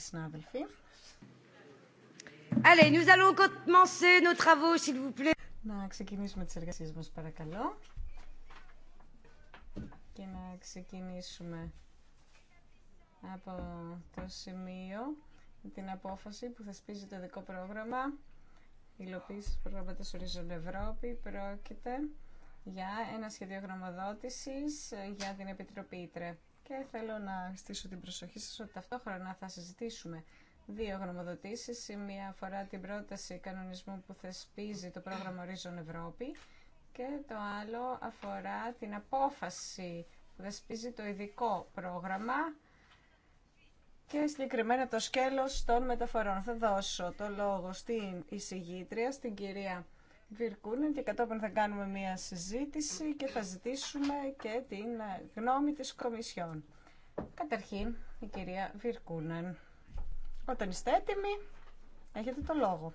συνάδελφοι. Allez, Να ξεκινήσουμε τις εργασίες μας, παρακαλώ. Και να ξεκινήσουμε από το σημείο την απόφαση που θεσπίζει το δικό πρόγραμμα υλοποίησης προγράμματος Horizon Ευρώπη. Πρόκειται για ένα σχέδιο γνωμοδότησης για την Επιτροπή Ήτρε και θέλω να στήσω την προσοχή σας ότι ταυτόχρονα θα συζητήσουμε δύο γνωμοδοτήσεις. Η μία αφορά την πρόταση κανονισμού που θεσπίζει το πρόγραμμα Horizon Ευρώπη και το άλλο αφορά την απόφαση που θεσπίζει το ειδικό πρόγραμμα και συγκεκριμένα το σκέλος των μεταφορών. Θα δώσω το λόγο στην εισηγήτρια, στην κυρία Βιρκούνεν και κατόπιν θα κάνουμε μία συζήτηση και θα ζητήσουμε και την ε, γνώμη της Κομισιόν. Καταρχήν, η κυρία Βιρκούνεν. Όταν είστε έτοιμοι, έχετε το λόγο.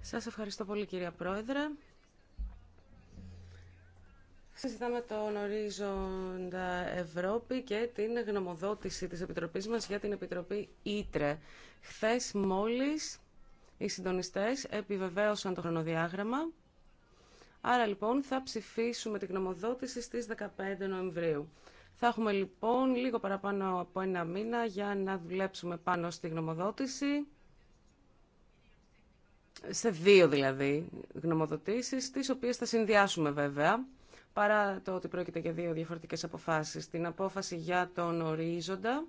Σας ευχαριστώ πολύ κυρία Πρόεδρε. Συζητάμε τον ορίζοντα Ευρώπη και την γνωμοδότηση της Επιτροπής μας για την Επιτροπή Ήτρε. Χθες μόλις οι συντονιστές επιβεβαίωσαν το χρονοδιάγραμμα. Άρα λοιπόν θα ψηφίσουμε την γνωμοδότηση στις 15 Νοεμβρίου. Θα έχουμε λοιπόν λίγο παραπάνω από ένα μήνα για να δουλέψουμε πάνω στη γνωμοδότηση. Σε δύο δηλαδή γνωμοδοτήσεις, τις οποίες θα συνδυάσουμε βέβαια, παρά το ότι πρόκειται για δύο διαφορετικές αποφάσεις. Την απόφαση για τον ορίζοντα,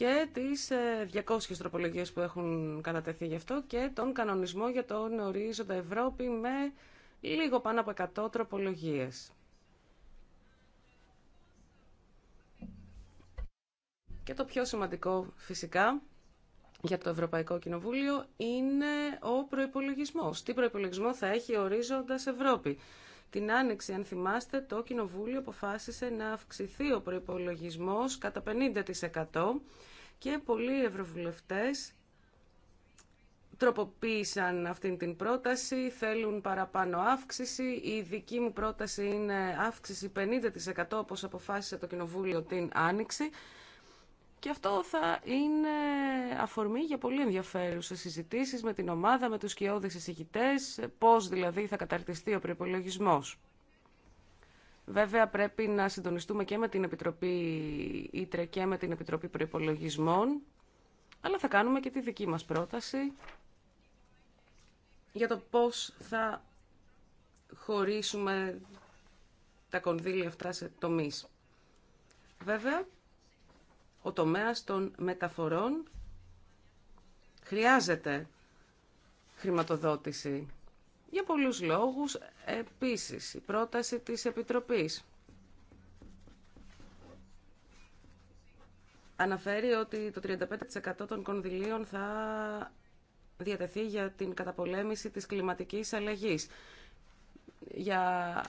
και τι 200 ε, τροπολογίες που έχουν κατατεθεί γι' αυτό και τον κανονισμό για τον ορίζοντα Ευρώπη με λίγο πάνω από 100 τροπολογίες. Και το πιο σημαντικό φυσικά για το Ευρωπαϊκό Κοινοβούλιο είναι ο προπολογισμό. Τι προϋπολογισμό θα έχει ορίζοντας Ευρώπη. Την Άνοιξη, αν θυμάστε, το Κοινοβούλιο αποφάσισε να αυξηθεί ο προϋπολογισμός κατά 50% και πολλοί ευρωβουλευτές τροποποίησαν αυτήν την πρόταση, θέλουν παραπάνω αύξηση. Η δική μου πρόταση είναι αύξηση 50% όπως αποφάσισε το Κοινοβούλιο την Άνοιξη. Και αυτό θα είναι αφορμή για πολύ ενδιαφέρουσες συζητήσεις με την ομάδα, με τους κοιόδες εισηγητές, πώς δηλαδή θα καταρτιστεί ο προπολογισμό. Βέβαια πρέπει να συντονιστούμε και με την Επιτροπή Ήτρε και με την Επιτροπή Προϋπολογισμών, αλλά θα κάνουμε και τη δική μας πρόταση για το πώς θα χωρίσουμε τα κονδύλια αυτά σε τομείς. Βέβαια, ο τομέας των μεταφορών χρειάζεται χρηματοδότηση για πολλούς λόγους, επίσης, η πρόταση της Επιτροπής αναφέρει ότι το 35% των κονδυλίων θα διατεθεί για την καταπολέμηση της κλιματικής αλλαγής, για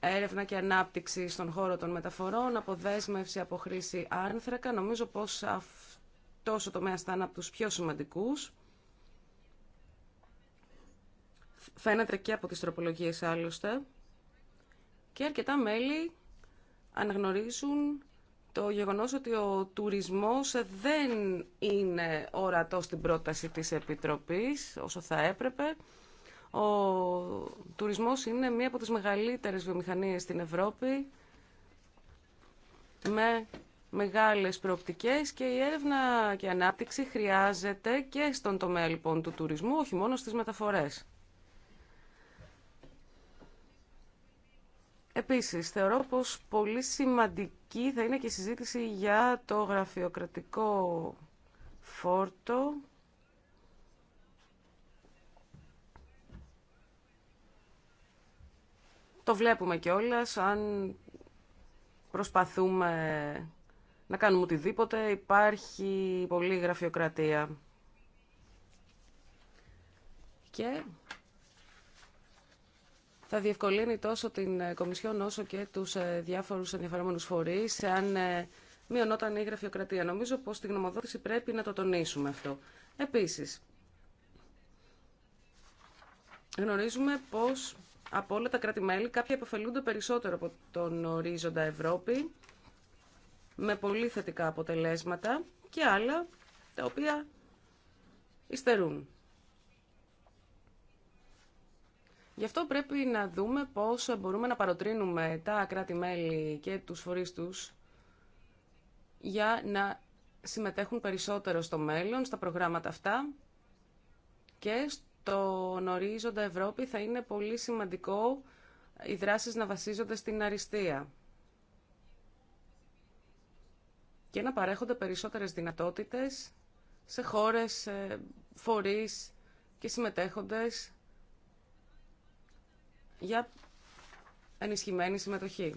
έρευνα και ανάπτυξη στον χώρο των μεταφορών, αποδέσμευση από χρήση άνθρακα. Νομίζω πως αυτός ο τομέας θα είναι από τους πιο σημαντικούς φαίνεται και από τις τροπολογίες άλλωστε, και αρκετά μέλη αναγνωρίζουν το γεγονός ότι ο τουρισμός δεν είναι ορατό στην πρόταση της Επιτροπής όσο θα έπρεπε. Ο τουρισμός είναι μία από τις μεγαλύτερες βιομηχανίες στην Ευρώπη με μεγάλες προοπτικές και η έρευνα και η ανάπτυξη χρειάζεται και στον τομέα λοιπόν του τουρισμού, όχι μόνο στις μεταφορές. Επίσης, θεωρώ πως πολύ σημαντική θα είναι και η συζήτηση για το γραφειοκρατικό φόρτο Το βλέπουμε κιόλα αν προσπαθούμε να κάνουμε οτιδήποτε, υπάρχει πολλή γραφειοκρατία. Και θα διευκολύνει τόσο την ε, Κομισιόν όσο και τους ε, διάφορους ενδιαφερόμενους φορείς αν ε, μειωνόταν η γραφειοκρατία. Νομίζω πως τη γνωμοδότηση πρέπει να το τονίσουμε αυτό. Επίσης, γνωρίζουμε πως από όλα τα κράτη-μέλη κάποια υποφελούνται περισσότερο από τον ορίζοντα Ευρώπη με πολύ θετικά αποτελέσματα και άλλα τα οποία υστερούν. Γι' αυτό πρέπει να δούμε πώς μπορούμε να παροτρύνουμε τα κράτη-μέλη και τους φορείς τους για να συμμετέχουν περισσότερο στο μέλλον, στα προγράμματα αυτά και στον ορίζοντα Ευρώπη θα είναι πολύ σημαντικό οι δράσεις να βασίζονται στην αριστεία και να παρέχονται περισσότερες δυνατότητες σε χώρες, φορείς και συμμετέχοντες για ενισχυμένη συμμετοχή.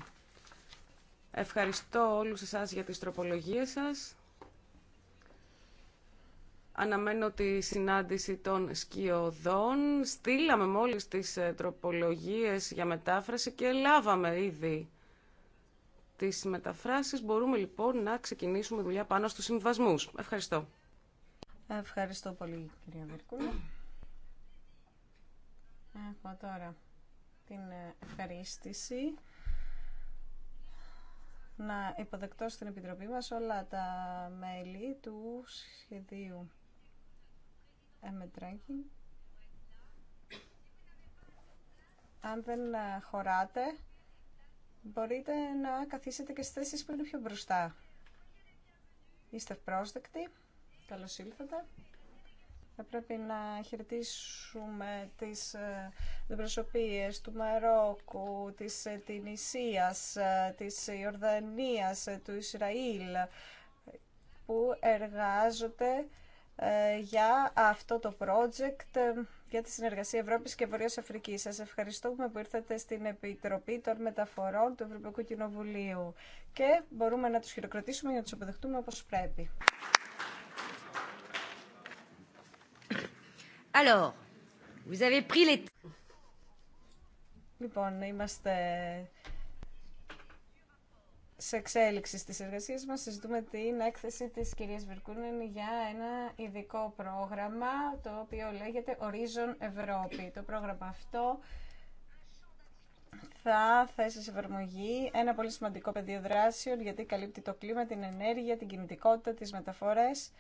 Ευχαριστώ όλους εσάς για τις τροπολογίες σας. Αναμένω τη συνάντηση των σκιωδών. Στείλαμε μόλις τις ε, τροπολογίες για μετάφραση και λάβαμε ήδη τις μεταφράσεις. Μπορούμε λοιπόν να ξεκινήσουμε δουλειά πάνω στους συμβασμούς. Ευχαριστώ. Ευχαριστώ πολύ κυρία Βερκούλα. Έχω τώρα την ευχαρίστηση να υποδεκτώ στην Επιτροπή μας όλα τα μέλη του σχεδίου Εμετράκη. Αν δεν χωράτε, μπορείτε να καθίσετε και στις θέσεις που είναι πιο μπροστά. Είστε πρόσδεκτοι. Καλώς ήλθατε. Θα πρέπει να χαιρετήσουμε τις αντιπροσωπείες ε, του Μαρόκου, της ε, Τινησίας, ε, της Ιορδανίας, του Ισραήλ που εργάζονται για αυτό το project για τη συνεργασία Ευρώπης και Βορειός Αφρικής. Σας ευχαριστούμε που ήρθατε στην Επιτροπή των Μεταφορών του Ευρωπαϊκού Κοινοβουλίου και μπορούμε να τους χειροκροτήσουμε για να τους αποδεχτούμε όπως πρέπει. Λοιπόν, είμαστε σε εξέλιξη στις εργασίες μας. Συζητούμε την έκθεση της κυρίας Βερκούνεν για ένα ειδικό πρόγραμμα, το οποίο λέγεται Horizon Ευρώπη. Το πρόγραμμα αυτό θα θέσει σε εφαρμογή ένα πολύ σημαντικό πεδίο δράσεων, γιατί καλύπτει το κλίμα, την ενέργεια, την κινητικότητα, τις μεταφορές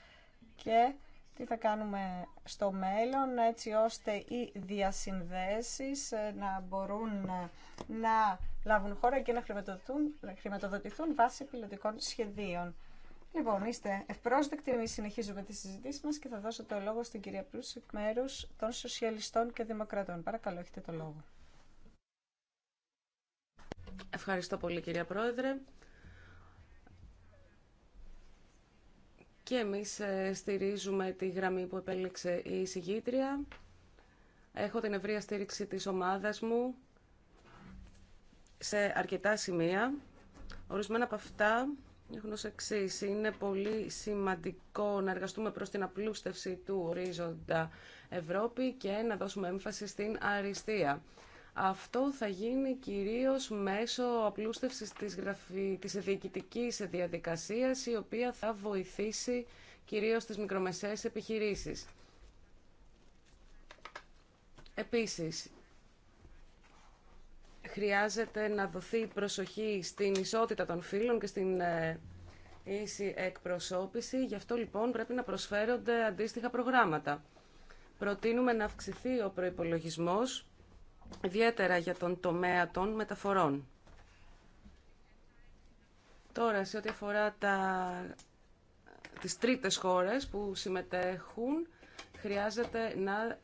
και τι θα κάνουμε στο μέλλον έτσι ώστε οι διασυνδέσεις ε, να μπορούν ε, να λάβουν χώρα και να χρηματοδοτηθούν, να χρηματοδοτηθούν βάσει πιλωτικών σχεδίων. Λοιπόν, είστε ευπρόσδεκτοι, εμείς συνεχίζουμε τη συζήτηση μας και θα δώσω το λόγο στην κυρία Πλούση εκ μέρου των Σοσιαλιστών και Δημοκρατών. Παρακαλώ, έχετε το λόγο. Ευχαριστώ πολύ κυρία Πρόεδρε. Και εμείς ε, στηρίζουμε τη γραμμή που επέλεξε η συγγήτρια. Έχω την ευρεία στήριξη της ομάδας μου σε αρκετά σημεία. Ορισμένα από αυτά έχουν ως εξή. Είναι πολύ σημαντικό να εργαστούμε προς την απλούστευση του ορίζοντα Ευρώπη και να δώσουμε έμφαση στην αριστεία. Αυτό θα γίνει κυρίως μέσω απλούστευσης της, γραφή, της διοικητικής διαδικασίας, η οποία θα βοηθήσει κυρίως τις μικρομεσαίες επιχειρήσεις. Επίσης, χρειάζεται να δοθεί προσοχή στην ισότητα των φίλων και στην ε, ίση εκπροσώπηση. Γι' αυτό λοιπόν πρέπει να προσφέρονται αντίστοιχα προγράμματα. Προτείνουμε να αυξηθεί ο προϋπολογισμός ιδιαίτερα για τον τομέα των μεταφορών. Τώρα, σε ό,τι αφορά τα... τις τρίτες χώρες που συμμετέχουν, χρειάζεται να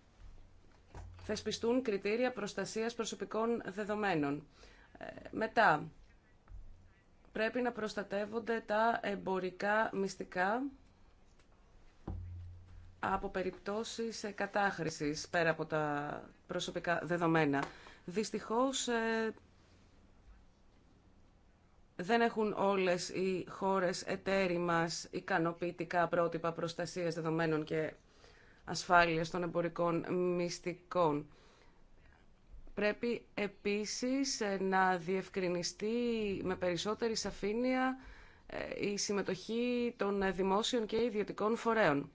θεσπιστούν κριτήρια προστασίας προσωπικών δεδομένων. Ε, μετά, πρέπει να προστατεύονται τα εμπορικά μυστικά από περιπτώσεις ε, κατάχρησης πέρα από τα προσωπικά δεδομένα. Δυστυχώς ε, δεν έχουν όλες οι χώρες εταίροι μας ικανοποιητικά πρότυπα προστασίας δεδομένων και ασφάλειας των εμπορικών μυστικών. Πρέπει επίσης ε, να διευκρινιστεί με περισσότερη σαφήνεια η συμμετοχή των δημόσιων και ιδιωτικών φορέων.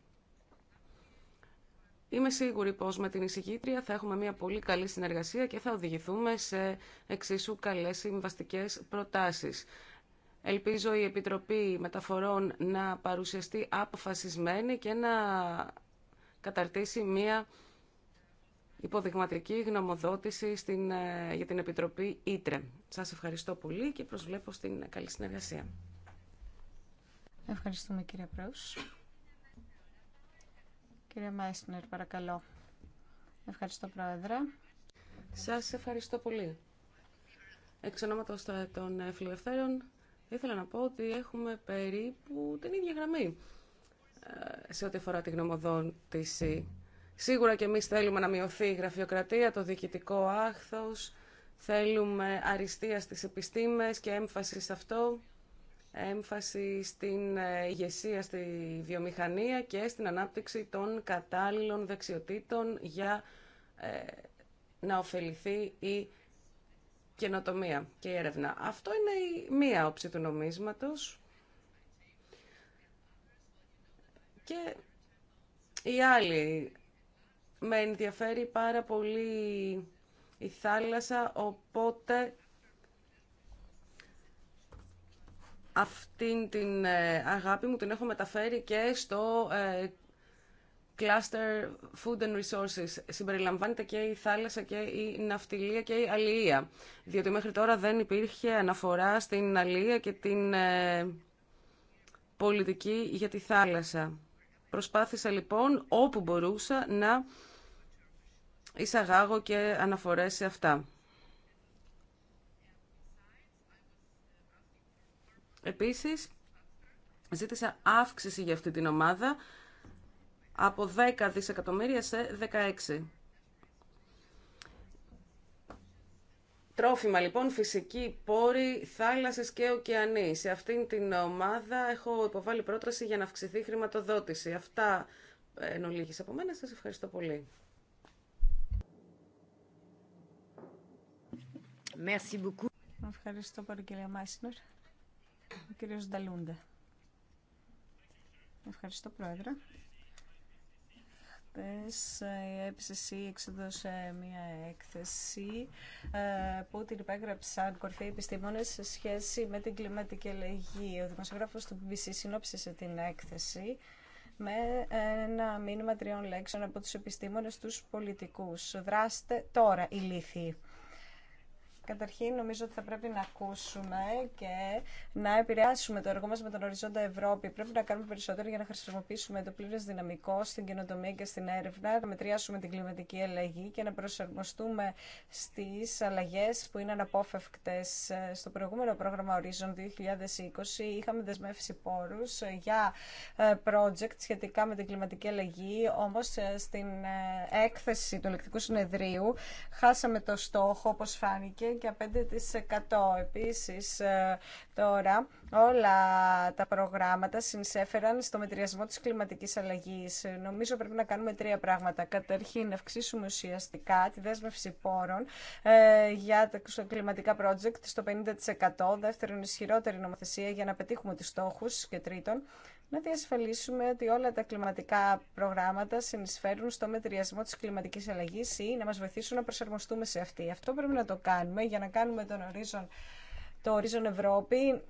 Είμαι σίγουρη πως με την εισηγήτρια θα έχουμε μια πολύ καλή συνεργασία και θα οδηγηθούμε σε εξίσου καλές συμβαστικέ προτάσεις. Ελπίζω η Επιτροπή Μεταφορών να παρουσιαστεί αποφασισμένη και να καταρτήσει μια υποδειγματική γνωμοδότηση στην, ε, για την Επιτροπή Ήτρε. Σας ευχαριστώ πολύ και προσβλέπω στην καλή συνεργασία. Ευχαριστούμε κύριε Κύριε Μάισνερ, παρακαλώ. Ευχαριστώ, Πρόεδρε. Σας ευχαριστώ πολύ. Εξ ονόματος των ε, φιλελευθέρων, ήθελα να πω ότι έχουμε περίπου την ίδια γραμμή ε, σε ό,τι αφορά τη γνωμοδότηση. Σίγουρα και εμείς θέλουμε να μειωθεί η γραφειοκρατία, το διοικητικό άχθο, θέλουμε αριστεία στις επιστήμες και έμφαση σε αυτό έμφαση στην ε, ηγεσία στη βιομηχανία και στην ανάπτυξη των κατάλληλων δεξιοτήτων για ε, να ωφεληθεί η καινοτομία και η έρευνα. Αυτό είναι η μία όψη του νομίσματος. Και η άλλη. Με ενδιαφέρει πάρα πολύ η θάλασσα, οπότε Αυτή την ε, αγάπη μου την έχω μεταφέρει και στο ε, Cluster Food and Resources. Συμπεριλαμβάνεται και η θάλασσα και η ναυτιλία και η αλληλεία. Διότι μέχρι τώρα δεν υπήρχε αναφορά στην αλληλεία και την ε, πολιτική για τη θάλασσα. Προσπάθησα λοιπόν όπου μπορούσα να εισαγάγω και αναφορές σε αυτά. Επίση, ζήτησα αύξηση για αυτή την ομάδα από 10 δισεκατομμύρια σε 16. Τρόφιμα λοιπόν, φυσική πόρη, θάλασσες και ωκεανή. Σε αυτήν την ομάδα έχω υποβάλει πρόταση για να αυξηθεί η χρηματοδότηση. Αυτά ε, εν ολίγης από μένα. Σας ευχαριστώ πολύ. Ευχαριστώ πολύ κύριε ο κύριος Νταλούντε. Ευχαριστώ, Πρόεδρε. Χτες ε, η εξέδωσε μία έκθεση ε, που την υπέγραψαν κορυφαίοι επιστήμονες σε σχέση με την κλιματική αλλαγή. Ο δημοσιογράφος του BBC συνόψισε την έκθεση με ένα μήνυμα τριών λέξεων από τους επιστήμονες τους πολιτικούς. Δράστε τώρα, ηλίθιοι. Καταρχήν νομίζω ότι θα πρέπει να ακούσουμε και να επηρεάσουμε το έργο μας με τον οριζόντα Ευρώπη. Πρέπει να κάνουμε περισσότερο για να χρησιμοποιήσουμε το πλήρες δυναμικό στην καινοτομία και στην έρευνα, να μετριάσουμε την κλιματική αλλαγή και να προσαρμοστούμε στις αλλαγέ που είναι αναπόφευκτες. Στο προηγούμενο πρόγραμμα Horizon 2020 είχαμε δεσμεύσει πόρου για ε, project σχετικά με την κλιματική αλλαγή, όμως ε, στην ε, έκθεση του Ελεκτικού Συνεδρίου χάσαμε το στόχο όπως φάνηκε για 5%. Επίσης, ε, τώρα όλα τα προγράμματα συνσέφεραν στο μετριασμό της κλιματικής αλλαγής. Νομίζω πρέπει να κάνουμε τρία πράγματα. Καταρχήν, να αυξήσουμε ουσιαστικά τη δέσμευση πόρων ε, για τα κλιματικά project στο 50%. Δεύτερον, ισχυρότερη νομοθεσία για να πετύχουμε τους στόχους. Και τρίτον, να διασφαλίσουμε ότι όλα τα κλιματικά προγράμματα συνεισφέρουν στο μετριασμό της κλιματικής αλλαγής ή να μας βοηθήσουν να προσαρμοστούμε σε αυτή. Αυτό πρέπει να το κάνουμε για να κάνουμε τον ορίζον, το ορίζον Ευρώπη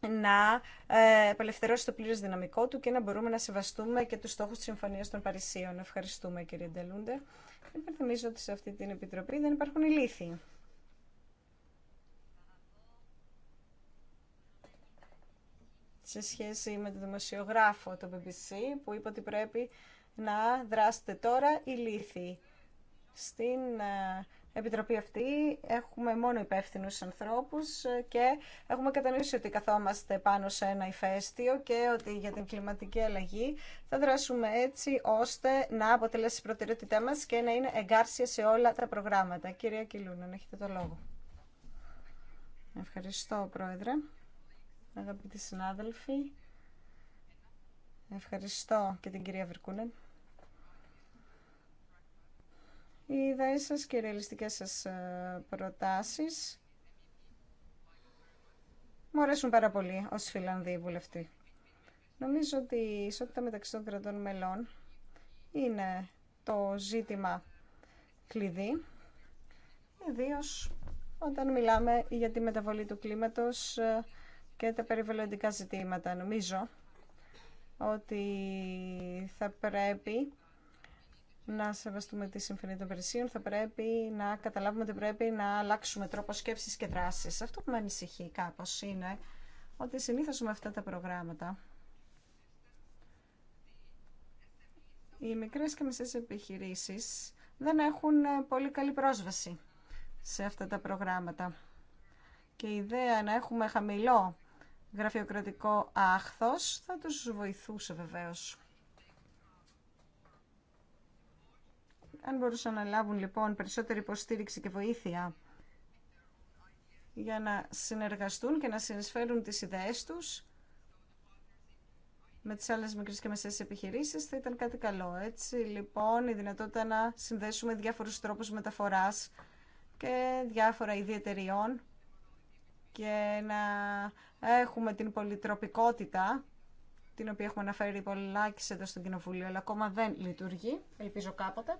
να ε, απελευθερώσει το πλήρες δυναμικό του και να μπορούμε να σεβαστούμε και τους στόχους της Συμφωνίας των Παρισίων. Ευχαριστούμε κύριε Ντελούντε. Υπενθυμίζω ότι σε αυτή την Επιτροπή δεν υπάρχουν ηλίθιοι. σε σχέση με τον δημοσιογράφο το BBC που είπε ότι πρέπει να δράσετε τώρα η Στην ε, επιτροπή αυτή έχουμε μόνο υπεύθυνου ανθρώπους ε, και έχουμε κατανοήσει ότι καθόμαστε πάνω σε ένα ηφαίστειο και ότι για την κλιματική αλλαγή θα δράσουμε έτσι ώστε να αποτελέσει η προτεραιότητά μα και να είναι εγκάρσια σε όλα τα προγράμματα. Κυρία Κιλούνα έχετε το λόγο. Ευχαριστώ, Πρόεδρε αγαπητοί συνάδελφοι. Ευχαριστώ και την κυρία Βερκούνεν. Οι ιδέες σας και οι ρεαλιστικές σας ε, προτάσεις μου αρέσουν πάρα πολύ ως Φιλανδοί βουλευτή. Νομίζω ότι η ισότητα μεταξύ των κρατών μελών είναι το ζήτημα κλειδί, ιδίω όταν μιλάμε για τη μεταβολή του κλίματος ε, και τα περιβαλλοντικά ζητήματα. Νομίζω ότι θα πρέπει να σεβαστούμε τη Συμφωνία των Περισσίων, θα πρέπει να καταλάβουμε ότι πρέπει να αλλάξουμε τρόπο σκέψης και δράσης. Αυτό που με ανησυχεί κάπως είναι ότι συνήθως με αυτά τα προγράμματα οι μικρές και μισές επιχειρήσεις δεν έχουν πολύ καλή πρόσβαση σε αυτά τα προγράμματα. Και η ιδέα να έχουμε χαμηλό γραφειοκρατικό άχθος θα τους βοηθούσε βεβαίως. Αν μπορούσαν να λάβουν λοιπόν περισσότερη υποστήριξη και βοήθεια για να συνεργαστούν και να συνεισφέρουν τις ιδέες τους με τις άλλες μικρές και μεσαίες επιχειρήσεις θα ήταν κάτι καλό. Έτσι λοιπόν η δυνατότητα να συνδέσουμε διάφορους τρόπους μεταφοράς και διάφορα ιδιαιτεριών και να έχουμε την πολυτροπικότητα την οποία έχουμε αναφέρει πολλά και εδώ στο Κοινοβούλιο, αλλά ακόμα δεν λειτουργεί, ελπίζω κάποτε.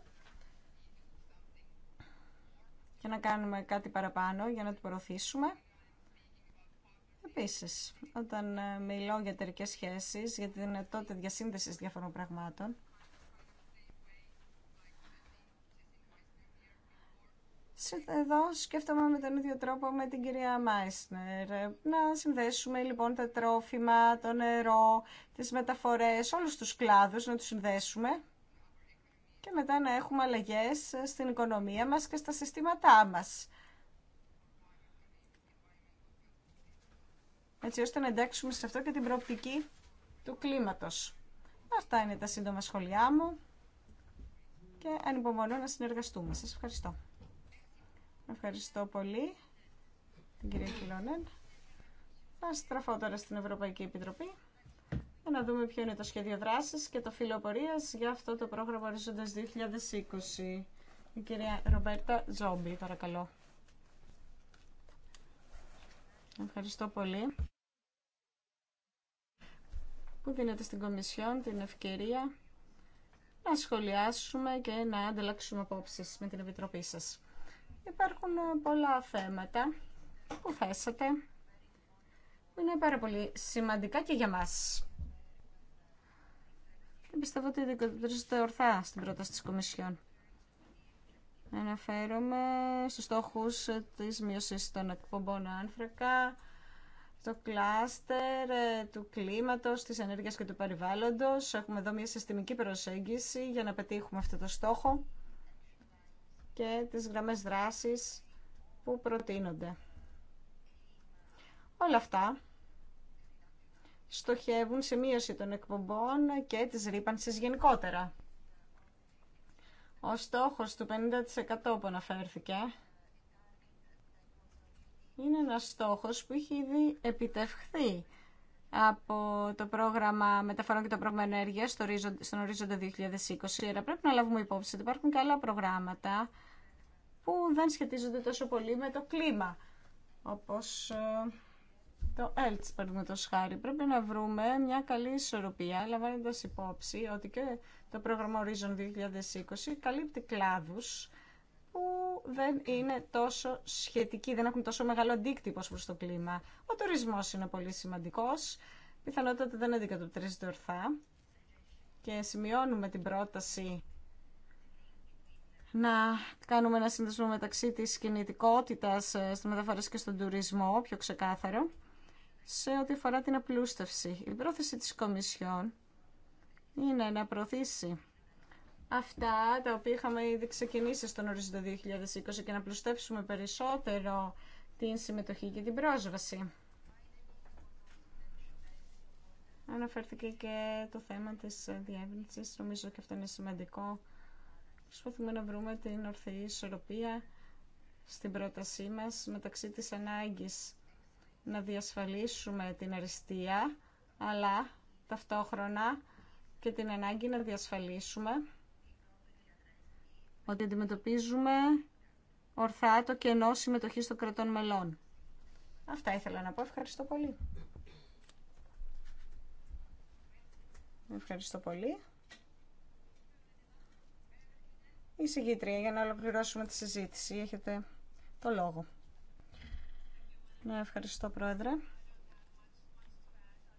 Και να κάνουμε κάτι παραπάνω για να την προωθήσουμε. Επίση, όταν ε, μιλώ για εταιρικέ σχέσεις, για τη δυνατότητα διασύνδεσης διαφορών πραγμάτων, Εδώ σκέφτομαι με τον ίδιο τρόπο με την κυρία Μάισνερ. Να συνδέσουμε λοιπόν τα τρόφιμα, το νερό, τις μεταφορές, όλους τους κλάδους να τους συνδέσουμε και μετά να έχουμε αλλαγές στην οικονομία μας και στα συστήματά μας. Έτσι ώστε να εντάξουμε σε αυτό και την προοπτική του κλίματος. Αυτά είναι τα σύντομα σχολιά μου και ανυπομονώ να συνεργαστούμε. Σας ευχαριστώ. Ευχαριστώ πολύ την κυρία Κιλόνεν. Θα στραφώ τώρα στην Ευρωπαϊκή Επιτροπή για να δούμε ποιο είναι το σχέδιο δράση και το φύλλο για αυτό το πρόγραμμα ορίζοντα 2020. Η κυρία Ρομπέρτα Ζόμπι, παρακαλώ. Ευχαριστώ πολύ που δίνεται στην Κομισιόν την ευκαιρία να σχολιάσουμε και να ανταλλάξουμε απόψεις με την Επιτροπή σας. Υπάρχουν ε, πολλά θέματα που θέσατε που είναι πάρα πολύ σημαντικά και για μας. Και πιστεύω ότι δικαιοδοτήσετε ορθά στην πρόταση της Κομισιόν. Αναφέρομαι στους στόχους της μείωσης των εκπομπών άνθρακα, το κλάστερ ε, του κλίματος, της ενέργειας και του περιβάλλοντος. Έχουμε εδώ μια συστημική προσέγγιση για να πετύχουμε αυτό το στόχο και τις γραμμές δράσης που προτείνονται. Όλα αυτά στοχεύουν σε μείωση των εκπομπών και της ρήπανσης γενικότερα. Ο στόχος του 50% που αναφέρθηκε είναι ένας στόχος που έχει ήδη επιτευχθεί από το πρόγραμμα μεταφορών και το πρόγραμμα ενέργειας στον ορίζοντα 2020. πρέπει να λάβουμε υπόψη ότι υπάρχουν καλά προγράμματα που δεν σχετίζονται τόσο πολύ με το κλίμα, όπως ε, το ΕΛΤΣ, παραδείγματος χάρη. Πρέπει να βρούμε μια καλή ισορροπία, λαμβάνοντα υπόψη ότι και το πρόγραμμα Horizon 2020 καλύπτει κλάδους που δεν είναι τόσο σχετικοί, δεν έχουν τόσο μεγάλο αντίκτυπο προς το κλίμα. Ο τουρισμός είναι πολύ σημαντικός, πιθανότατα δεν αντικατοπτρίζεται ορθά και σημειώνουμε την πρόταση να κάνουμε ένα συνδεσμό μεταξύ της κινητικότητας ε, στη μεταφορές και στον τουρισμό, πιο ξεκάθαρο, σε ό,τι αφορά την απλούστευση. Η πρόθεση της Κομισιόν είναι να προωθήσει αυτά τα οποία είχαμε ήδη ξεκινήσει στον ορίζοντα 2020 και να απλουστεύσουμε περισσότερο την συμμετοχή και την πρόσβαση. Αναφέρθηκε και το θέμα της διεύρυνσης, νομίζω και αυτό είναι σημαντικό Προσπαθούμε να βρούμε την ορθή ισορροπία στην πρότασή μας μεταξύ της ανάγκης να διασφαλίσουμε την αριστεία, αλλά ταυτόχρονα και την ανάγκη να διασφαλίσουμε ότι αντιμετωπίζουμε ορθά το κενό συμμετοχής των κρατών μελών. Αυτά ήθελα να πω. Ευχαριστώ πολύ. Ευχαριστώ πολύ. Η για να ολοκληρώσουμε τη συζήτηση. Έχετε το λόγο. Ναι, ευχαριστώ Πρόεδρε.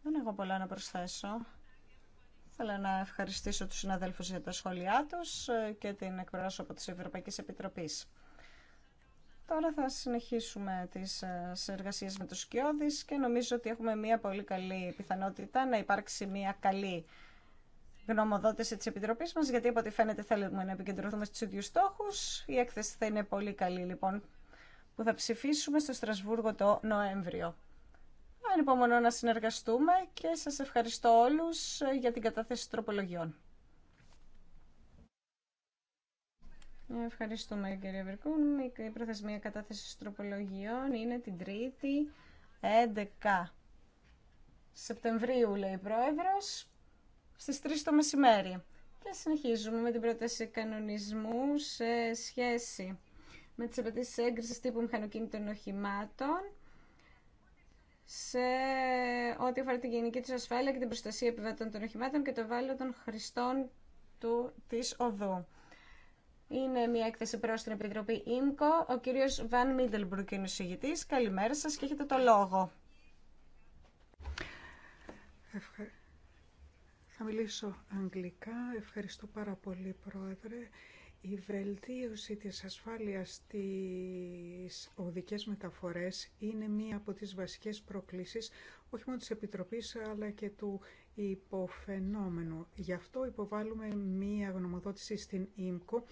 Δεν έχω πολλά να προσθέσω. Θέλω να ευχαριστήσω τους συναδέλφους για τα σχόλιά τους και την εκπρόσωπο της Ευρωπαϊκής Επιτροπής. Τώρα θα συνεχίσουμε τις ε, εργασίες με τους Σκιώδης και νομίζω ότι έχουμε μια πολύ καλή πιθανότητα να υπάρξει μια καλή γνωμοδότηση της Επιτροπής μας, γιατί από ό,τι φαίνεται θέλουμε να επικεντρωθούμε στους ίδιου στόχους. Η έκθεση θα είναι πολύ καλή, λοιπόν, που θα ψηφίσουμε στο Στρασβούργο το Νοέμβριο. Ανυπομονώ να συνεργαστούμε και σας ευχαριστώ όλους ε, για την κατάθεση τροπολογιών. Ευχαριστούμε κύριε Βερκούν. Η προθεσμία κατάθεση τροπολογιών είναι την 3η 11 Σεπτεμβρίου λέει η Πρόεδρος. Στι 3 το μεσημέρι. Και συνεχίζουμε με την πρόταση κανονισμού σε σχέση με τις απαιτήσει έγκριση τύπου μηχανοκίνητων οχημάτων σε ό,τι αφορά την γενική της ασφάλεια και την προστασία επιβατών των οχημάτων και το βάλλον των χρηστών του, της οδού. Είναι μια έκθεση προ την Επιτροπή ΙΜΚΟ. Ο κύριο Βαν Μίντελμπρουκ είναι ο συγητή. Καλημέρα σα και έχετε το λόγο. Ευχαριστώ. Θα μιλήσω αγγλικά. Ευχαριστώ πάρα πολύ, Πρόεδρε. Η βελτίωση της ασφάλειας στις οδικές μεταφορές είναι μία από τις βασικές προκλήσεις όχι μόνο της Επιτροπής αλλά και του υποφαινόμενου. Γι' αυτό υποβάλλουμε μία γνωμοδότηση στην ΙΜΚΟ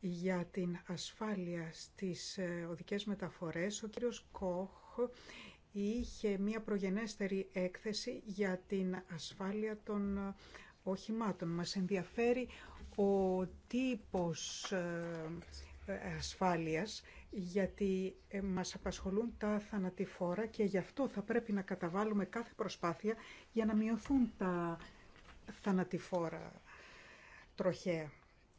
για την ασφάλεια στις ε, οδικές μεταφορές. Ο κύριος Κόχ είχε μία προγενέστερη έκθεση για την ασφάλεια των ε, οχημάτων. Μας ενδιαφέρει ο τύπος ε, ε, ασφάλειας γιατί μας απασχολούν τα θανατηφόρα και γι' αυτό θα πρέπει να καταβάλουμε κάθε προσπάθεια για να μειωθούν τα θανατηφόρα τροχέα.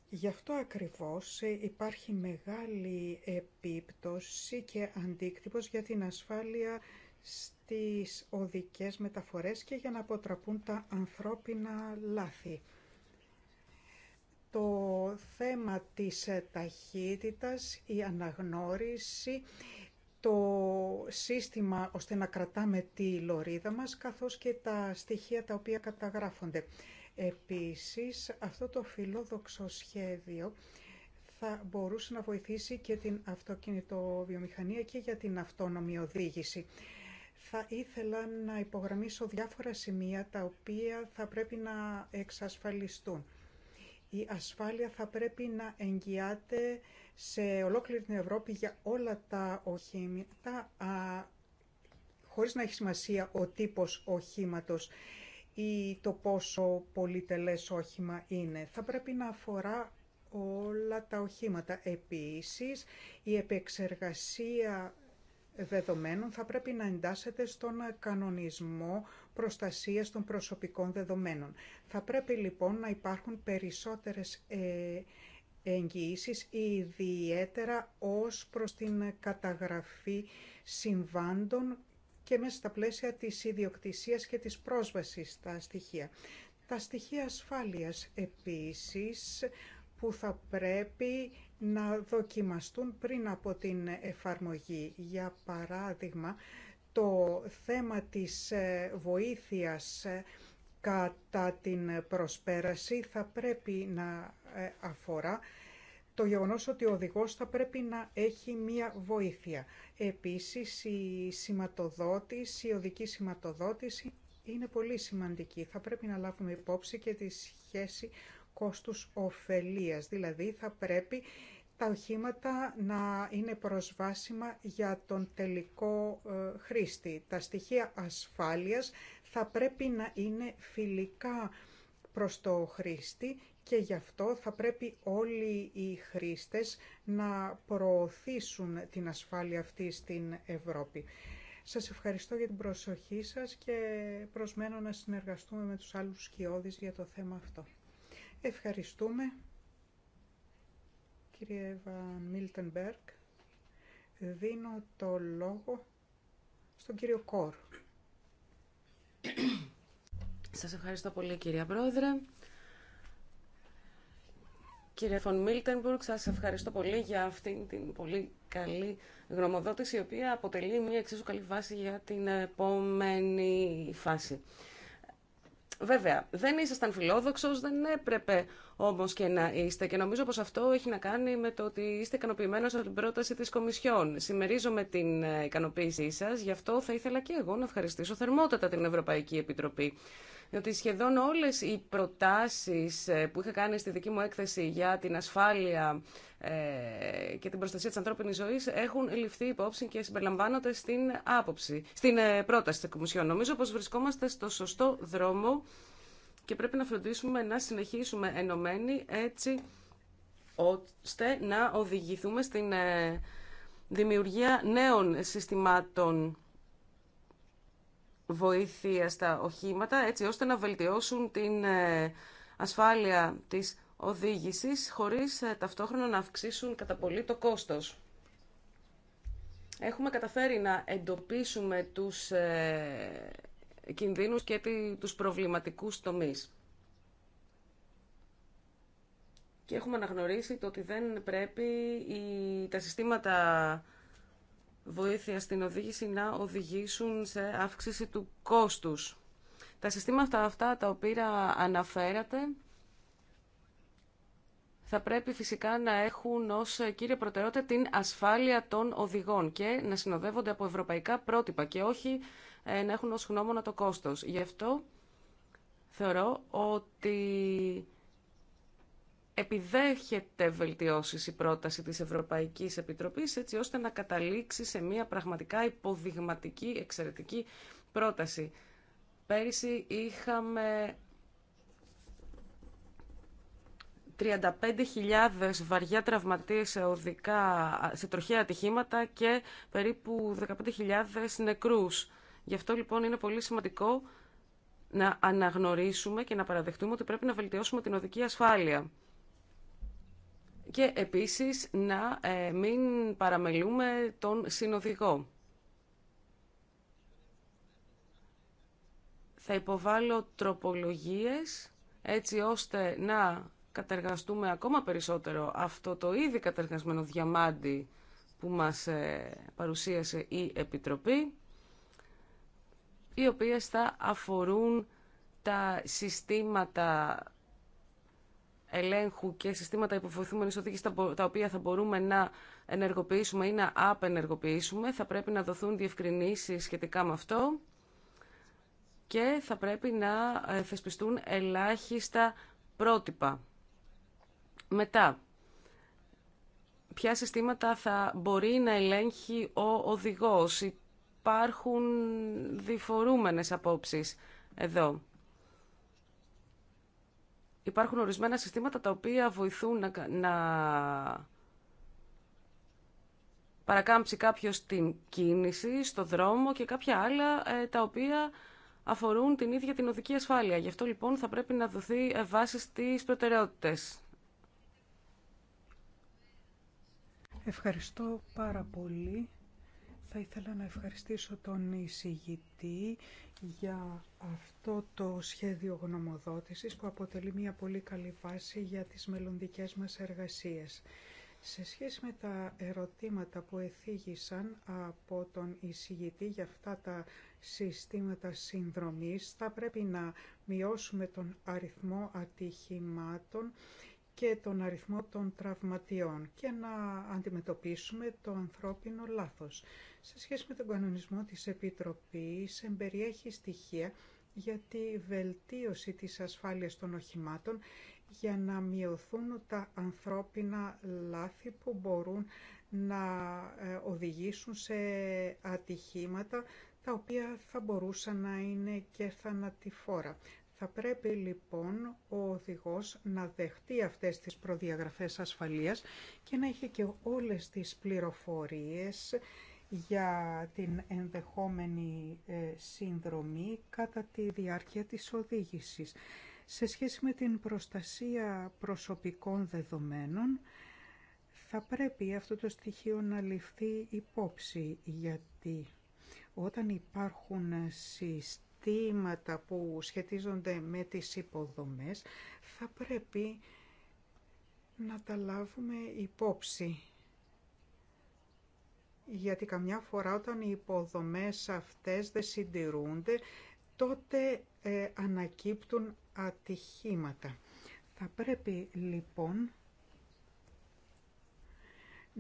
Γι' αυτό ακριβώς υπάρχει μεγάλη επίπτωση και αντίκτυπος για την ασφάλεια στις οδικές μεταφορές και για να αποτραπούν τα ανθρώπινα λάθη. Το θέμα της ταχύτητας, η αναγνώριση, το σύστημα ώστε να κρατάμε τη λωρίδα μας, καθώς και τα στοιχεία τα οποία καταγράφονται. Επίσης, αυτό το φιλόδοξο σχέδιο θα μπορούσε να βοηθήσει και την αυτοκινητοβιομηχανία και για την αυτόνομη οδήγηση θα ήθελα να υπογραμμίσω διάφορα σημεία τα οποία θα πρέπει να εξασφαλιστούν. Η ασφάλεια θα πρέπει να εγγυάται σε ολόκληρη την Ευρώπη για όλα τα οχήματα, χωρίς να έχει σημασία ο τύπος οχήματος ή το πόσο πολυτελές όχημα είναι. Θα πρέπει να αφορά όλα τα οχήματα. Επίσης, η επεξεργασία δεδομένων θα πρέπει να εντάσσεται στον κανονισμό προστασίας των προσωπικών δεδομένων. Θα πρέπει λοιπόν να υπάρχουν περισσότερες ε, εγγυήσεις, ιδιαίτερα ως προς την καταγραφή συμβάντων και μέσα στα πλαίσια της ιδιοκτησίας και της πρόσβασης στα στοιχεία. Τα στοιχεία ασφάλειας επίσης που θα πρέπει να δοκιμαστούν πριν από την εφαρμογή. Για παράδειγμα, το θέμα της ε, βοήθειας ε, κατά την προσπέραση θα πρέπει να ε, αφορά το γεγονός ότι ο οδηγός θα πρέπει να έχει μία βοήθεια. Επίσης, η σηματοδότηση, η οδική σηματοδότηση είναι πολύ σημαντική. Θα πρέπει να λάβουμε υπόψη και τη σχέση κόστους ωφελίας, δηλαδή θα πρέπει τα οχήματα να είναι προσβάσιμα για τον τελικό ε, χρήστη. Τα στοιχεία ασφάλειας θα πρέπει να είναι φιλικά προς το χρήστη και γι' αυτό θα πρέπει όλοι οι χρήστες να προωθήσουν την ασφάλεια αυτή στην Ευρώπη. Σας ευχαριστώ για την προσοχή σας και προσμένω να συνεργαστούμε με τους άλλους σκιώδεις για το θέμα αυτό. Ευχαριστούμε, κύριε Εύα Μίλτενμπεργκ. Δίνω το λόγο στον κύριο Κόρ. Σας ευχαριστώ πολύ, κυρία Πρόεδρε. Κύριε Φων Μίλτενμπουργκ, σας ευχαριστώ πολύ για αυτήν την πολύ καλή γνωμοδότηση, η οποία αποτελεί μια εξίσου καλή βάση για την επόμενη φάση. Βέβαια, δεν ήσασταν φιλόδοξο, δεν έπρεπε όμω και να είστε. Και νομίζω πω αυτό έχει να κάνει με το ότι είστε ικανοποιημένο από την πρόταση τη Κομισιόν. Συμμερίζομαι την ε, ικανοποίησή σα, γι' αυτό θα ήθελα και εγώ να ευχαριστήσω θερμότατα την Ευρωπαϊκή Επιτροπή διότι σχεδόν όλες οι προτάσεις ε, που είχα κάνει στη δική μου έκθεση για την ασφάλεια ε, και την προστασία της ανθρώπινης ζωής έχουν ληφθεί υπόψη και συμπεριλαμβάνονται στην άποψη, στην ε, πρόταση της Κομισιόν. Νομίζω πως βρισκόμαστε στο σωστό δρόμο και πρέπει να φροντίσουμε να συνεχίσουμε ενωμένοι έτσι ώστε να οδηγηθούμε στην δημιουργία νέων συστημάτων βοήθεια στα οχήματα έτσι ώστε να βελτιώσουν την ε, ασφάλεια της οδήγησης χωρίς ε, ταυτόχρονα να αυξήσουν κατά πολύ το κόστος. Έχουμε καταφέρει να εντοπίσουμε τους ε, κινδύνους και τους προβληματικούς τομείς. Και έχουμε αναγνωρίσει το ότι δεν πρέπει τα συστήματα βοήθεια στην οδήγηση να οδηγήσουν σε αύξηση του κόστους. Τα συστήματα αυτά τα οποία αναφέρατε θα πρέπει φυσικά να έχουν ως κύριο προτεραιότητα την ασφάλεια των οδηγών και να συνοδεύονται από ευρωπαϊκά πρότυπα και όχι ε, να έχουν ως γνώμονα το κόστος. Γι' αυτό θεωρώ ότι επιδέχεται βελτιώσει η πρόταση της Ευρωπαϊκής Επιτροπής έτσι ώστε να καταλήξει σε μια πραγματικά υποδειγματική, εξαιρετική πρόταση. Πέρυσι είχαμε 35.000 βαριά τραυματίες σε, σε τροχαία ατυχήματα και περίπου 15.000 νεκρούς. Γι' αυτό λοιπόν είναι πολύ σημαντικό να αναγνωρίσουμε και να παραδεχτούμε ότι πρέπει να βελτιώσουμε την οδική ασφάλεια και επίσης να ε, μην παραμελούμε τον συνοδηγό. Θα υποβάλω τροπολογίες έτσι ώστε να κατεργαστούμε ακόμα περισσότερο αυτό το ήδη κατεργασμένο διαμάντι που μας ε, παρουσίασε η Επιτροπή, οι οποίες θα αφορούν τα συστήματα ελέγχου και συστήματα υποβοηθούμενη οδήγηση τα οποία θα μπορούμε να ενεργοποιήσουμε ή να απενεργοποιήσουμε. Θα πρέπει να δοθούν διευκρινήσει σχετικά με αυτό και θα πρέπει να ε, θεσπιστούν ελάχιστα πρότυπα. Μετά, ποια συστήματα θα μπορεί να ελέγχει ο οδηγός. Υπάρχουν διφορούμενες απόψεις εδώ υπάρχουν ορισμένα συστήματα τα οποία βοηθούν να, να παρακάμψει κάποιος την κίνηση στο δρόμο και κάποια άλλα ε, τα οποία αφορούν την ίδια την οδική ασφάλεια. Γι' αυτό λοιπόν θα πρέπει να δοθεί ε, βάση στις προτεραιότητες. Ευχαριστώ πάρα πολύ. Θα ήθελα να ευχαριστήσω τον εισηγητή για αυτό το σχέδιο γνωμοδότησης που αποτελεί μια πολύ καλή βάση για τις μελλοντικές μας εργασίες. Σε σχέση με τα ερωτήματα που εθίγησαν από τον εισηγητή για αυτά τα συστήματα συνδρομής, θα πρέπει να μειώσουμε τον αριθμό ατυχημάτων και τον αριθμό των τραυματιών και να αντιμετωπίσουμε το ανθρώπινο λάθος. Σε σχέση με τον κανονισμό της Επιτροπής εμπεριέχει στοιχεία για τη βελτίωση της ασφάλειας των οχημάτων για να μειωθούν τα ανθρώπινα λάθη που μπορούν να ε, οδηγήσουν σε ατυχήματα τα οποία θα μπορούσαν να είναι και θανατηφόρα. Θα πρέπει λοιπόν ο οδηγός να δεχτεί αυτές τις προδιαγραφές ασφαλείας και να έχει και όλες τις πληροφορίες για την ενδεχόμενη ε, συνδρομή κατά τη διάρκεια της οδήγησης. Σε σχέση με την προστασία προσωπικών δεδομένων, θα πρέπει αυτό το στοιχείο να ληφθεί υπόψη, γιατί όταν υπάρχουν συστήματα, ζητήματα που σχετίζονται με τις υποδομές θα πρέπει να τα λάβουμε υπόψη. Γιατί καμιά φορά όταν οι υποδομές αυτές δεν συντηρούνται, τότε ε, ανακύπτουν ατυχήματα. Θα πρέπει λοιπόν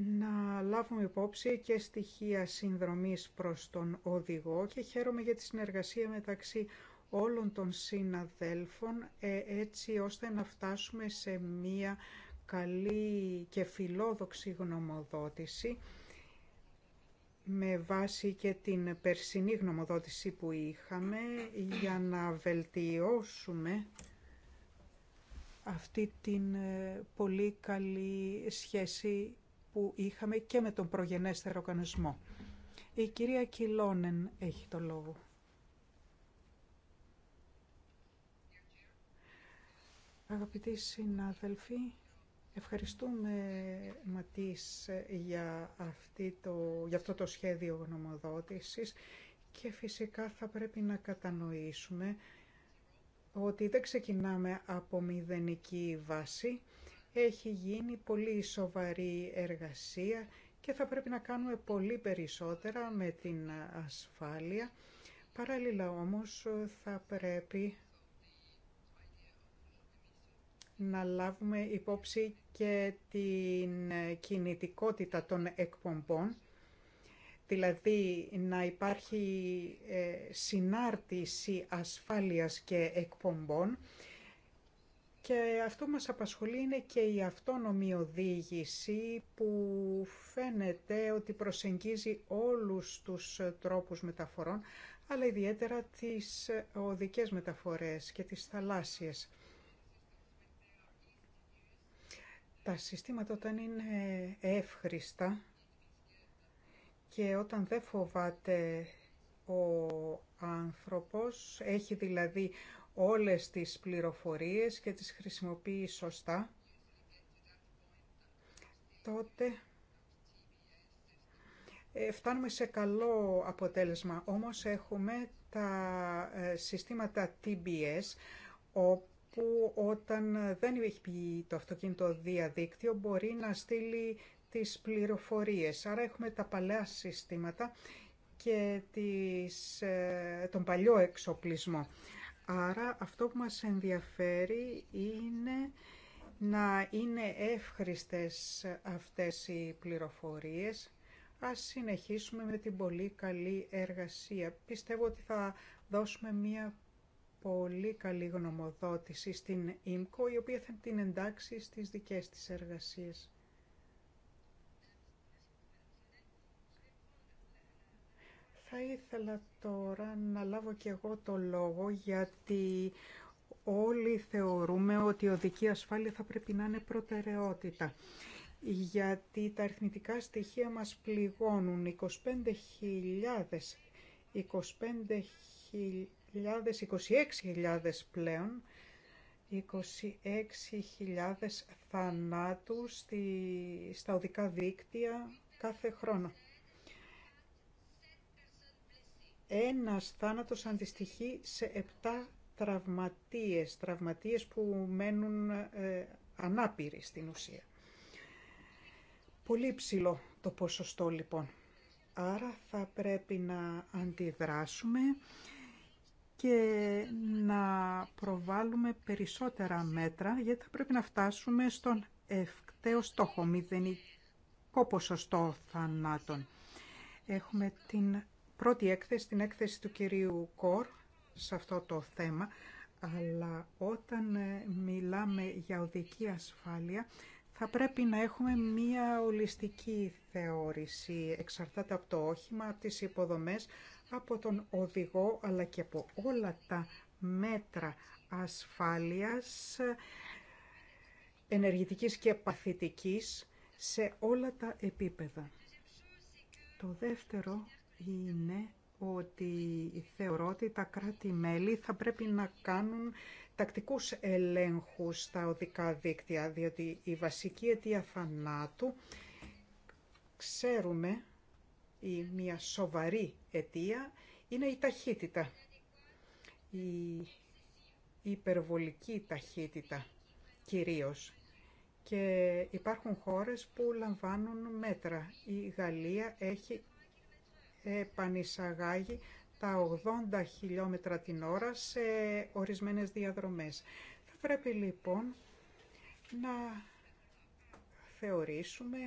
να λάβουμε υπόψη και στοιχεία συνδρομής προς τον οδηγό και χαίρομαι για τη συνεργασία μεταξύ όλων των συναδέλφων ε, έτσι ώστε να φτάσουμε σε μία καλή και φιλόδοξη γνωμοδότηση με βάση και την περσινή γνωμοδότηση που είχαμε για να βελτιώσουμε αυτή την ε, πολύ καλή σχέση που είχαμε και με τον προγενέστερο κανονισμό. Η κυρία Κιλόνεν έχει το λόγο. Αγαπητοί συνάδελφοι, ευχαριστούμε Ματής για, αυτή το, για αυτό το σχέδιο γνωμοδότησης και φυσικά θα πρέπει να κατανοήσουμε ότι δεν ξεκινάμε από μηδενική βάση έχει γίνει πολύ σοβαρή εργασία και θα πρέπει να κάνουμε πολύ περισσότερα με την ασφάλεια. Παράλληλα όμως θα πρέπει να λάβουμε υπόψη και την κινητικότητα των εκπομπών, δηλαδή να υπάρχει ε, συνάρτηση ασφάλειας και εκπομπών και αυτό μας απασχολεί είναι και η αυτόνομη οδήγηση που φαίνεται ότι προσεγγίζει όλους τους τρόπους μεταφορών, αλλά ιδιαίτερα τις οδικές μεταφορές και τις θαλάσσιες. Τα συστήματα όταν είναι εύχριστα και όταν δεν φοβάται ο άνθρωπος, έχει δηλαδή όλες τις πληροφορίες και τις χρησιμοποιεί σωστά, τότε ε, φτάνουμε σε καλό αποτέλεσμα. Όμως έχουμε τα ε, συστήματα TBS, όπου όταν δεν έχει το αυτοκίνητο διαδίκτυο μπορεί να στείλει τις πληροφορίες. Άρα έχουμε τα παλαιά συστήματα και τις, ε, τον παλιό εξοπλισμό. Άρα αυτό που μας ενδιαφέρει είναι να είναι εύχριστες αυτές οι πληροφορίες. Ας συνεχίσουμε με την πολύ καλή εργασία. Πιστεύω ότι θα δώσουμε μια πολύ καλή γνωμοδότηση στην ΙΜΚΟ, η οποία θα την εντάξει στις δικές της εργασίες. Θα ήθελα τώρα να λάβω και εγώ το λόγο γιατί όλοι θεωρούμε ότι η οδική ασφάλεια θα πρέπει να είναι προτεραιότητα. Γιατί τα αριθμητικά στοιχεία μας πληγώνουν 25.000, 25.000, 26.000 πλέον, 26.000 θανάτους στη, στα οδικά δίκτυα κάθε χρόνο ένας θάνατος αντιστοιχεί σε επτά τραυματίες, τραυματίες που μένουν ε, ανάπηροι στην ουσία. Πολύ ψηλό το ποσοστό λοιπόν. Άρα θα πρέπει να αντιδράσουμε και να προβάλλουμε περισσότερα μέτρα γιατί θα πρέπει να φτάσουμε στον ευκταίο στόχο, μηδενικό ποσοστό θανάτων. Έχουμε την πρώτη έκθεση, την έκθεση του κυρίου Κορ σε αυτό το θέμα, αλλά όταν ε, μιλάμε για οδική ασφάλεια θα πρέπει να έχουμε μία ολιστική θεώρηση. Εξαρτάται από το όχημα, από τις υποδομές, από τον οδηγό, αλλά και από όλα τα μέτρα ασφάλειας, ενεργητικής και παθητικής σε όλα τα επίπεδα. Το δεύτερο είναι ότι θεωρώ ότι τα κράτη-μέλη θα πρέπει να κάνουν τακτικούς ελέγχους στα οδικά δίκτυα, διότι η βασική αιτία θανάτου ξέρουμε η μια σοβαρή αιτία είναι η ταχύτητα, η υπερβολική ταχύτητα κυρίως. Και υπάρχουν χώρες που λαμβάνουν μέτρα. Η Γαλλία έχει επανεισαγάγει τα 80 χιλιόμετρα την ώρα σε ορισμένες διαδρομές. Θα πρέπει λοιπόν να θεωρήσουμε,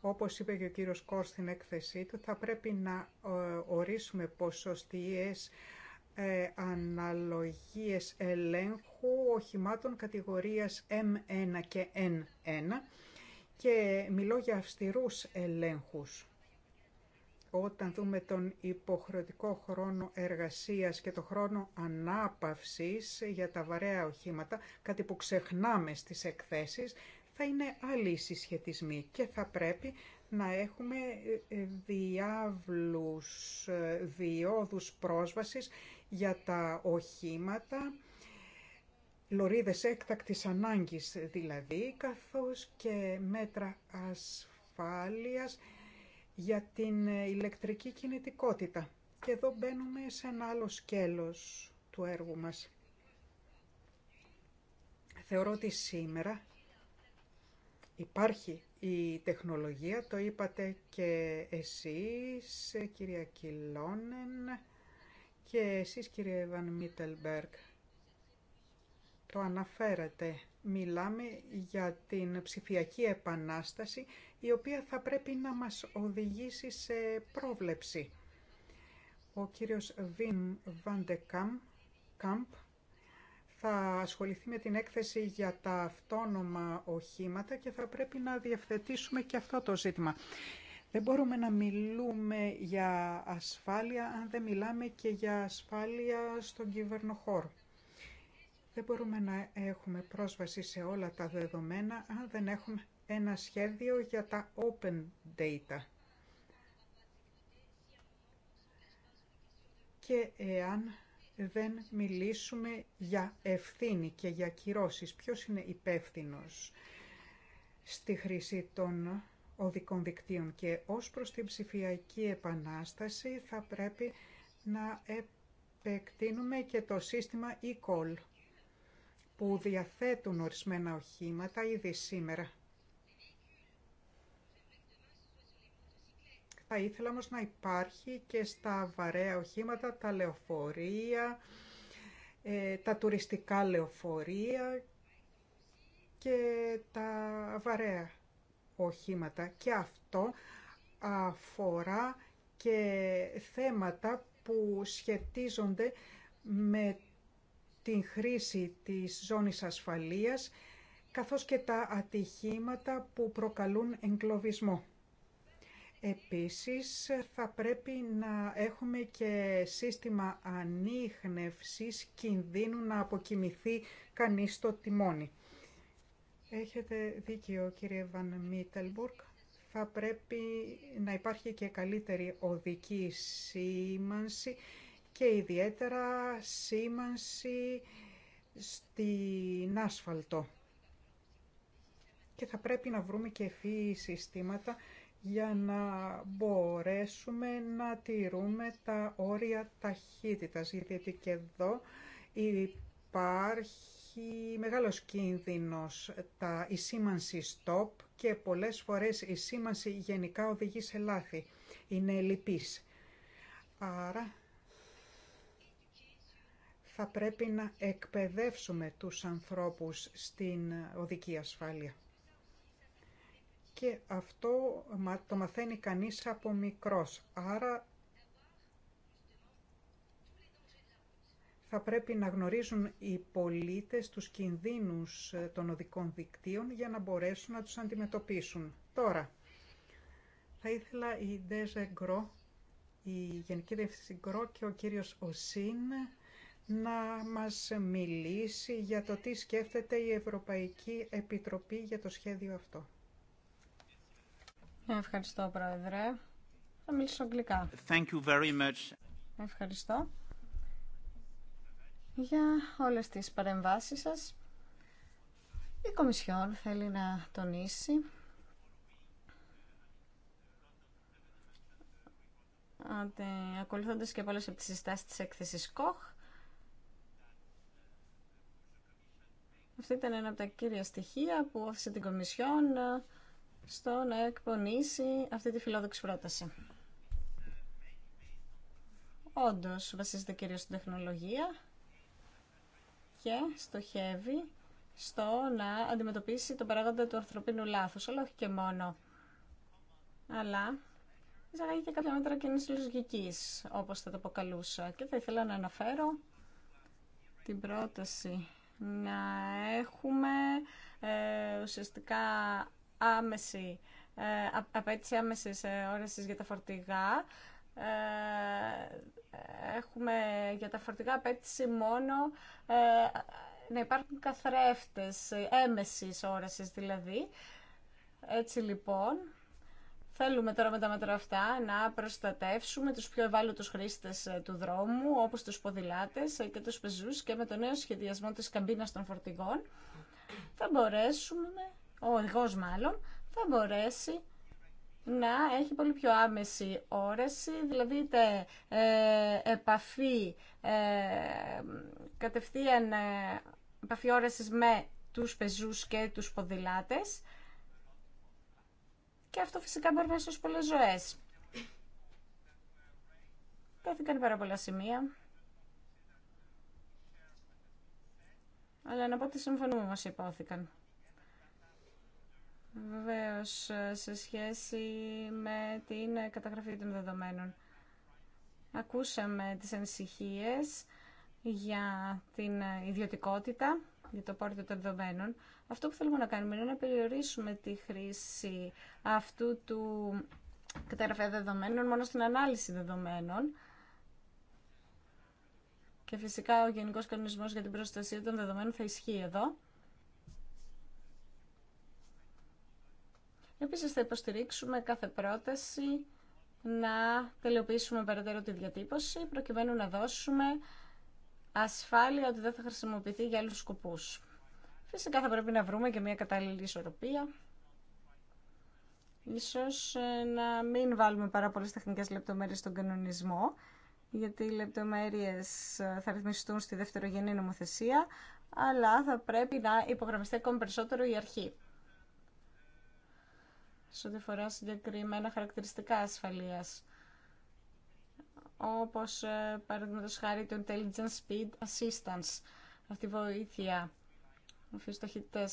όπως είπε και ο κύριος Κόρ στην έκθεσή του, θα πρέπει να ε, ορίσουμε ποσοστιες ε, αναλογίες ελέγχου οχημάτων κατηγορίας M1 και N1 και μιλώ για αυστηρούς ελέγχους όταν δούμε τον υποχρεωτικό χρόνο εργασίας και το χρόνο ανάπαυσης για τα βαρέα οχήματα, κάτι που ξεχνάμε στις εκθέσεις, θα είναι άλλοι οι συσχετισμοί και θα πρέπει να έχουμε ε, διάβλους, ε, διόδους πρόσβασης για τα οχήματα, λωρίδες έκτακτης ανάγκης δηλαδή, καθώς και μέτρα ασφάλειας για την ε, ηλεκτρική κινητικότητα. Και εδώ μπαίνουμε σε ένα άλλο σκέλος του έργου μας. Θεωρώ ότι σήμερα υπάρχει η τεχνολογία, το είπατε και εσείς, ε, κυρία Κιλόνεν, και εσείς, κύριε Βαν Μίτελμπεργκ. Το αναφέρατε. Μιλάμε για την ψηφιακή επανάσταση η οποία θα πρέπει να μας οδηγήσει σε πρόβλεψη. Ο κύριος Βιν Βαντεκάμπ Κάμπ, θα ασχοληθεί με την έκθεση για τα αυτόνομα οχήματα και θα πρέπει να διευθετήσουμε και αυτό το ζήτημα. Δεν μπορούμε να μιλούμε για ασφάλεια αν δεν μιλάμε και για ασφάλεια στον κυβερνοχώρο. Δεν μπορούμε να έχουμε πρόσβαση σε όλα τα δεδομένα αν δεν έχουμε ένα σχέδιο για τα open data. Και εάν δεν μιλήσουμε για ευθύνη και για κυρώσεις, ποιος είναι υπεύθυνος στη χρήση των οδικών δικτύων και ως προς την ψηφιακή επανάσταση θα πρέπει να επεκτείνουμε και το σύστημα e-call που διαθέτουν ορισμένα οχήματα ήδη σήμερα Θα ήθελα όμως να υπάρχει και στα βαρέα οχήματα, τα λεωφορεία, ε, τα τουριστικά λεωφορεία και τα βαρέα οχήματα. Και αυτό αφορά και θέματα που σχετίζονται με την χρήση της ζώνης ασφαλείας καθώς και τα ατυχήματα που προκαλούν εγκλωβισμό. Επίσης θα πρέπει να έχουμε και σύστημα ανείχνευσης κινδύνου να αποκοιμηθεί κανείς στο τιμόνι. Έχετε δίκιο κύριε Βαν Μίτελμπουργκ. Θα πρέπει να υπάρχει και καλύτερη οδική σήμανση και ιδιαίτερα σήμανση στην άσφαλτο. Και θα πρέπει να βρούμε και ευφύη συστήματα για να μπορέσουμε να τηρούμε τα όρια ταχύτητας, γιατί και εδώ υπάρχει μεγάλος κίνδυνος τα, η σήμανση stop και πολλές φορές η σήμανση γενικά οδηγεί σε λάθη, είναι λυπής. Άρα θα πρέπει να εκπαιδεύσουμε τους ανθρώπους στην οδική ασφάλεια και αυτό το μαθαίνει κανείς από μικρός. Άρα θα πρέπει να γνωρίζουν οι πολίτες τους κινδύνους ε, των οδικών δικτύων για να μπορέσουν να τους αντιμετωπίσουν. Τώρα, θα ήθελα η Ντέζε η Γενική Διευθυντή Γκρό και ο κύριος Οσίν να μας μιλήσει για το τι σκέφτεται η Ευρωπαϊκή Επιτροπή για το σχέδιο αυτό. Ευχαριστώ, Πρόεδρε. Θα μιλήσω αγγλικά. Thank you very much. Ευχαριστώ για όλες τις παρεμβάσεις σας. Η Κομισιόν θέλει να τονίσει ότι ακολουθώντας και πολλές από τις συστάσεις της έκθεσης ΚΟΧ αυτή ήταν ένα από τα κύρια στοιχεία που άφησε την Κομισιόν στο να εκπονήσει αυτή τη φιλόδοξη πρόταση. Όντω βασίζεται κυρίως στην τεχνολογία και στοχεύει στο να αντιμετωπίσει τον παράγοντα του ανθρωπίνου λάθους, αλλά όχι και μόνο. Αλλά εισαγάγει και κάποια μέτρα κοινή λογική, όπως θα το αποκαλούσα. Και θα ήθελα να αναφέρω την πρόταση να έχουμε ε, ουσιαστικά άμεση, ε, απέτηση άμεσης ε, όρεσης για τα φορτηγά. Ε, έχουμε για τα φορτηγά απέτηση μόνο να υπάρχουν καθρέφτες, έμεσης όρεσης δηλαδή. Έτσι λοιπόν, Θέλουμε τώρα με τα μέτρα αυτά να προστατεύσουμε τους πιο ευάλωτους χρήστες του δρόμου, όπως τους ποδηλάτες και τους πεζούς και με το νέο σχεδιασμό της καμπίνας των φορτηγών θα μπορέσουμε ο οδηγός μάλλον, θα μπορέσει να έχει πολύ πιο άμεση όρεση, δηλαδή είτε ε, επαφή, ε, κατευθείαν ε, επαφή όρεσης με τους πεζούς και τους ποδηλάτες και αυτό φυσικά μπορεί να σώσει πολλές ζωές. Τέθηκαν πάρα πολλά σημεία. Αλλά να πω ότι συμφωνούμε μας υπόθηκαν. Βεβαίω, σε σχέση με την καταγραφή των δεδομένων. Ακούσαμε τις ανησυχίες για την ιδιωτικότητα, για το πόρτο των δεδομένων. Αυτό που θέλουμε να κάνουμε είναι να περιορίσουμε τη χρήση αυτού του καταγραφέα δεδομένων μόνο στην ανάλυση δεδομένων. Και φυσικά ο Γενικός Κανονισμός για την Προστασία των Δεδομένων θα ισχύει εδώ. Επίσης θα υποστηρίξουμε κάθε πρόταση να τελειοποιήσουμε περαιτέρω τη διατύπωση προκειμένου να δώσουμε ασφάλεια ότι δεν θα χρησιμοποιηθεί για άλλους σκοπούς. Φυσικά θα πρέπει να βρούμε και μια κατάλληλη ισορροπία. Ίσως ε, να μην βάλουμε πάρα πολλές τεχνικές λεπτομέρειες στον κανονισμό, γιατί οι λεπτομέρειες ε, θα ρυθμιστούν στη δευτερογενή νομοθεσία, αλλά θα πρέπει να υπογραμμιστεί ακόμη περισσότερο η αρχή σε ό,τι φορά συγκεκριμένα χαρακτηριστικά ασφαλείας όπως ε, παραδείγματο χάρη το Intelligence Speed Assistance, αυτή η βοήθεια.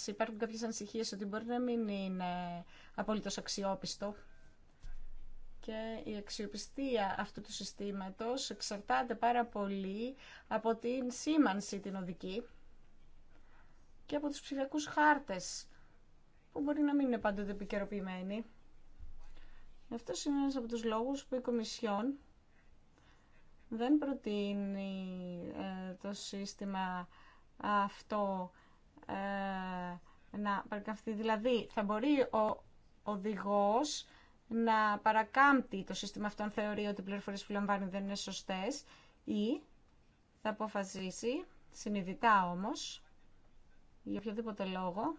Υπάρχουν κάποιες ανησυχίες ότι μπορεί να μην είναι απολύτως αξιόπιστο και η αξιοπιστία αυτού του συστήματος εξαρτάται πάρα πολύ από την σήμανση την οδική και από τους ψηφιακούς χάρτες που μπορεί να μην είναι πάντοτε επικαιροποιημένη. Αυτό είναι ένας από τους λόγους που η Κομισιόν δεν προτείνει ε, το σύστημα αυτό ε, να παρακαμφθεί. Δηλαδή, θα μπορεί ο οδηγός να παρακάμπτει το σύστημα αυτό αν θεωρεί ότι οι πληροφορίες που λαμβάνει δεν είναι σωστές ή θα αποφασίσει, συνειδητά όμως, για οποιοδήποτε λόγο,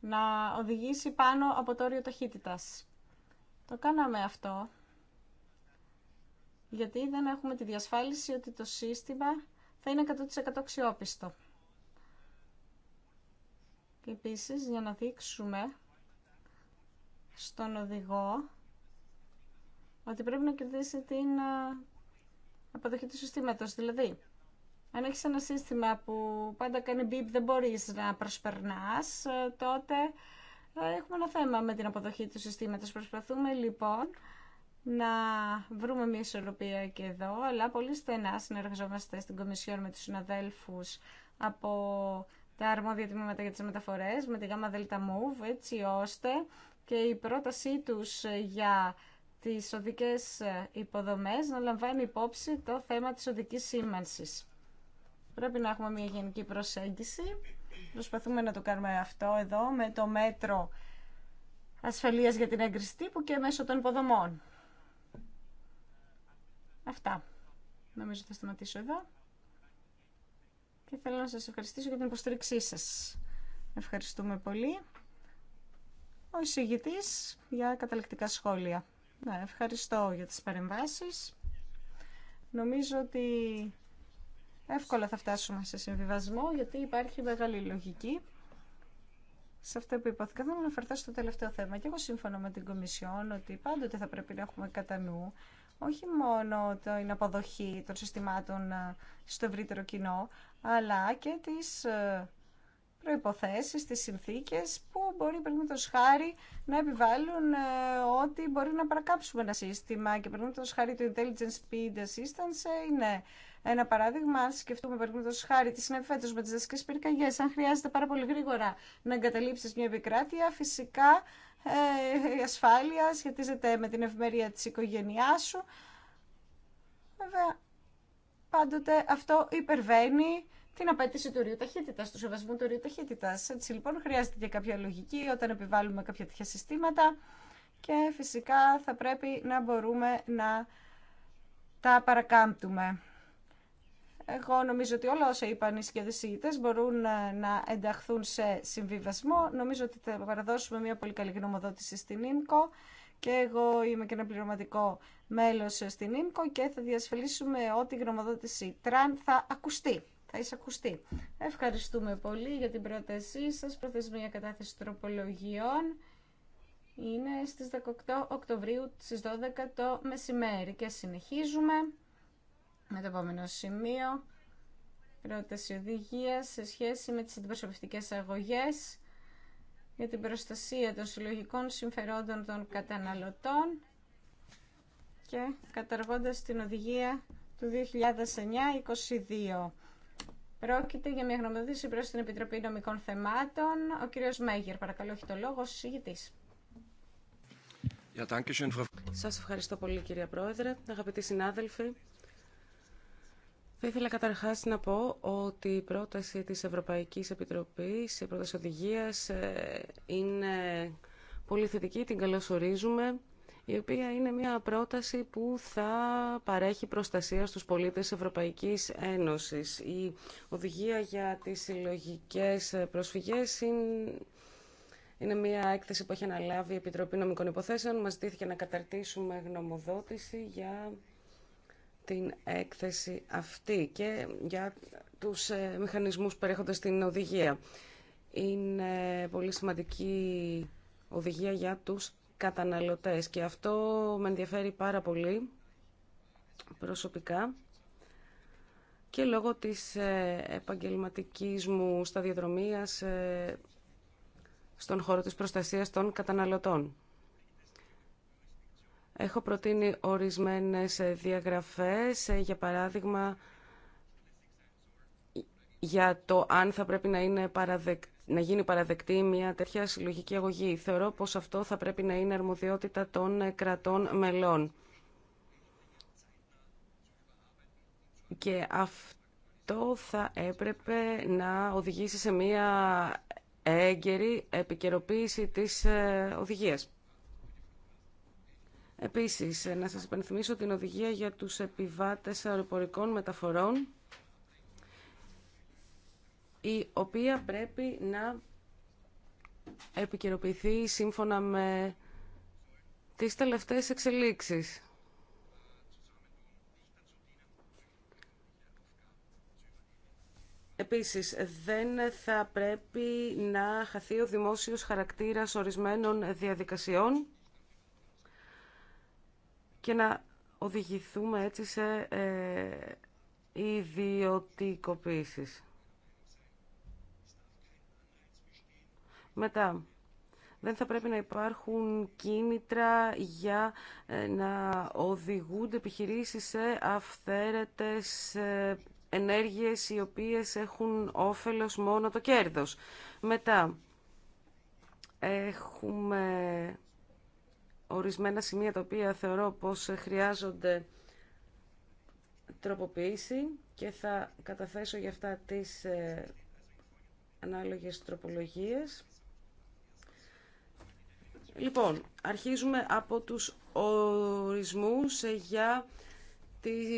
να οδηγήσει πάνω από το όριο ταχύτητας. Το κάναμε αυτό γιατί δεν έχουμε τη διασφάλιση ότι το σύστημα θα είναι 100% αξιόπιστο. Και επίσης για να δείξουμε στον οδηγό ότι πρέπει να κερδίσει την ε, αποδοχή του συστήματος. Δηλαδή, αν έχεις ένα σύστημα που πάντα κάνει μπιπ, δεν μπορείς να προσπερνάς, ε, τότε ε, έχουμε ένα θέμα με την αποδοχή του συστήματος. Προσπαθούμε λοιπόν να βρούμε μια ισορροπία και εδώ, αλλά πολύ στενά συνεργαζόμαστε στην Κομισιόν με τους συναδέλφους από τα αρμόδια τμήματα για τις μεταφορές, με τη γάμα δελτα έτσι ώστε και η πρότασή τους για τις οδικές ε, υποδομές να λαμβάνει υπόψη το θέμα της οδικής σήμανσης. Πρέπει να έχουμε μια γενική προσέγγιση. Προσπαθούμε να το κάνουμε αυτό εδώ με το μέτρο ασφαλείας για την έγκριση τύπου και μέσω των υποδομών. Αυτά. Νομίζω θα σταματήσω εδώ. Και θέλω να σας ευχαριστήσω για την υποστήριξή σας. Ευχαριστούμε πολύ. Ο εισηγητής για καταληκτικά σχόλια. Ναι, ευχαριστώ για τις παρεμβάσεις. Νομίζω ότι εύκολα θα φτάσουμε σε συμβιβασμό γιατί υπάρχει μεγάλη λογική σε αυτό που υπόθηκα. Θέλω να αναφερθώ στο τελευταίο θέμα. Και εγώ σύμφωνα με την Κομισιόν ότι πάντοτε θα πρέπει να έχουμε κατά νου όχι μόνο την αποδοχή των συστημάτων ε, στο ευρύτερο κοινό, αλλά και τις ε, προϋποθέσεις, τις συνθήκες που μπορεί πριν το χάρη να επιβάλλουν ε, ότι μπορεί να παρακάψουμε ένα σύστημα και πριν το χάρη του Intelligence Speed Assistance είναι ένα παράδειγμα, αν σκεφτούμε παραδείγματο χάρη τι συνέβη φέτο με τι δασικέ πυρκαγιέ, αν χρειάζεται πάρα πολύ γρήγορα να εγκαταλείψει μια επικράτεια, φυσικά ε, η ασφάλεια σχετίζεται με την ευμερία τη οικογένειά σου. Βέβαια, πάντοτε αυτό υπερβαίνει την απέτηση του ρίου ταχύτητα, του σεβασμού του ρίου ταχύτητα. Έτσι λοιπόν χρειάζεται και κάποια λογική όταν επιβάλλουμε κάποια τέτοια συστήματα και φυσικά θα πρέπει να μπορούμε να τα παρακάμπτουμε. Εγώ νομίζω ότι όλα όσα είπαν οι σχεδεσίτες μπορούν ε, να ενταχθούν σε συμβιβασμό. Νομίζω ότι θα παραδώσουμε μια πολύ καλή γνωμοδότηση στην ΙΝΚΟ και εγώ είμαι και ένα πληρωματικό μέλος στην ΙΝΚΟ και θα διασφαλίσουμε ότι η γνωμοδότηση τραν θα ακουστεί. Θα εισακουστεί. Ευχαριστούμε πολύ για την πρότασή σας. Προθεσμία κατάθεση τροπολογιών είναι στις 18 Οκτωβρίου στις 12 το μεσημέρι και συνεχίζουμε. Με το επόμενο σημείο, πρόταση οδηγία σε σχέση με τις αντιπροσωπευτικές αγωγές για την προστασία των συλλογικών συμφερόντων των καταναλωτών και καταργώντας την οδηγία του 2009-22. Πρόκειται για μια γνωμοδότηση προ την Επιτροπή Νομικών Θεμάτων. Ο κύριος Μέγερ, παρακαλώ, έχει το λόγο, συζητητής. Σα ευχαριστώ πολύ κυρία Πρόεδρε, αγαπητοί συνάδελφοι. Θα ήθελα καταρχάς να πω ότι η πρόταση της Ευρωπαϊκής Επιτροπής, η πρόταση ε, είναι πολύ θετική, την καλωσορίζουμε, η οποία είναι μια πρόταση που θα παρέχει προστασία στους πολίτες Ευρωπαϊκής Ένωσης. Η οδηγία για τις συλλογικέ προσφυγές είναι μια έκθεση που έχει αναλάβει η Επιτροπή Νομικών Υποθέσεων. Μας ζητήθηκε να καταρτήσουμε γνωμοδότηση για την έκθεση αυτή και για τους ε, μηχανισμούς που την στην οδηγία. Είναι πολύ σημαντική οδηγία για τους καταναλωτές και αυτό με ενδιαφέρει πάρα πολύ προσωπικά και λόγω της ε, επαγγελματικής μου σταδιοδρομίας ε, στον χώρο της προστασίας των καταναλωτών. Έχω προτείνει ορισμένες διαγραφές, για παράδειγμα για το αν θα πρέπει να, είναι να γίνει παραδεκτή μια τέτοια συλλογική αγωγή. Θεωρώ πως αυτό θα πρέπει να είναι αρμοδιότητα των κρατών μελών. Και αυτό θα έπρεπε να οδηγήσει σε μια έγκαιρη επικαιροποίηση της ε, οδηγίας. Επίσης, να σας υπενθυμίσω την οδηγία για τους επιβάτες αεροπορικών μεταφορών, η οποία πρέπει να επικαιροποιηθεί σύμφωνα με τις τελευταίες εξελίξεις. Επίσης, δεν θα πρέπει να χαθεί ο δημόσιος χαρακτήρας ορισμένων διαδικασιών και να οδηγηθούμε έτσι σε ε, Μετά, δεν θα πρέπει να υπάρχουν κίνητρα για ε, να οδηγούνται επιχειρήσεις σε αυθαίρετες ε, ενέργειες οι οποίες έχουν όφελος μόνο το κέρδος. Μετά, έχουμε ορισμένα σημεία τα οποία θεωρώ πως χρειάζονται τροποποίηση και θα καταθέσω για αυτά τις ε, ανάλογες τροπολογίες. Λοιπόν, αρχίζουμε από τους ορισμούς ε, για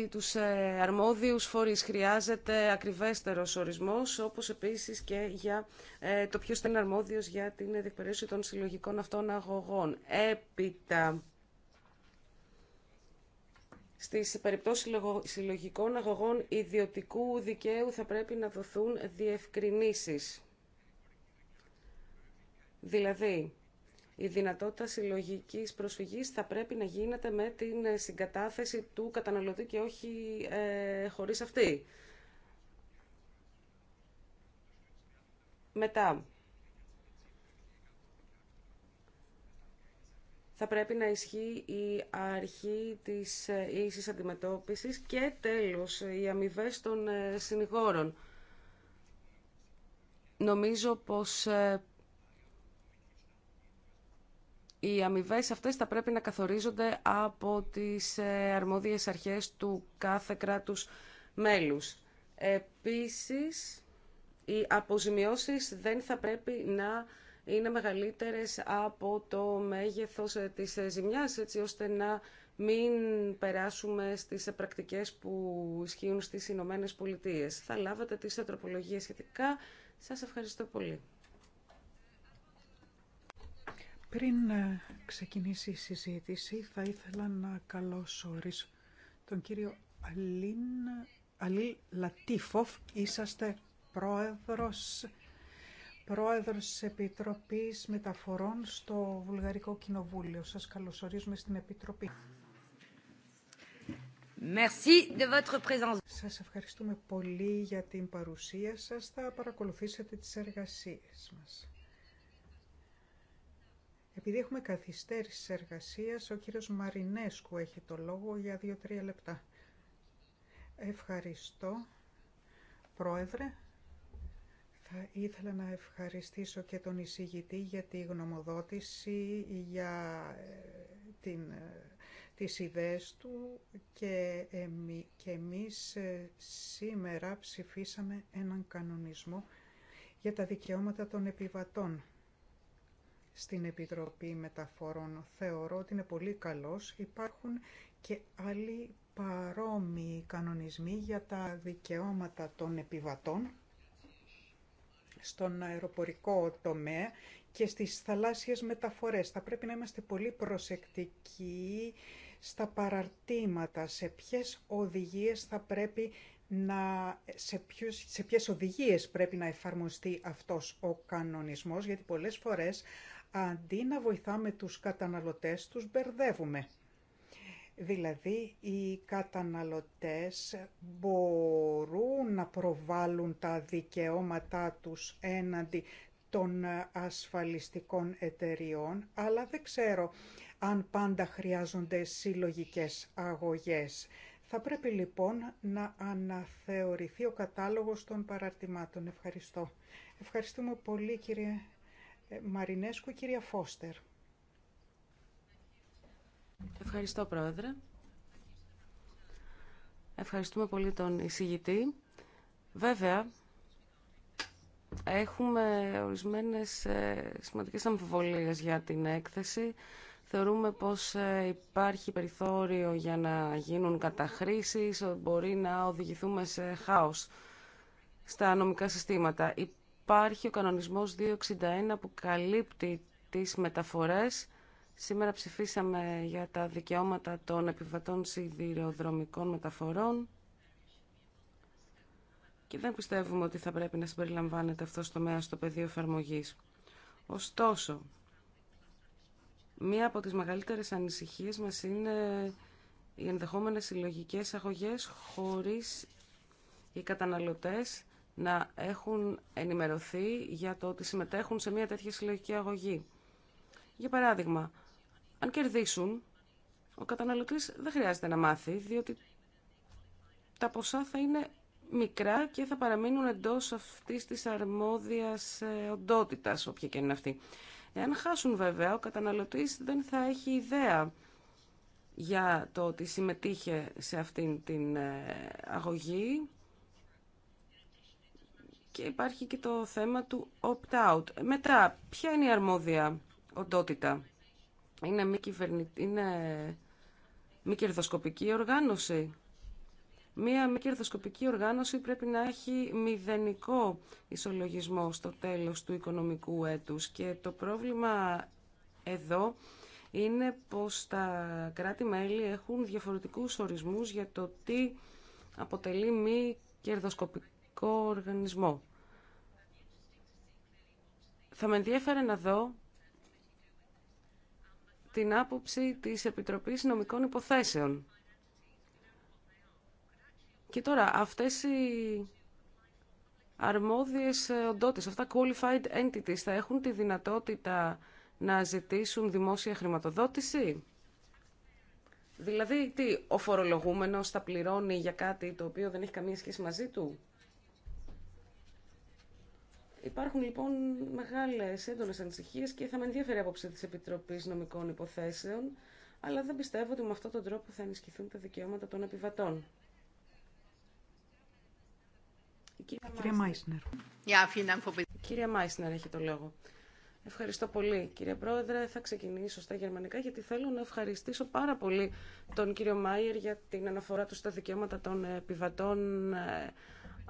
τους ε, αρμόδιους φορείς. Χρειάζεται ακριβέστερος ορισμός, όπως επίσης και για ε, το ποιος είναι αρμόδιος για την διεκπαιρέωση των συλλογικών αυτών αγωγών. Έπειτα, στις περιπτώσεις συλλογικών αγωγών ιδιωτικού δικαίου θα πρέπει να δοθούν διευκρινήσεις. Δηλαδή, η δυνατότητα συλλογικής προσφυγής θα πρέπει να γίνεται με την συγκατάθεση του καταναλωτή και όχι ε, χωρίς αυτή. Μετά, θα πρέπει να ισχύει η αρχή της ε, ίσης αντιμετώπισης και τέλος οι αμοιβέ των ε, συνηγόρων. Νομίζω πως ε, οι αμοιβέ αυτές θα πρέπει να καθορίζονται από τις ε, αρμόδιες αρχές του κάθε κράτους μέλους. Επίσης, οι αποζημιώσεις δεν θα πρέπει να είναι μεγαλύτερες από το μέγεθος ε, της ε, ζημιάς, έτσι ώστε να μην περάσουμε στις πρακτικές που ισχύουν στις Ηνωμένε Πολιτείες. Θα λάβετε τις τροπολογίες σχετικά. Σας ευχαριστώ πολύ. Πριν ε, ξεκινήσει η συζήτηση, θα ήθελα να καλωσορίσω τον κύριο Αλίν, Αλή Λατίφοφ. Είσαστε πρόεδρος, πρόεδρος της Επιτροπής Μεταφορών στο Βουλγαρικό Κοινοβούλιο. Σας καλωσορίζουμε στην Επιτροπή. Merci de votre présence. Σας ευχαριστούμε πολύ για την παρουσία σας. Θα παρακολουθήσετε τις εργασίες μας. Επειδή έχουμε καθυστέρηση εργασία, ο κύριος Μαρινέσκου έχει το λόγο για δύο-τρία λεπτά. Ευχαριστώ, Πρόεδρε. Θα ήθελα να ευχαριστήσω και τον εισηγητή για τη γνωμοδότηση, για ε, την, ε, τις ιδέες του και, εμεί, και εμείς ε, σήμερα ψηφίσαμε έναν κανονισμό για τα δικαιώματα των επιβατών στην Επιτροπή Μεταφορών. Θεωρώ ότι είναι πολύ καλός. Υπάρχουν και άλλοι παρόμοιοι κανονισμοί για τα δικαιώματα των επιβατών στον αεροπορικό τομέα και στις θαλάσσιες μεταφορές. Θα πρέπει να είμαστε πολύ προσεκτικοί στα παραρτήματα, σε ποιες οδηγίες θα πρέπει να, σε, σε ποιες οδηγίες πρέπει να εφαρμοστεί αυτός ο κανονισμός, γιατί πολλές φορές Αντί να βοηθάμε τους καταναλωτές, τους μπερδεύουμε. Δηλαδή, οι καταναλωτές μπορούν να προβάλλουν τα δικαιώματά τους έναντι των ασφαλιστικών εταιριών, αλλά δεν ξέρω αν πάντα χρειάζονται συλλογικές αγωγές. Θα πρέπει λοιπόν να αναθεωρηθεί ο κατάλογος των παραρτημάτων. Ευχαριστώ. Ευχαριστούμε πολύ κύριε ε, Μαρινέσκου, κυρία Φώστερ. Ευχαριστώ, Πρόεδρε. Ευχαριστούμε πολύ τον εισηγητή. Βέβαια, έχουμε ορισμένες ε, σημαντικές αμφιβολίες για την έκθεση. Θεωρούμε πως ε, υπάρχει περιθώριο για να γίνουν καταχρήσεις, μπορεί να οδηγηθούμε σε χάος στα νομικά συστήματα υπάρχει ο κανονισμός 261 που καλύπτει τις μεταφορές. Σήμερα ψηφίσαμε για τα δικαιώματα των επιβατών σιδηροδρομικών μεταφορών και δεν πιστεύουμε ότι θα πρέπει να συμπεριλαμβάνεται αυτό το μέα στο πεδίο εφαρμογή. Ωστόσο, μία από τις μεγαλύτερες ανησυχίες μας είναι οι ενδεχόμενες συλλογικέ αγωγές χωρίς οι καταναλωτές να έχουν ενημερωθεί για το ότι συμμετέχουν σε μια τέτοια συλλογική αγωγή. Για παράδειγμα, αν κερδίσουν, ο καταναλωτής δεν χρειάζεται να μάθει, διότι τα ποσά θα είναι μικρά και θα παραμείνουν εντός αυτής της αρμόδιας ε, οντότητας, όποια και είναι αυτή. Εάν χάσουν βέβαια, ο καταναλωτής δεν θα έχει ιδέα για το ότι συμμετείχε σε αυτήν την ε, αγωγή και υπάρχει και το θέμα του opt-out. Μετά, ποια είναι η αρμόδια οντότητα. Είναι μη, είναι μη κερδοσκοπική οργάνωση. Μία μη κερδοσκοπική οργάνωση πρέπει να έχει μηδενικό ισολογισμό στο τέλος του οικονομικού έτους και το πρόβλημα εδώ είναι πως τα κράτη-μέλη έχουν διαφορετικούς ορισμούς για το τι αποτελεί μη κερδοσκοπική Οργανισμό. Θα με ενδιέφερε να δω την άποψη της Επιτροπής Νομικών Υποθέσεων. Και τώρα, αυτές οι αρμόδιες οντότητες, αυτά qualified entities, θα έχουν τη δυνατότητα να ζητήσουν δημόσια χρηματοδότηση. Δηλαδή, τι, ο φορολογούμενος θα πληρώνει για κάτι το οποίο δεν έχει καμία σχέση μαζί του. Υπάρχουν λοιπόν μεγάλες έντονες ανησυχίε και θα με ενδιαφέρει απόψη τη Επιτροπής Νομικών Υποθέσεων, αλλά δεν πιστεύω ότι με αυτόν τον τρόπο θα ενισχυθούν τα δικαιώματα των επιβατών. Κυρία Μάισνερ. Κυρία Μάισνερ έχει το λόγο. Ευχαριστώ πολύ κύριε Πρόεδρε. Θα ξεκινήσω στα γερμανικά γιατί θέλω να ευχαριστήσω πάρα πολύ τον κύριο Μάιερ για την αναφορά του στα δικαιώματα των επιβατών ε,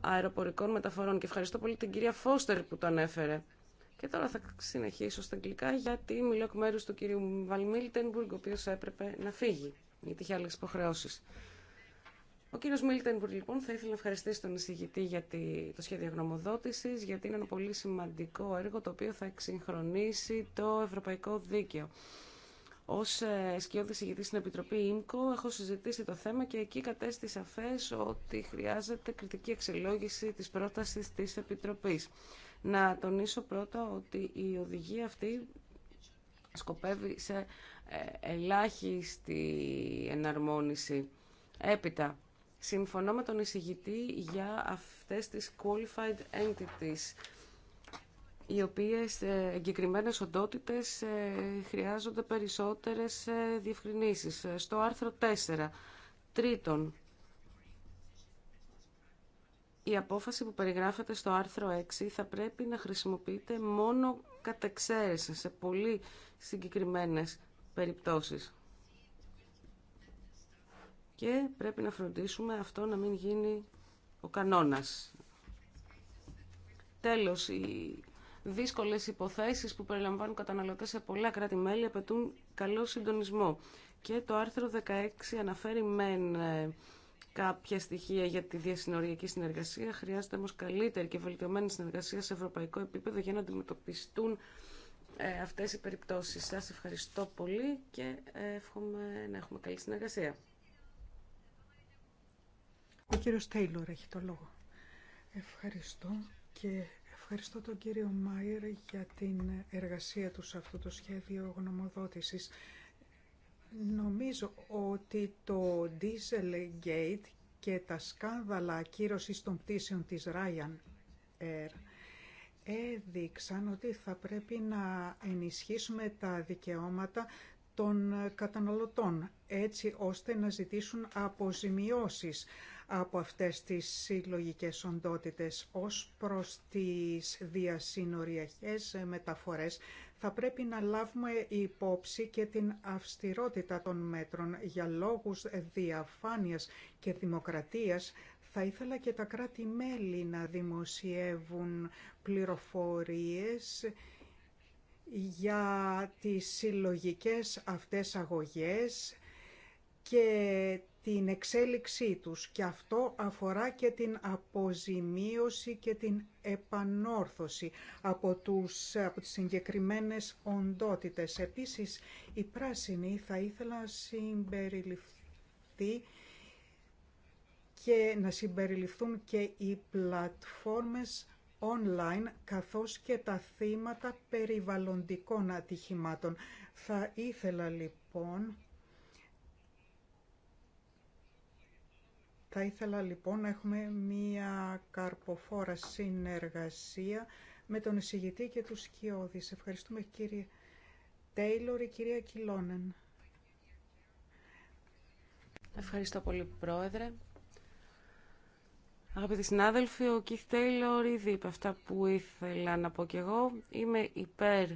αεροπορικών μεταφορών και ευχαριστώ πολύ την κυρία Φώστερ που το ανέφερε. Και τώρα θα συνεχίσω στα αγγλικά γιατί μιλώ εκ μέρου του κυρίου Βαλμίλτενμπουργκ, ο οποίο έπρεπε να φύγει γιατί είχε άλλε υποχρεώσει. Ο κύριο Μίλτενμπουργκ, λοιπόν, θα ήθελα να ευχαριστήσει τον εισηγητή για το σχέδιο γνωμοδότηση, γιατί είναι ένα πολύ σημαντικό έργο το οποίο θα εξυγχρονίσει το ευρωπαϊκό δίκαιο. Ω ε, σκιώδη ηγητής στην Επιτροπή ΙΜΚΟ έχω συζητήσει το θέμα και εκεί κατέστη σαφέ ότι χρειάζεται κριτική εξελόγηση της πρότασης της επιτροπή. Να τονίσω πρώτα ότι η οδηγία αυτή σκοπεύει σε ε, ελάχιστη εναρμόνιση. Έπειτα, συμφωνώ με τον εισηγητή για αυτές τις qualified entities οι οποίες ε, εγκεκριμένες οντότητες ε, χρειάζονται περισσότερες ε, διευκρινήσεις. Στο άρθρο 4, τρίτον, η απόφαση που περιγράφεται στο άρθρο 6 θα πρέπει να χρησιμοποιείται μόνο κατά εξαίρεση σε πολύ συγκεκριμένες περιπτώσεις. Και πρέπει να φροντίσουμε αυτό να μην γίνει ο κανόνας. Τέλος, η Δύσκολε υποθέσει που περιλαμβάνουν καταναλωτέ σε πολλά κράτη-μέλη απαιτούν καλό συντονισμό. Και το άρθρο 16 αναφέρει μεν ε, κάποια στοιχεία για τη διασυνοριακή συνεργασία. Χρειάζεται όμω καλύτερη και βελτιωμένη συνεργασία σε ευρωπαϊκό επίπεδο για να αντιμετωπιστούν ε, αυτές οι περιπτώσεις. Σα ευχαριστώ πολύ και ε, εύχομαι να έχουμε καλή συνεργασία. Ο Τέιλορ έχει το λόγο. Ευχαριστώ και Ευχαριστώ τον κύριο Μάιερ για την εργασία του σε αυτό το σχέδιο γνωμοδότησης. Νομίζω ότι το Dieselgate και τα σκάνδαλα ακύρωσης των πτήσεων της Ryanair έδειξαν ότι θα πρέπει να ενισχύσουμε τα δικαιώματα των καταναλωτών έτσι ώστε να ζητήσουν αποζημιώσεις από αυτές τις συλλογικές οντότητες ως προς τις διασυνοριακές ε, μεταφορές θα πρέπει να λάβουμε υπόψη και την αυστηρότητα των μέτρων για λόγους διαφάνειας και δημοκρατίας θα ήθελα και τα κράτη-μέλη να δημοσιεύουν πληροφορίες για τις συλλογικές αυτές αγωγές και την εξέλιξή τους και αυτό αφορά και την αποζημίωση και την επανόρθωση από, τους, από τις συγκεκριμένες οντότητες. Επίσης, η πράσινη θα ήθελα να συμπεριληφθεί και να συμπεριληφθούν και οι πλατφόρμες online καθώς και τα θύματα περιβαλλοντικών ατυχημάτων. Θα ήθελα λοιπόν Θα ήθελα λοιπόν να έχουμε μία καρποφόρα συνεργασία με τον εισηγητή και τους σκιώδεις. Ευχαριστούμε κύριε Τέιλορ, η κυρία Κιλόνεν. Ευχαριστώ πολύ πρόεδρε. Αγαπητοί συνάδελφοι, ο Κιθ Τέιλορ ήδη είπε αυτά που ήθελα να πω κι εγώ. Είμαι υπέρ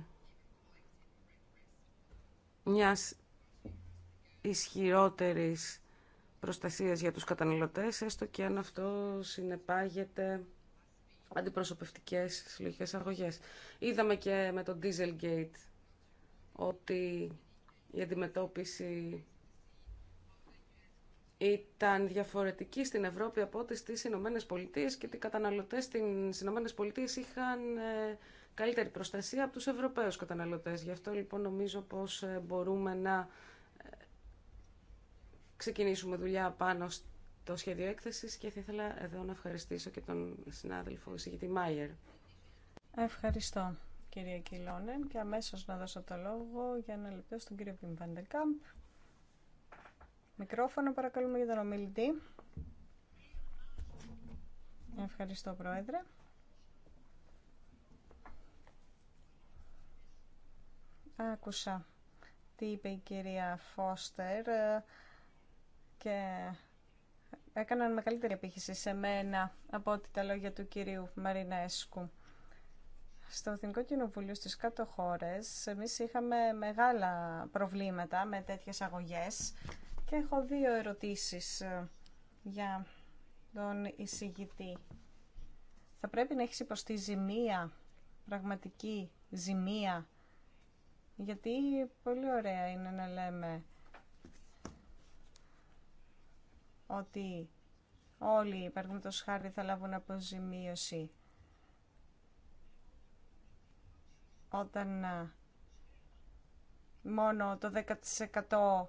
μιας ισχυρότερης προστασίας για τους καταναλωτές, έστω και αν αυτό συνεπάγεται αντιπροσωπευτικές συλλογικές αγωγές. Είδαμε και με το Dieselgate ότι η αντιμετώπιση ήταν διαφορετική στην Ευρώπη από ό,τι στις Ηνωμένε Πολιτείε και οι καταναλωτές στις Ηνωμένε Πολιτείε είχαν ε, καλύτερη προστασία από τους Ευρωπαίους καταναλωτές. Γι' αυτό λοιπόν νομίζω πως ε, μπορούμε να ξεκινήσουμε δουλειά πάνω στο σχέδιο έκθεσης και θα ήθελα εδώ να ευχαριστήσω και τον συνάδελφο εισηγητή Μάιερ. Ευχαριστώ κυρία Κιλόνεν και αμέσως να δώσω το λόγο για ένα λεπτό στον κύριο Πιμ Μικρόφωνο παρακαλούμε για τον ομιλητή. Ευχαριστώ Πρόεδρε. Άκουσα τι είπε η κυρία Φώστερ και έκαναν μεγαλύτερη επίχυση σε μένα από ό,τι τα λόγια του κυρίου Μαρινέσκου. Στο Εθνικό Κοινοβούλιο στις κάτω χώρες εμείς είχαμε μεγάλα προβλήματα με τέτοιες αγωγές και έχω δύο ερωτήσεις ε, για τον εισηγητή. Θα πρέπει να έχεις υποστεί ζημία, πραγματική ζημία, γιατί πολύ ωραία είναι να λέμε ότι όλοι, παραδείγματος χάρη, θα λάβουν αποζημίωση όταν ε, μόνο το 10%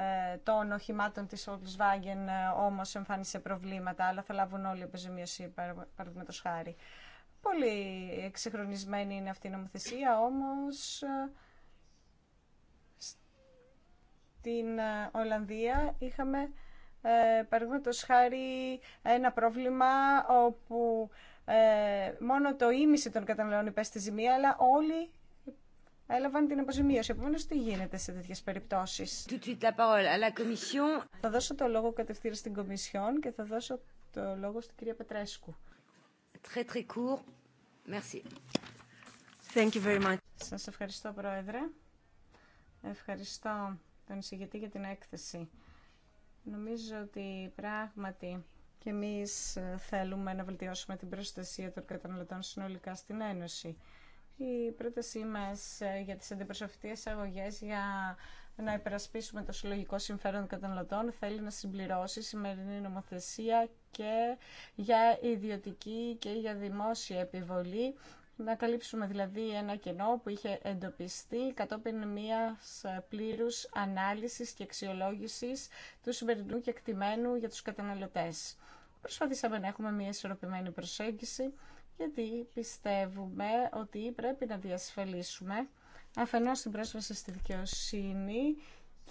ε, των οχημάτων της Volkswagen ε, όμως εμφάνισε προβλήματα, αλλά θα λάβουν όλοι αποζημίωση, παραδείγματος χάρη. Πολύ εξυγχρονισμένη είναι αυτή η νομοθεσία, όμως στην Ολλανδία είχαμε ε, παραδείγματο χάρη ένα πρόβλημα όπου ε, μόνο το ίμιση των καταναλών υπέστη ζημία, αλλά όλοι έλαβαν την αποζημίωση. Επομένω, τι γίνεται σε τέτοιε περιπτώσει. Θα δώσω το λόγο κατευθείαν στην Κομισιόν και θα δώσω το λόγο στην κυρία Πετρέσκου. Très, Σας ευχαριστώ, Πρόεδρε. Ευχαριστώ τον εισηγητή για την έκθεση. Νομίζω ότι πράγματι και εμείς θέλουμε να βελτιώσουμε την προστασία των καταναλωτών συνολικά στην Ένωση. Η πρότασή μας ε, για τις αντιπροσωπευτικές αγωγές για να υπερασπίσουμε το συλλογικό συμφέρον των καταναλωτών θέλει να συμπληρώσει σημερινή νομοθεσία και για ιδιωτική και για δημόσια επιβολή να καλύψουμε δηλαδή ένα κενό που είχε εντοπιστεί κατόπιν μιας πλήρους ανάλυσης και αξιολόγησης του σημερινού και εκτιμένου για τους καταναλωτές. Προσπαθήσαμε να έχουμε μια ισορροπημένη προσέγγιση γιατί πιστεύουμε ότι πρέπει να διασφαλίσουμε αφενός την πρόσβαση στη δικαιοσύνη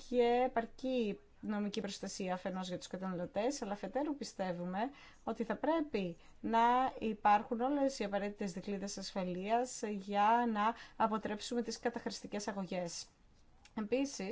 και επαρκή νομική προστασία αφενό για του καταναλωτέ, αλλά αφετέρου πιστεύουμε ότι θα πρέπει να υπάρχουν όλε οι απαραίτητε δικλείδε ασφαλεία για να αποτρέψουμε τι καταχρηστικέ αγωγέ. Επίση,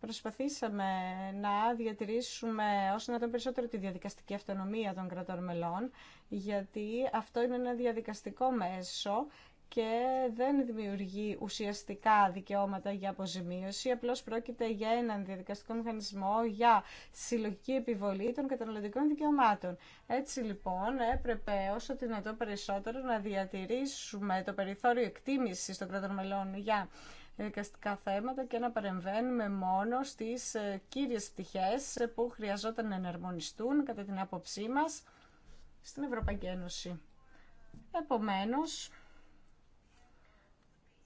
προσπαθήσαμε να διατηρήσουμε όσο να τον περισσότερο τη διαδικαστική αυτονομία των κρατών μελών, γιατί αυτό είναι ένα διαδικαστικό μέσο και δεν δημιουργεί ουσιαστικά δικαιώματα για αποζημίωση, απλώς πρόκειται για έναν διαδικαστικό μηχανισμό για συλλογική επιβολή των καταναλωτικών δικαιωμάτων. Έτσι λοιπόν έπρεπε όσο δυνατό περισσότερο να διατηρήσουμε το περιθώριο εκτίμησης των κρατών μελών για δικαστικά θέματα και να παρεμβαίνουμε μόνο στις ε, κύριες πτυχές που χρειαζόταν να εναρμονιστούν κατά την άποψή μας στην Ευρωπαϊκή Ένωση. Επομένως,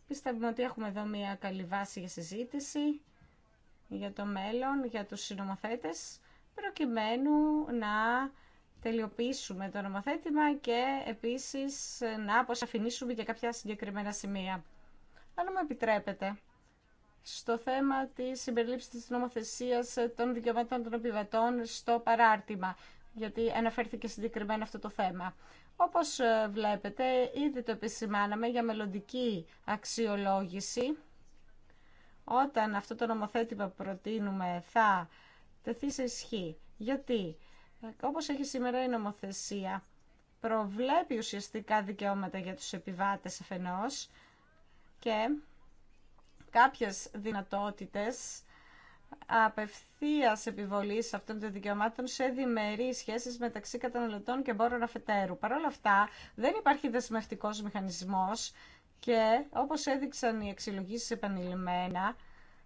Πιστεύουμε ότι έχουμε εδώ μια καλή βάση για συζήτηση για το μέλλον, για τους συνομοθέτες, προκειμένου να τελειοποιήσουμε το νομοθέτημα και επίσης να αποσαφηνίσουμε για κάποια συγκεκριμένα σημεία. Αν μου επιτρέπετε, στο θέμα της συμπεριλήψης της νομοθεσίας των δικαιωμάτων των επιβατών στο παράρτημα, γιατί αναφέρθηκε συγκεκριμένα αυτό το θέμα. Όπως ε, βλέπετε, ήδη το επισημάναμε για μελλοντική αξιολόγηση. Όταν αυτό το νομοθέτημα προτείνουμε θα τεθεί σε ισχύ. Γιατί, ε, όπως έχει σήμερα η νομοθεσία, προβλέπει ουσιαστικά δικαιώματα για τους επιβάτες αφενός και κάποιες δυνατότητες απευθεία επιβολή αυτών των δικαιωμάτων σε διμερεί σχέσει μεταξύ καταναλωτών και εμπόρων αφετέρου. Παρ' όλα αυτά δεν υπάρχει δεσμευτικό μηχανισμό και όπω έδειξαν οι εξυλλογήσεις επανειλημμένα,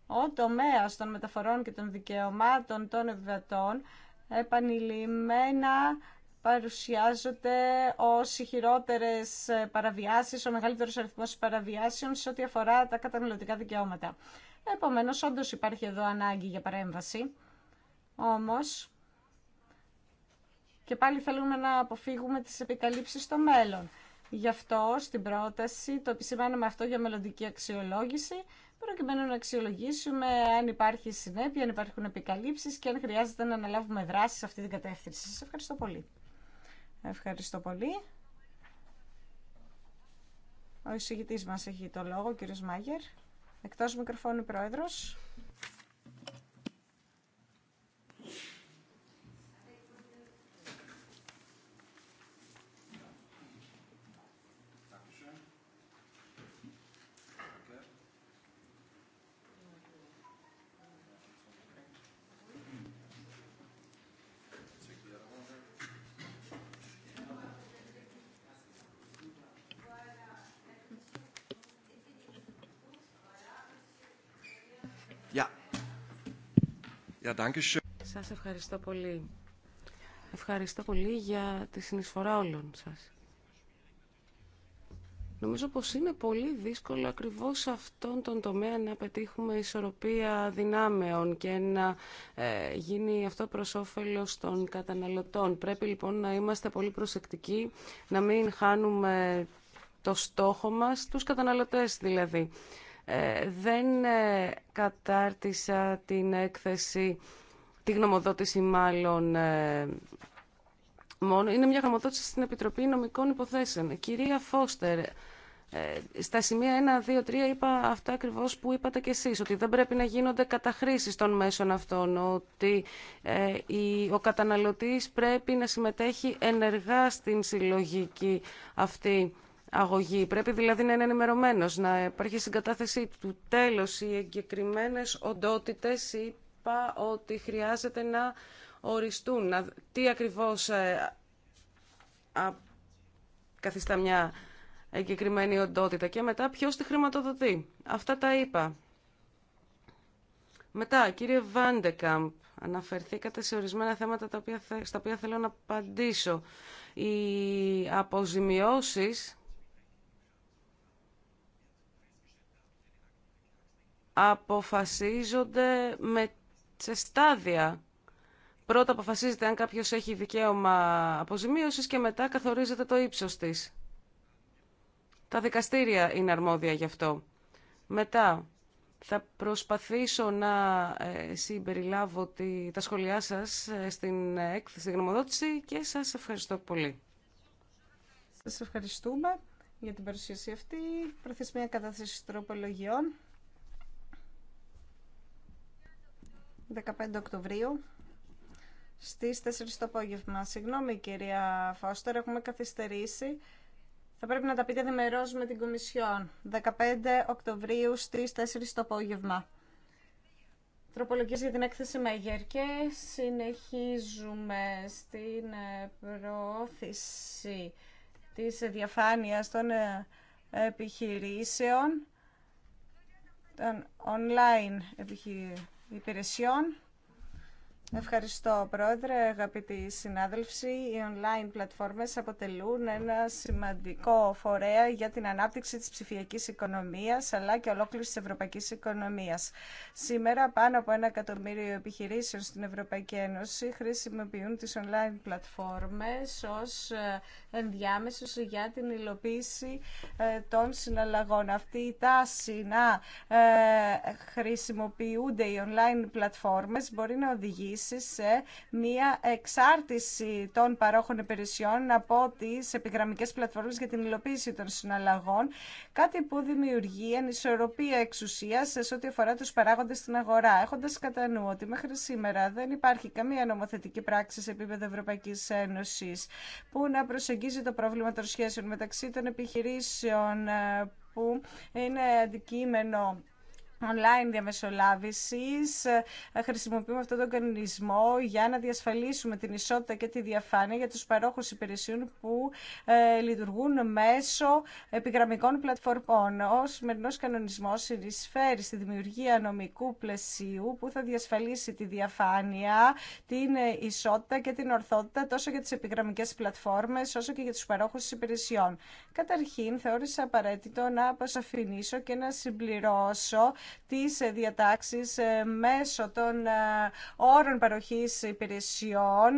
ο τομέας των μεταφορών και των δικαιωμάτων των ευβατών επανειλημμένα παρουσιάζονται ως οι χειρότερες παραβιάσεις, ο μεγαλύτερος αριθμός παραβιάσεων σε ό,τι αφορά τα καταναλωτικά δικαιώματα. Επομένως, όντω υπάρχει εδώ ανάγκη για παρέμβαση. Όμως, και πάλι θέλουμε να αποφύγουμε τις επικαλύψεις στο μέλλον. Γι' αυτό στην πρόταση το επισημάνουμε αυτό για μελλοντική αξιολόγηση, προκειμένου να αξιολογήσουμε αν υπάρχει συνέπεια, αν υπάρχουν επικαλύψεις και αν χρειάζεται να αναλάβουμε δράση σε αυτή την κατεύθυνση. Σας ευχαριστώ πολύ. Ευχαριστώ πολύ. Ο εισηγητής μας έχει το λόγο, ο κύριος Μάγερ. Εκτός μικροφώνου πρόεδρος. Σας ευχαριστώ πολύ. Ευχαριστώ πολύ για τη συνεισφορά όλων σας. Νομίζω πως είναι πολύ δύσκολο ακριβώς σε αυτόν τον τομέα να πετύχουμε ισορροπία δυνάμεων και να ε, γίνει αυτό προς όφελος των καταναλωτών. Πρέπει λοιπόν να είμαστε πολύ προσεκτικοί, να μην χάνουμε το στόχο μας, τους καταναλωτές δηλαδή. Ε, δεν ε, κατάρτισα την έκθεση, τη γνωμοδότηση μάλλον ε, μόνο. Είναι μια γνωμοδότηση στην Επιτροπή Νομικών Υποθέσεων. Κυρία Φώστερ, στα σημεία 1, 2, 3 είπα αυτά ακριβώς που είπατε κι εσείς, ότι δεν πρέπει να γίνονται καταχρήσεις των μέσων αυτών, ότι ο καταναλωτής πρέπει να συμμετέχει ενεργά στην συλλογική αυτή αγωγή. Πρέπει δηλαδή να είναι ενημερωμένο, να υπάρχει συγκατάθεσή του. Τέλο, οι εγκεκριμένε οντότητε είπα ότι χρειάζεται να οριστούν. Να, τι ακριβώ ε, καθιστά μια εγκεκριμένη οντότητα και μετά ποιο τη χρηματοδοτεί. Αυτά τα είπα. Μετά, κύριε Βάντεκαμπ, αναφερθήκατε σε ορισμένα θέματα τα οποία, στα οποία θέλω να απαντήσω. Οι αποζημιώσεις αποφασίζονται με, σε στάδια. Πρώτα αποφασίζεται αν κάποιος έχει δικαίωμα αποζημίωσης και μετά καθορίζεται το ύψος της. Τα δικαστήρια είναι αρμόδια γι' αυτό. Μετά, θα προσπαθήσω να ε, συμπεριλάβω τη, τα σχόλιά σας ε, στην έκθεση γνωμοδότηση και σας ευχαριστώ πολύ. Σας ευχαριστούμε για την παρουσίαση αυτή. Προθεσμία κατάθεση τροπολογιών 15 Οκτωβρίου στις 4 το απόγευμα. Συγγνώμη κυρία Φώστερ, έχουμε καθυστερήσει. Θα πρέπει να τα πείτε διμερώς με την Κομισιόν. 15 Οκτωβρίου στις 4 το απόγευμα. Τροπολογίες για την έκθεση Μέγερ και συνεχίζουμε στην ε, προώθηση της διαφάνειας των ε, επιχειρήσεων, των online επιχειρήσεων υπηρεσιών Ευχαριστώ, Πρόεδρε. Αγαπητοί συνάδελφοι, οι online πλατφόρμες αποτελούν ένα σημαντικό φορέα για την ανάπτυξη της ψηφιακής οικονομίας, αλλά και ολόκληρης της ευρωπαϊκής οικονομίας. Σήμερα, πάνω από ένα εκατομμύριο επιχειρήσεων στην Ευρωπαϊκή Ένωση χρησιμοποιούν τις online πλατφόρμες ως ε, ενδιάμεσος για την υλοποίηση ε, των συναλλαγών. Αυτή η τάση να ε, χρησιμοποιούνται οι online πλατφόρμες μπορεί να οδηγήσει σε μία εξάρτηση των παρόχων υπηρεσιών από τις επιγραμμικές πλατφόρμες για την υλοποίηση των συναλλαγών, κάτι που δημιουργεί ανισορροπία εξουσίας σε ό,τι αφορά τους παράγοντες στην αγορά, έχοντας κατά νου ότι μέχρι σήμερα δεν υπάρχει καμία νομοθετική πράξη σε επίπεδο Ευρωπαϊκής Ένωσης που να προσεγγίζει το πρόβλημα των σχέσεων μεταξύ των επιχειρήσεων ε, που είναι αντικείμενο online διαμεσολάβησης ε, χρησιμοποιούμε αυτόν τον κανονισμό για να διασφαλίσουμε την ισότητα και τη διαφάνεια για τους παρόχους υπηρεσιών που ε, λειτουργούν μέσω επιγραμμικών πλατφορμών. Ο σημερινός κανονισμός συνεισφέρει στη δημιουργία νομικού πλαισίου που θα διασφαλίσει τη διαφάνεια, την ε, ισότητα και την ορθότητα τόσο για τις επιγραμμικές πλατφόρμες όσο και για τους παρόχους υπηρεσιών. Καταρχήν, θεώρησα απαραίτητο να αποσαφηνίσω και να συμπληρώσω τις ε, διατάξεις ε, μέσω των ε, όρων παροχής υπηρεσιών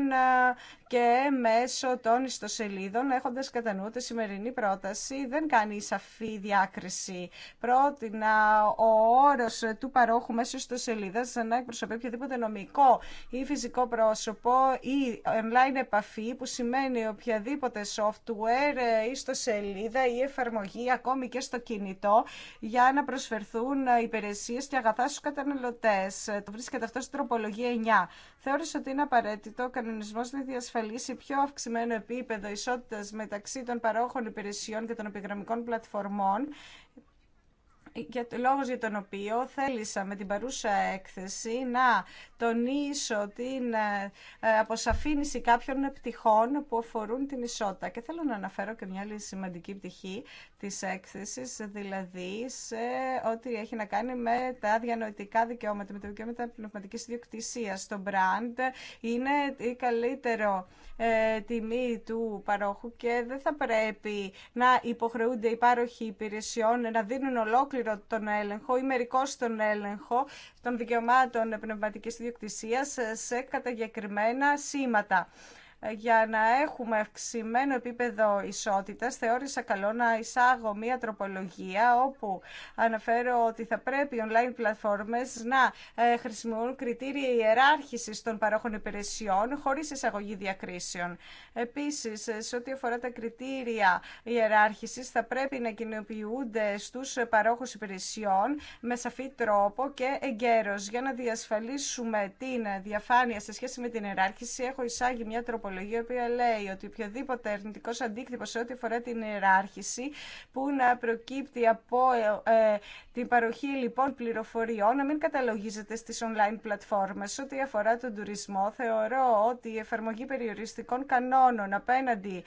και μέσω των ιστοσελίδων, έχοντας κατά νου η σημερινή πρόταση, δεν κάνει σαφή διάκριση. Πρότεινα ο όρος του παρόχου μέσω ιστοσελίδας να εκπροσωπεί οποιοδήποτε νομικό ή φυσικό πρόσωπο ή online επαφή, που σημαίνει οποιαδήποτε software, ιστοσελίδα ή εφαρμογή, ακόμη και στο κινητό, για να προσφερθούν και αγαθά στου καταναλωτέ. Ε, το βρίσκεται αυτό στην τροπολογία 9. Θεώρησε ότι είναι απαραίτητο ο κανονισμό να διασφαλίσει πιο αυξημένο επίπεδο ισότητα μεταξύ των παρόχων υπηρεσιών και των επιγραμμικών πλατφορμών για, λόγος για τον οποίο θέλησα με την παρούσα έκθεση να τονίσω την ε, ε, αποσαφήνιση κάποιων πτυχών που αφορούν την ισότητα. Και θέλω να αναφέρω και μια άλλη σημαντική πτυχή της έκθεσης, δηλαδή σε ό,τι έχει να κάνει με τα διανοητικά δικαιώματα, με τα δικαιώματα πνευματικής ιδιοκτησίας. στο brand είναι η καλύτερο ε, τιμή του παρόχου και δεν θα πρέπει να υποχρεούνται οι πάροχοι υπηρεσιών να δίνουν ολόκληρο τον έλεγχο ή μερικό τον έλεγχο των δικαιωμάτων πνευματικής ιδιοκτησίας σε καταγεκριμένα σήματα για να έχουμε αυξημένο επίπεδο ισότητας, θεώρησα καλό να εισάγω μία τροπολογία όπου αναφέρω ότι θα πρέπει οι online πλατφόρμες να ε, χρησιμοποιούν κριτήρια ιεράρχησης των παρόχων υπηρεσιών χωρίς εισαγωγή διακρίσεων. Επίσης, σε ό,τι αφορά τα κριτήρια ιεράρχησης, θα πρέπει να κοινοποιούνται στους παρόχους υπηρεσιών με σαφή τρόπο και εγκαίρος. Για να διασφαλίσουμε την διαφάνεια σε σχέση με την ιεράρχηση, έχω εισάγει μια τροπολογία η οποία λέει ότι οποιοδήποτε αρνητικό αντίκτυπο σε ό,τι αφορά την ιεράρχηση που να προκύπτει από ε, την παροχή λοιπόν πληροφοριών να μην καταλογίζεται στι online σε Ό,τι αφορά τον τουρισμό, θεωρώ ότι η εφαρμογή περιοριστικών κανόνων απέναντι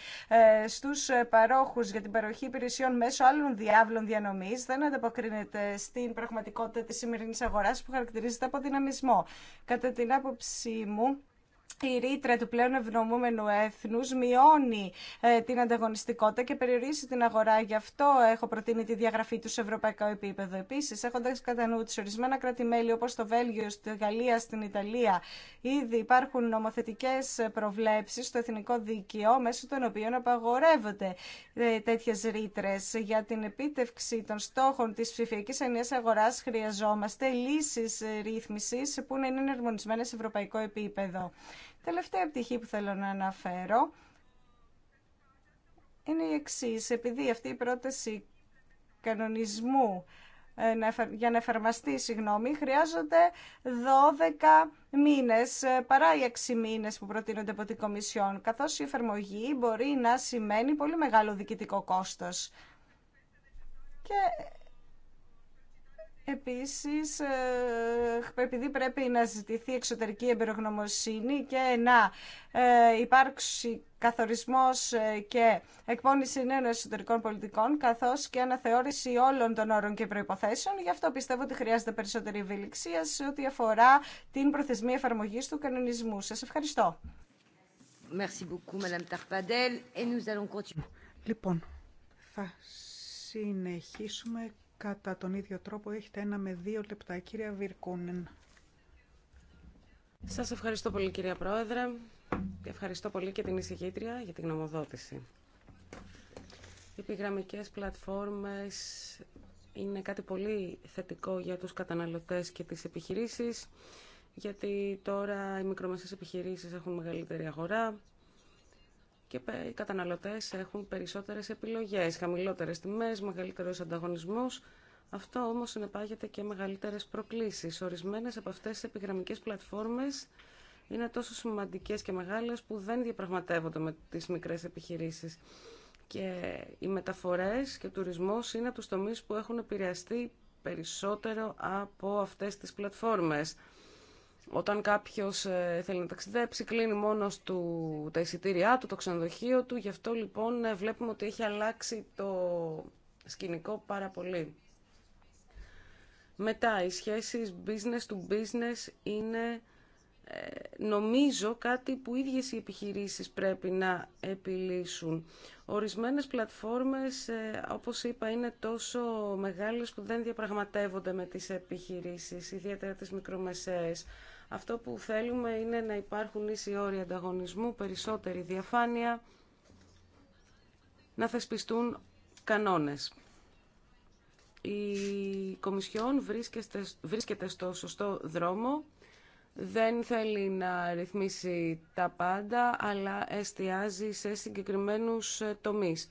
ε, στους παρόχους για την παροχή υπηρεσιών μέσω άλλων διάβλων διανομή, δεν ανταποκρίνεται στην πραγματικότητα τη σημερινή αγορά που χαρακτηρίζεται από δυναμισμό. Κατά την άποψή μου, η ρήτρα του πλέον ευνομούμενου έθνου μειώνει ε, την ανταγωνιστικότητα και περιορίζει την αγορά. Γι' αυτό έχω προτείνει τη διαγραφή του σε ευρωπαϊκό επίπεδο. Επίση, έχοντα κατά νου σε ορισμένα κράτη-μέλη όπω το Βέλγιο, στη Γαλλία, στην Ιταλία, ήδη υπάρχουν νομοθετικέ προβλέψει στο εθνικό δίκαιο μέσω των οποίων απαγορεύονται ε, τέτοιε ρήτρε. Για την επίτευξη των στόχων τη ψηφιακή ενιαία αγορά. χρειαζόμαστε λύσει ρύθμιση που να είναι εναρμονισμένε σε ευρωπαϊκό επίπεδο. Τελευταία πτυχή που θέλω να αναφέρω είναι η εξή. Επειδή αυτή η πρόταση κανονισμού ε, για να εφαρμαστεί, συγγνώμη, χρειάζονται 12 μήνες, ε, παρά οι 6 μήνες που προτείνονται από την Κομισιόν, καθώς η εφαρμογή μπορεί να σημαίνει πολύ μεγάλο διοικητικό κόστος. Και Επίσης, ε, επειδή πρέπει να ζητηθεί εξωτερική εμπειρογνωμοσύνη και να ε, υπάρξει καθορισμός ε, και εκπόνηση νέων εσωτερικών πολιτικών, καθώς και αναθεώρηση όλων των όρων και προϋποθέσεων. Γι' αυτό πιστεύω ότι χρειάζεται περισσότερη ευελιξία σε ό,τι αφορά την προθεσμία εφαρμογής του κανονισμού. Σας ευχαριστώ. Λοιπόν, θα συνεχίσουμε Κατά τον ίδιο τρόπο έχετε ένα με δύο λεπτά. Κυρία Βιρκούνεν. Σας ευχαριστώ πολύ κυρία Πρόεδρε. Ευχαριστώ πολύ και την εισηγήτρια για την γνωμοδότηση. Οι επιγραμμικές πλατφόρμες είναι κάτι πολύ θετικό για τους καταναλωτές και τις επιχειρήσεις, γιατί τώρα οι μικρομεσαίες επιχειρήσεις έχουν μεγαλύτερη αγορά και οι καταναλωτές έχουν περισσότερες επιλογές, χαμηλότερες τιμές, μεγαλύτερο ανταγωνισμό. Αυτό όμως συνεπάγεται και μεγαλύτερες προκλήσεις. Ορισμένες από αυτές τις επιγραμμικές πλατφόρμες είναι τόσο σημαντικές και μεγάλες που δεν διαπραγματεύονται με τις μικρές επιχειρήσεις. Και οι μεταφορές και ο τουρισμός είναι από τους τομείς που έχουν επηρεαστεί περισσότερο από αυτές τις πλατφόρμες. Όταν κάποιος ε, θέλει να ταξιδέψει, κλείνει μόνο του τα εισιτήριά του, το ξενοδοχείο του. Γι' αυτό λοιπόν ε, βλέπουμε ότι έχει αλλάξει το σκηνικό πάρα πολύ. Μετά, οι σχέσεις business to business είναι ε, νομίζω κάτι που ίδιες οι επιχειρήσεις πρέπει να επιλύσουν. Ορισμένες πλατφόρμες, όπως είπα, είναι τόσο μεγάλες που δεν διαπραγματεύονται με τις επιχειρήσεις, ιδιαίτερα τις μικρομεσαίες. Αυτό που θέλουμε είναι να υπάρχουν ίσοι όροι ανταγωνισμού, περισσότερη διαφάνεια, να θεσπιστούν κανόνες. Η Κομισιόν βρίσκεται στο σωστό δρόμο, δεν θέλει να ρυθμίσει τα πάντα, αλλά εστιάζει σε συγκεκριμένους ε, τομείς.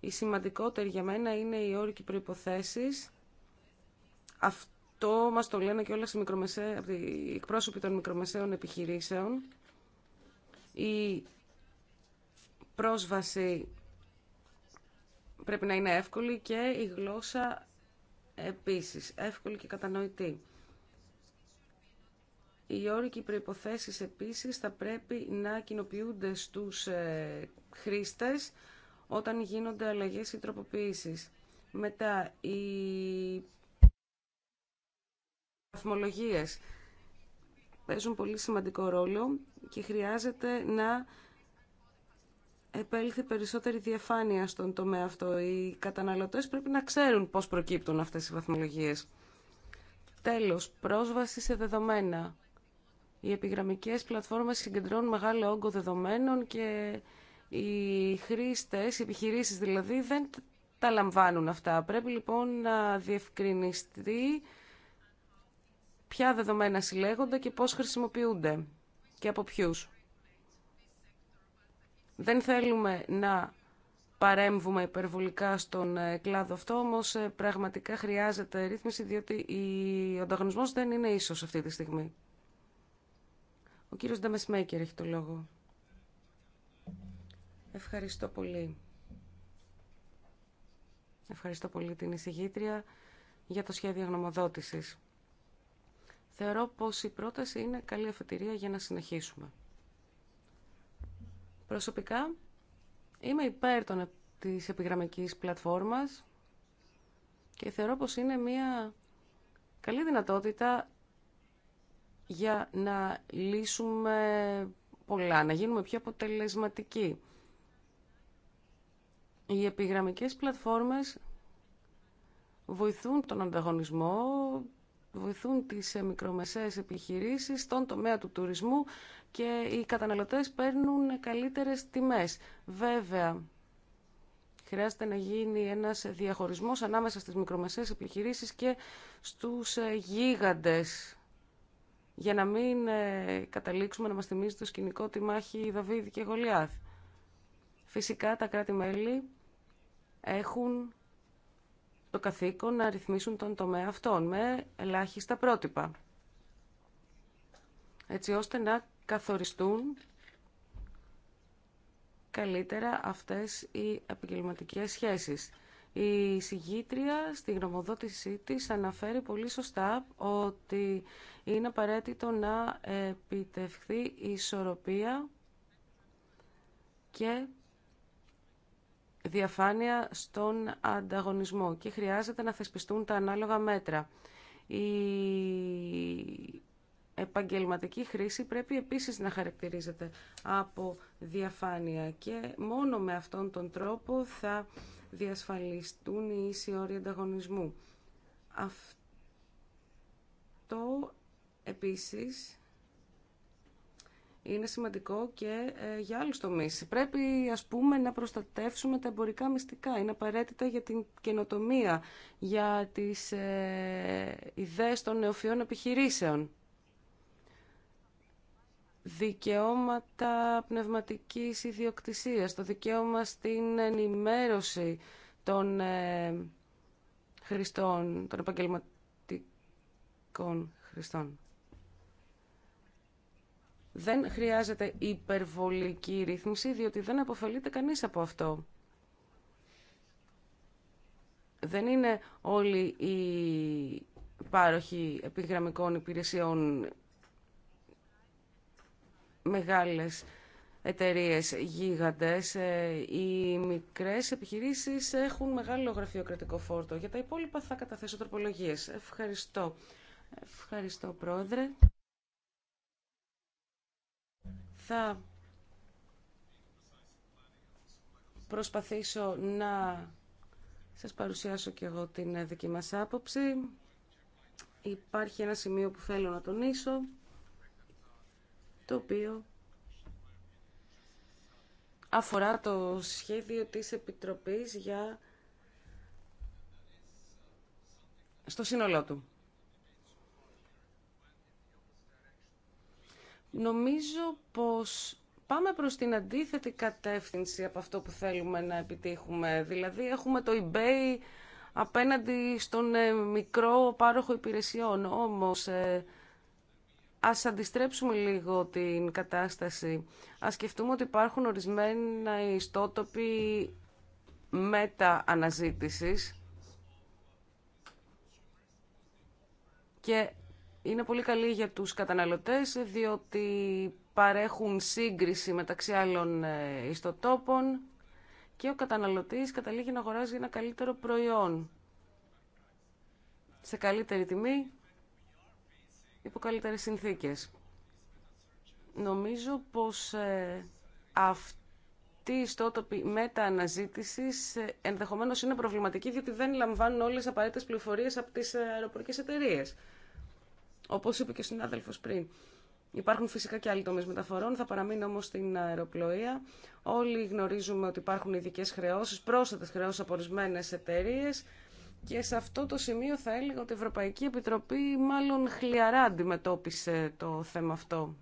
Η σημαντικότερη για μένα είναι οι όροι και προϋποθέσεις. Αυτό το μας το λένε και όλα οι, εκπρόσωποι των μικρομεσαίων επιχειρήσεων. Η πρόσβαση πρέπει να είναι εύκολη και η γλώσσα επίσης εύκολη και κατανοητή. Οι όρικοι και προϋποθέσεις επίσης θα πρέπει να κοινοποιούνται στους ε, χρήστες όταν γίνονται αλλαγές ή τροποποιήσεις. Μετά, η βαθμολογίες παίζουν πολύ σημαντικό ρόλο και χρειάζεται να επέλθει περισσότερη διαφάνεια στον τομέα αυτό. Οι καταναλωτές πρέπει να ξέρουν πώς προκύπτουν αυτές οι βαθμολογίες. Τέλος, πρόσβαση σε δεδομένα. Οι επιγραμμικές πλατφόρμες συγκεντρώνουν μεγάλο όγκο δεδομένων και οι χρήστες, οι επιχειρήσεις δηλαδή, δεν τα λαμβάνουν αυτά. Πρέπει λοιπόν να διευκρινιστεί ποια δεδομένα συλλέγονται και πώς χρησιμοποιούνται και από ποιους. Δεν θέλουμε να παρέμβουμε υπερβολικά στον ε, κλάδο αυτό, όμως ε, πραγματικά χρειάζεται ρύθμιση, διότι ο ανταγωνισμός δεν είναι ίσος αυτή τη στιγμή. Ο κύριος Νταμεσμέκερ έχει το λόγο. Ευχαριστώ πολύ. Ευχαριστώ πολύ την εισηγήτρια για το σχέδιο γνωμοδότησης. Θεωρώ πως η πρόταση είναι καλή αφετηρία για να συνεχίσουμε. Προσωπικά, είμαι υπέρ των, της επιγραμμικής πλατφόρμας και θεωρώ πως είναι μια καλή δυνατότητα για να λύσουμε πολλά, να γίνουμε πιο αποτελεσματικοί. Οι επιγραμμικές πλατφόρμες βοηθούν τον ανταγωνισμό, βοηθούν τις ε, μικρομεσαίες επιχειρήσεις στον τομέα του τουρισμού και οι καταναλωτές παίρνουν καλύτερες τιμές. Βέβαια, χρειάζεται να γίνει ένας διαχωρισμός ανάμεσα στις μικρομεσαίες επιχειρήσεις και στους ε, γίγαντες για να μην ε, καταλήξουμε να μας θυμίζει το σκηνικό τη μάχη Δαβίδη και Γολιάθ. Φυσικά τα κράτη-μέλη έχουν το καθήκον να ρυθμίσουν τον τομέα αυτών με ελάχιστα πρότυπα, έτσι ώστε να καθοριστούν καλύτερα αυτές οι επαγγελματικέ σχέσεις. Η συγγήτρια στη γνωμοδότησή της αναφέρει πολύ σωστά ότι είναι απαραίτητο να επιτευχθεί η ισορροπία και διαφάνεια στον ανταγωνισμό και χρειάζεται να θεσπιστούν τα ανάλογα μέτρα. Η επαγγελματική χρήση πρέπει επίσης να χαρακτηρίζεται από διαφάνεια και μόνο με αυτόν τον τρόπο θα διασφαλιστούν οι ίσοι όροι ανταγωνισμού. Αυτό επίσης είναι σημαντικό και ε, για άλλου τομεί. Πρέπει, α πούμε, να προστατεύσουμε τα εμπορικά μυστικά. Είναι απαραίτητα για την καινοτομία, για τις ε, ιδέες των νεοφυών επιχειρήσεων. Δικαιώματα πνευματικής ιδιοκτησίας, το δικαίωμα στην ενημέρωση των ε, χρηστών, των επαγγελματικών χρηστών. Δεν χρειάζεται υπερβολική ρύθμιση, διότι δεν αποφελείται κανείς από αυτό. Δεν είναι όλοι οι πάροχοι επιγραμμικών υπηρεσιών μεγάλες εταιρείες γίγαντες. Ε, οι μικρές επιχειρήσεις έχουν μεγάλο γραφειοκρατικό φόρτο. Για τα υπόλοιπα θα καταθέσω τροπολογίες. Ευχαριστώ. Ευχαριστώ, Πρόεδρε. Θα προσπαθήσω να σας παρουσιάσω και εγώ την δική μας άποψη. Υπάρχει ένα σημείο που θέλω να τονίσω, το οποίο αφορά το σχέδιο της Επιτροπής για... στο σύνολό του. Νομίζω πως πάμε προς την αντίθετη κατεύθυνση από αυτό που θέλουμε να επιτύχουμε. Δηλαδή έχουμε το eBay απέναντι στον ε, μικρό πάροχο υπηρεσιών. Όμως ε, ας αντιστρέψουμε λίγο την κατάσταση. Ας σκεφτούμε ότι υπάρχουν ορισμένα ιστότοποι μετα-αναζήτησης και είναι πολύ καλή για τους καταναλωτές διότι παρέχουν σύγκριση μεταξύ άλλων ε, ιστοτόπων και ο καταναλωτής καταλήγει να αγοράζει ένα καλύτερο προϊόν σε καλύτερη τιμή υπό καλύτερες συνθήκες. Νομίζω πως ε, αυτή η ιστότοπη μεταναζήτηση ε, ενδεχομένως είναι προβληματική διότι δεν λαμβάνουν όλες τις απαραίτητες πληροφορίες από τις αεροπορικές εταιρείες. Όπως είπε και ο συνάδελφος πριν, υπάρχουν φυσικά και άλλοι τομείς μεταφορών, θα παραμείνω όμως στην αεροπλοεία. Όλοι γνωρίζουμε ότι υπάρχουν ειδικέ χρεώσεις, πρόσθετες χρεώσεις από ορισμένε εταιρείε. Και σε αυτό το σημείο θα έλεγα ότι η Ευρωπαϊκή Επιτροπή μάλλον χλιαρά αντιμετώπισε το θέμα αυτό.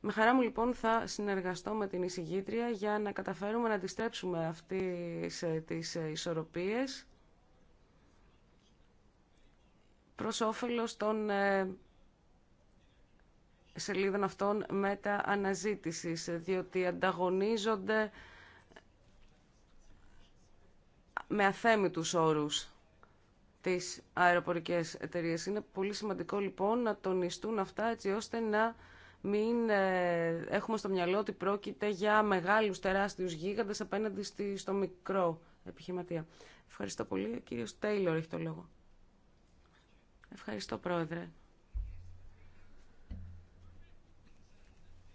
Με χαρά μου λοιπόν θα συνεργαστώ με την εισηγήτρια για να καταφέρουμε να αντιστρέψουμε αυτές ε, τις ε, ισορροπίες προς όφελος των ε, σελίδων αυτών μετα-αναζήτησης, διότι ανταγωνίζονται με αθέμητους όρους τις αεροπορικές εταιρείες. Είναι πολύ σημαντικό λοιπόν να τονιστούν αυτά έτσι ώστε να μην ε, έχουμε στο μυαλό ότι πρόκειται για μεγάλους τεράστιους γίγαντες απέναντι στο μικρό επιχειρηματία. Ευχαριστώ πολύ. Ο κύριος Τέιλορ έχει το λόγο. Ευχαριστώ, Πρόεδρε.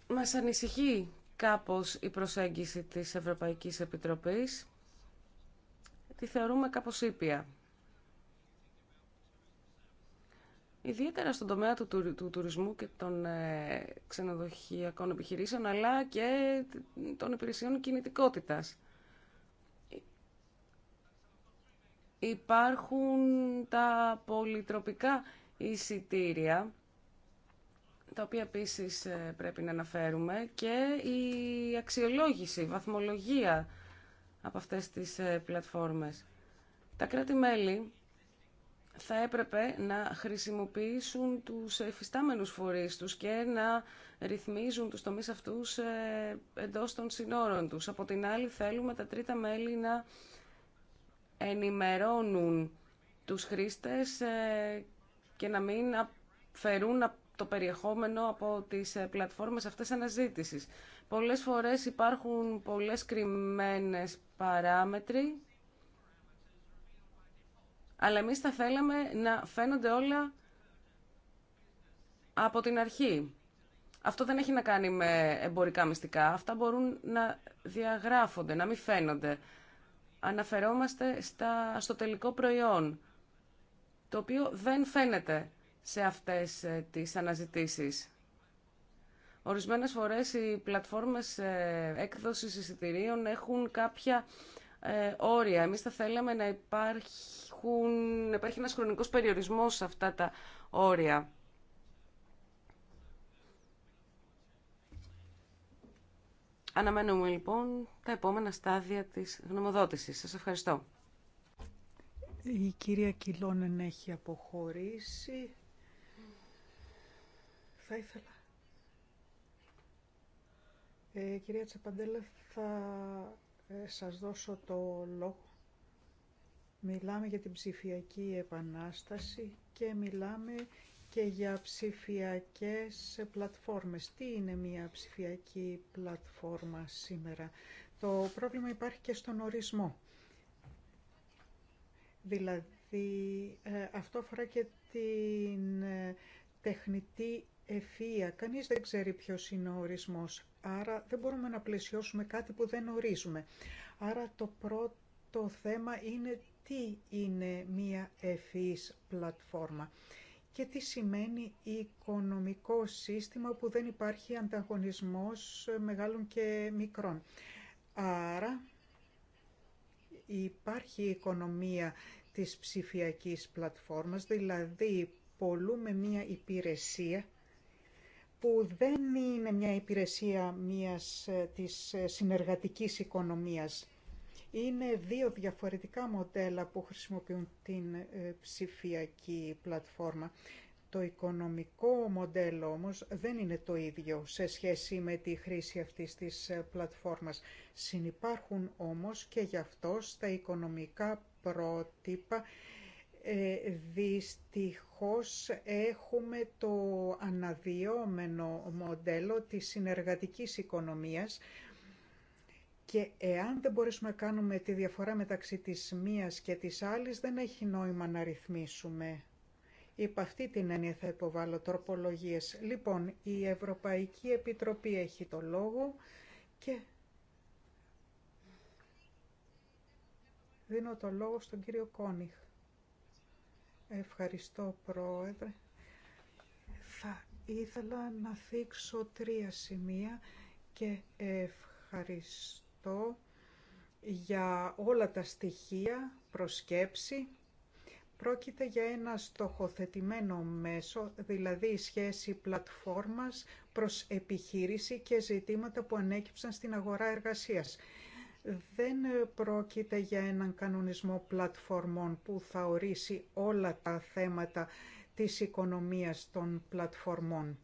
Μας ανησυχεί κάπως η προσέγγιση της Ευρωπαϊκής Επιτροπής. Τη θεωρούμε κάπως ήπια. Ιδιαίτερα στον τομέα του, του, τουρισμού και των ε, ξενοδοχειακών επιχειρήσεων, αλλά και των υπηρεσιών κινητικότητας. υπάρχουν τα πολυτροπικά εισιτήρια, τα οποία επίσης ε, πρέπει να αναφέρουμε, και η αξιολόγηση, η βαθμολογία από αυτές τις ε, πλατφόρμες. Τα κράτη-μέλη θα έπρεπε να χρησιμοποιήσουν τους εφιστάμενους φορείς τους και να ρυθμίζουν τους τομείς αυτούς ε, εντός των συνόρων τους. Από την άλλη θέλουμε τα τρίτα μέλη να ενημερώνουν τους χρήστες ε, και να μην αφαιρούν το περιεχόμενο από τις ε, πλατφόρμες αυτές αναζήτησης. Πολλές φορές υπάρχουν πολλές κρυμμένες παράμετροι, αλλά εμείς θα θέλαμε να φαίνονται όλα από την αρχή. Αυτό δεν έχει να κάνει με εμπορικά μυστικά. Αυτά μπορούν να διαγράφονται, να μην φαίνονται αναφερόμαστε στα, στο τελικό προϊόν, το οποίο δεν φαίνεται σε αυτές ε, τις αναζητήσεις. Ορισμένες φορές οι πλατφόρμες ε, έκδοσης εισιτηρίων έχουν κάποια ε, όρια. Εμείς θα θέλαμε να, υπάρχουν, υπάρχει ένας χρονικός περιορισμός σε αυτά τα όρια. Αναμένουμε λοιπόν τα επόμενα στάδια της γνωμοδότησης. Σας ευχαριστώ. Η κυρία Κιλόνεν έχει αποχωρήσει. Θα ήθελα. Ε, κυρία Τσαπαντέλα, θα ε, σας δώσω το λόγο. Μιλάμε για την ψηφιακή επανάσταση και μιλάμε και για ψηφιακές πλατφόρμες. Τι είναι μια ψηφιακή πλατφόρμα σήμερα. Το πρόβλημα υπάρχει και στον ορισμό. Δηλαδή, ε, αυτό αφορά και την ε, τεχνητή ευφυΐα. Κανείς δεν ξέρει ποιος είναι ο ορισμός. Άρα δεν μπορούμε να πλαισιώσουμε κάτι που δεν ορίζουμε. Άρα το πρώτο θέμα είναι τι είναι μία ευφυής πλατφόρμα και τι σημαίνει οικονομικό σύστημα που δεν υπάρχει ανταγωνισμός μεγάλων και μικρών. Άρα υπάρχει η οικονομία της ψηφιακής πλατφόρμας, δηλαδή πολλούμε μία υπηρεσία που δεν είναι μια υπηρεσία μιας ε, της ε, συνεργατικής οικονομίας. Είναι δύο διαφορετικά μοντέλα που χρησιμοποιούν την ε, ψηφιακή πλατφόρμα. Το οικονομικό μοντέλο όμως δεν είναι το ίδιο σε σχέση με τη χρήση αυτής της ε, πλατφόρμας. Συνυπάρχουν όμως και γι' αυτό στα οικονομικά πρότυπα ε, δυστυχώς έχουμε το αναδιομένο μοντέλο της συνεργατικής οικονομίας και εάν δεν μπορέσουμε να κάνουμε τη διαφορά μεταξύ της μίας και της άλλης, δεν έχει νόημα να ρυθμίσουμε. Υπ' αυτή την έννοια θα υποβάλω τροπολογίες. Λοιπόν, η Ευρωπαϊκή Επιτροπή έχει το λόγο και δίνω το λόγο στον κύριο Κόνιχ. Ευχαριστώ, Πρόεδρε. Θα ήθελα να θίξω τρία σημεία και ευχαριστώ για όλα τα στοιχεία προσκέψη. Πρόκειται για ένα στοχοθετημένο μέσο, δηλαδή η σχέση πλατφόρμας προς επιχείρηση και ζητήματα που ανέκυψαν στην αγορά εργασίας. Δεν πρόκειται για έναν κανονισμό πλατφορμών που θα ορίσει όλα τα θέματα της οικονομίας των πλατφορμών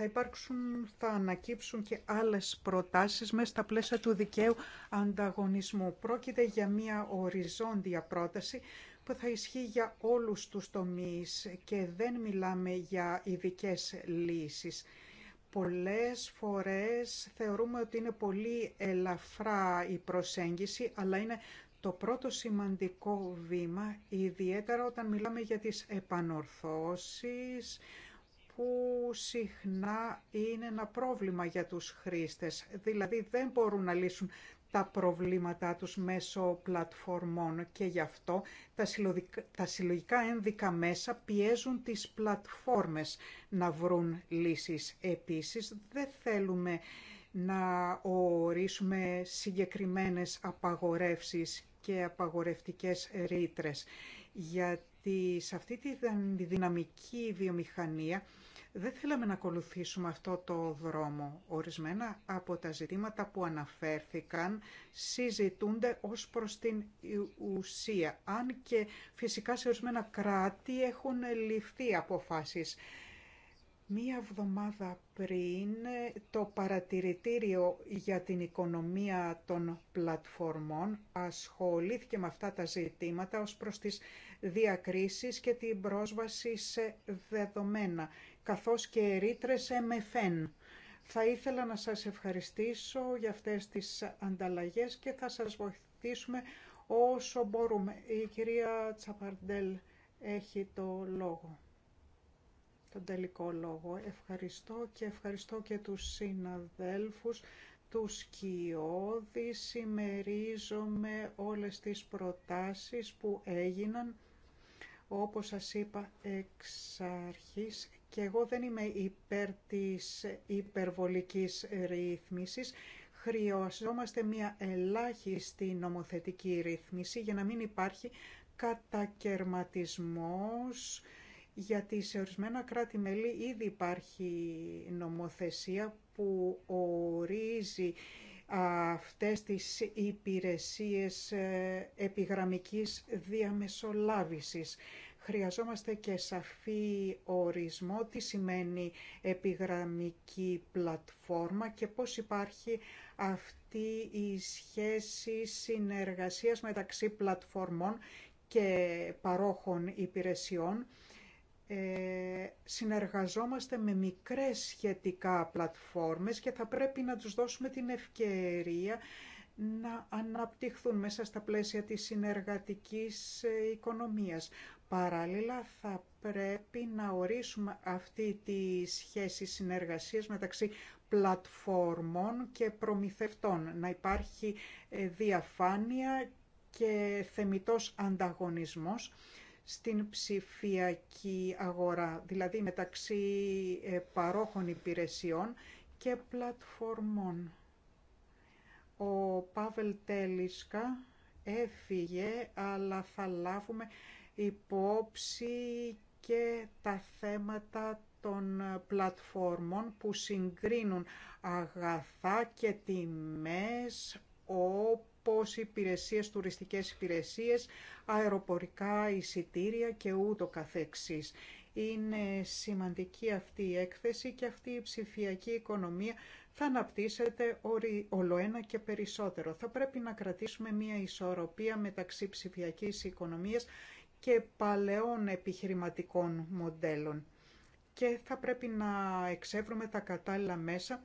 θα υπάρξουν, θα ανακύψουν και άλλες προτάσεις μέσα στα πλαίσια του δικαίου ανταγωνισμού. Πρόκειται για μια οριζόντια πρόταση που θα ισχύει για όλους τους τομείς και δεν μιλάμε για ειδικέ λύσεις. Πολλές φορές θεωρούμε ότι είναι πολύ ελαφρά η προσέγγιση, αλλά είναι το πρώτο σημαντικό βήμα, ιδιαίτερα όταν μιλάμε για τις επανορθώσεις, που συχνά είναι ένα πρόβλημα για τους χρήστες. Δηλαδή δεν μπορούν να λύσουν τα προβλήματά τους μέσω πλατφορμών και γι' αυτό τα συλλογικά ένδικα μέσα πιέζουν τις πλατφόρμες να βρουν λύσεις. Επίσης δεν θέλουμε να ορίσουμε συγκεκριμένες απαγορεύσεις και απαγορευτικές ρήτρες γιατί σε αυτή τη δυναμική βιομηχανία δεν θέλαμε να ακολουθήσουμε αυτό το δρόμο. Ορισμένα από τα ζητήματα που αναφέρθηκαν συζητούνται ως προς την ουσία, αν και φυσικά σε ορισμένα κράτη έχουν ληφθεί αποφάσεις. Μία εβδομάδα πριν το παρατηρητήριο για την οικονομία των πλατφορμών ασχολήθηκε με αυτά τα ζητήματα ως προς τις διακρίσεις και την πρόσβαση σε δεδομένα καθώς και ρήτρες MFN. Θα ήθελα να σας ευχαριστήσω για αυτές τις ανταλλαγές και θα σας βοηθήσουμε όσο μπορούμε. Η κυρία Τσαπαρντέλ έχει το λόγο, τον τελικό λόγο. Ευχαριστώ και ευχαριστώ και τους συναδέλφους, τους κοιόδης. Σημερίζομαι όλες τις προτάσεις που έγιναν όπως σας είπα εξ αρχής και εγώ δεν είμαι υπέρ της υπερβολικής ρύθμισης. Χρειαζόμαστε μια ελάχιστη νομοθετική ρύθμιση για να μην υπάρχει κατακερματισμός γιατί σε ορισμένα κράτη-μέλη ήδη υπάρχει νομοθεσία που ορίζει αυτές τις υπηρεσίες επιγραμμικής διαμεσολάβησης. Χρειαζόμαστε και σαφή ορισμό τι σημαίνει επιγραμμική πλατφόρμα και πώς υπάρχει αυτή η σχέση συνεργασίας μεταξύ πλατφορμών και παρόχων υπηρεσιών. Ε, συνεργαζόμαστε με μικρές σχετικά πλατφόρμες και θα πρέπει να τους δώσουμε την ευκαιρία να αναπτυχθούν μέσα στα πλαίσια της συνεργατικής ε, οικονομίας. Παράλληλα θα πρέπει να ορίσουμε αυτή τη σχέση συνεργασίας μεταξύ πλατφόρμων και προμηθευτών. Να υπάρχει ε, διαφάνεια και θεμιτός ανταγωνισμός στην ψηφιακή αγορά, δηλαδή μεταξύ ε, παρόχων υπηρεσιών και πλατφορμών. Ο Πάβελ Τέλισκα έφυγε, αλλά θα λάβουμε υπόψη και τα θέματα των πλατφόρμων που συγκρίνουν αγαθά και τιμές όπως υπηρεσίες, τουριστικές υπηρεσίες, αεροπορικά εισιτήρια και ούτω καθεξής. Είναι σημαντική αυτή η έκθεση και αυτή η ψηφιακή οικονομία θα αναπτύσσεται ένα και περισσότερο. Θα πρέπει να κρατήσουμε μια ισορροπία μεταξύ ψηφιακής οικονομίας και παλαιών επιχειρηματικών μοντέλων και θα πρέπει να εξεύρουμε τα κατάλληλα μέσα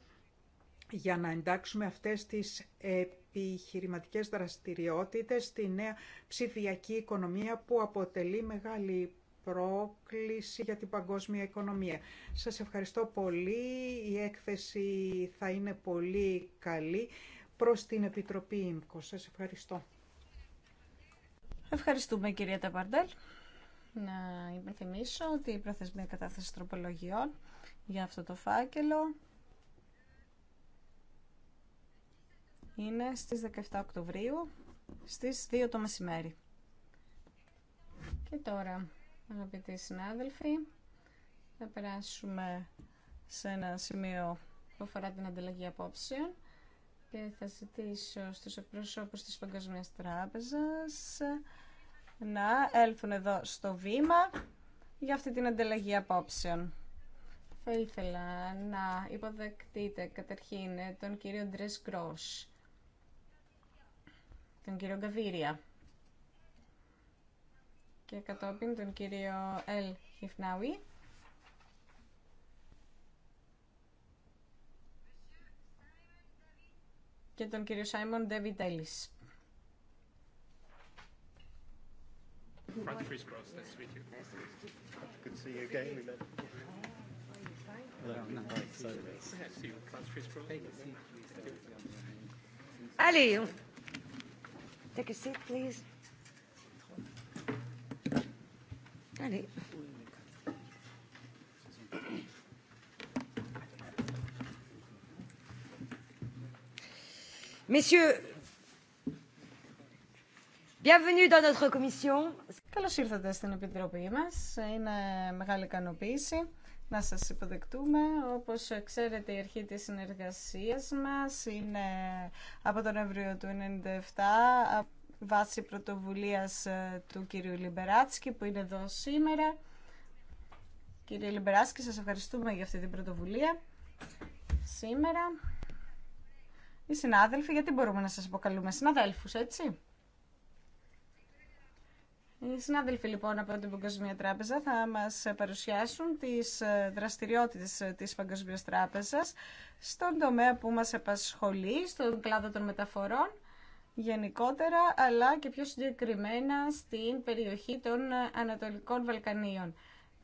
για να εντάξουμε αυτές τις επιχειρηματικές δραστηριότητες στη νέα ψηφιακή οικονομία που αποτελεί μεγάλη πρόκληση για την παγκόσμια οικονομία. Σας ευχαριστώ πολύ. Η έκθεση θα είναι πολύ καλή προς την Επιτροπή ΙΜΚΟ. Σας ευχαριστώ. Ευχαριστούμε κυρία Ταπαρντέλ. Να υπενθυμίσω ότι η προθεσμία κατάθεση τροπολογιών για αυτό το φάκελο είναι στις 17 Οκτωβρίου στις 2 το μεσημέρι. Και τώρα, αγαπητοί συνάδελφοι, θα περάσουμε σε ένα σημείο που αφορά την ανταλλαγή απόψεων και θα ζητήσω στους εκπροσώπους της Παγκοσμίας Τράπεζας να έλθουν εδώ στο βήμα για αυτή την ανταλλαγή απόψεων. Θα ήθελα να υποδεκτείτε καταρχήν τον κύριο Ντρες Γκρός, τον κύριο Γκαβίρια και κατόπιν τον κύριο Ελ Χιφνάουι. και τον κύριο Σάιμον Ντέβι Front freeze cross, nice to meet you. Good to see you again. We Allez, on... take a seat, please. Allez. Messieurs, bienvenue dans notre commission. Καλώς ήρθατε στην Επιτροπή μας. Είναι μεγάλη ικανοποίηση να σας υποδεκτούμε. Όπως ξέρετε η αρχή της συνεργασίας μας είναι από τον Νοεμβρίο του 1997 βάση πρωτοβουλίας ε, του κυρίου Λιμπεράτσκι που είναι εδώ σήμερα. Κύριε Λιμπεράτσκι, σας ευχαριστούμε για αυτή την πρωτοβουλία. Σήμερα οι συνάδελφοι, γιατί μπορούμε να σας αποκαλούμε συναδέλφους, έτσι. Οι ε, συνάδελφοι λοιπόν από την Παγκοσμία Τράπεζα θα μας παρουσιάσουν τις ε, δραστηριότητες ε, της Παγκοσμία Τράπεζας στον τομέα που μας επασχολεί στον κλάδο των μεταφορών γενικότερα, αλλά και πιο συγκεκριμένα στην περιοχή των Ανατολικών Βαλκανίων.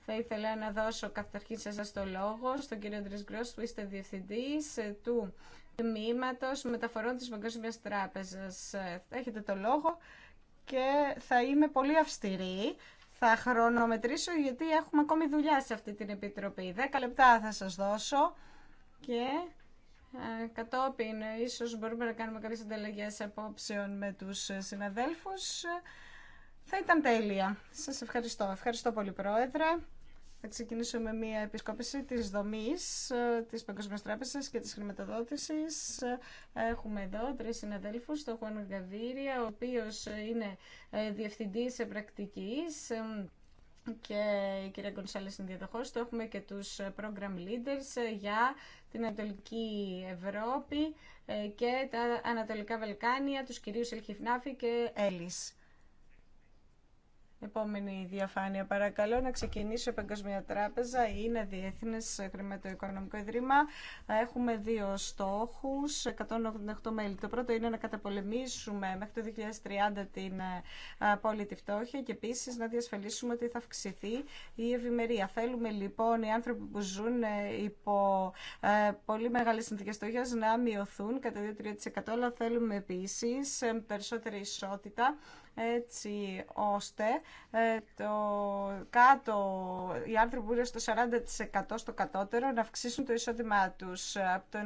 Θα ήθελα να δώσω καταρχήν σε σας το λόγο στον κύριο Γκρός, που είστε διευθυντής του Τμήματος Μεταφορών της Παγκόσμιας Τράπεζας. Έχετε το λόγο και θα είμαι πολύ αυστηρή. Θα χρονομετρήσω γιατί έχουμε ακόμη δουλειά σε αυτή την Επιτροπή. Δέκα λεπτά θα σας δώσω και ε, κατόπιν ίσως μπορούμε να κάνουμε κάποιες ανταλλαγές απόψεων με τους συναδέλφους. Θα ήταν τέλεια. Σας ευχαριστώ. Ευχαριστώ πολύ Πρόεδρε. Θα ξεκινήσω με μια επισκόπηση της δομής ε, της Παγκοσμίας Τράπεζας και της χρηματοδότησης. Ε, έχουμε εδώ τρεις συναδέλφους, τον Χουάνο Γκαβίρια, ο οποίος είναι ε, διευθυντής πρακτικής και η κυρία Κονσάλη είναι Το έχουμε και τους program leaders για την Ανατολική Ευρώπη και τα Ανατολικά Βαλκάνια, τους κυρίους Ελχιφνάφη και Έλλης. Επόμενη διαφάνεια, παρακαλώ, να ξεκινήσει η Παγκόσμια Τράπεζα. Είναι διεθνές χρηματοοικονομικό ιδρύμα. Έχουμε δύο στόχους, 188 μέλη. Το πρώτο είναι να καταπολεμήσουμε μέχρι το 2030 την ε, απόλυτη φτώχεια και επίσης να διασφαλίσουμε ότι θα αυξηθεί η ευημερία. Θέλουμε λοιπόν οι άνθρωποι που ζουν ε, υπό ε, πολύ μεγάλες συνθήκες φτώχεια να μειωθούν κατά 2-3%, αλλά θέλουμε επίσης περισσότερη ισότητα έτσι ώστε ε, το κάτω, οι άνθρωποι που είναι στο 40% στο κατώτερο να αυξήσουν το εισόδημά τους. Από το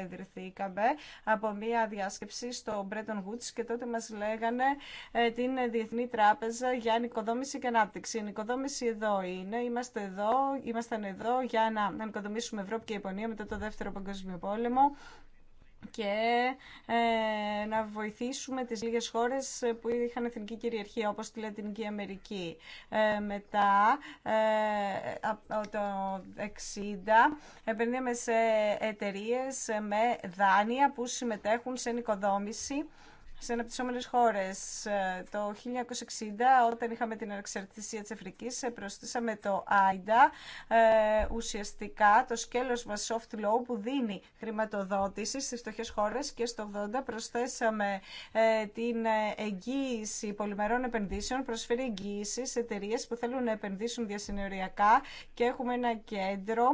1994 ιδρυθήκαμε από μια διάσκεψη στο Bretton Woods και τότε μας λέγανε ε, την Διεθνή Τράπεζα για νοικοδόμηση και ανάπτυξη. Η νοικοδόμηση εδώ είναι, είμαστε εδώ, ήμασταν εδώ για να νοικοδομήσουμε Ευρώπη και Ιαπωνία μετά το Δεύτερο Παγκόσμιο Πόλεμο και ε, να βοηθήσουμε τις λίγες χώρες που είχαν εθνική κυριαρχία, όπως τη Λατινική Αμερική. Ε, μετά, ε, από το 60, επενδύαμε σε εταιρείες με δάνεια που συμμετέχουν σε νοικοδόμηση σε αναπτυσσόμενες χώρες. Ε, το 1960, όταν είχαμε την ανεξαρτησία της Αφρικής, ε, προσθέσαμε το AIDA, ε, ουσιαστικά το σκέλος μας soft law που δίνει χρηματοδότηση στις φτωχές χώρες και στο 80 προσθέσαμε την εγγύηση πολυμερών επενδύσεων, προσφέρει εγγύηση σε εταιρείε που θέλουν να επενδύσουν διασυνοριακά και έχουμε ένα κέντρο,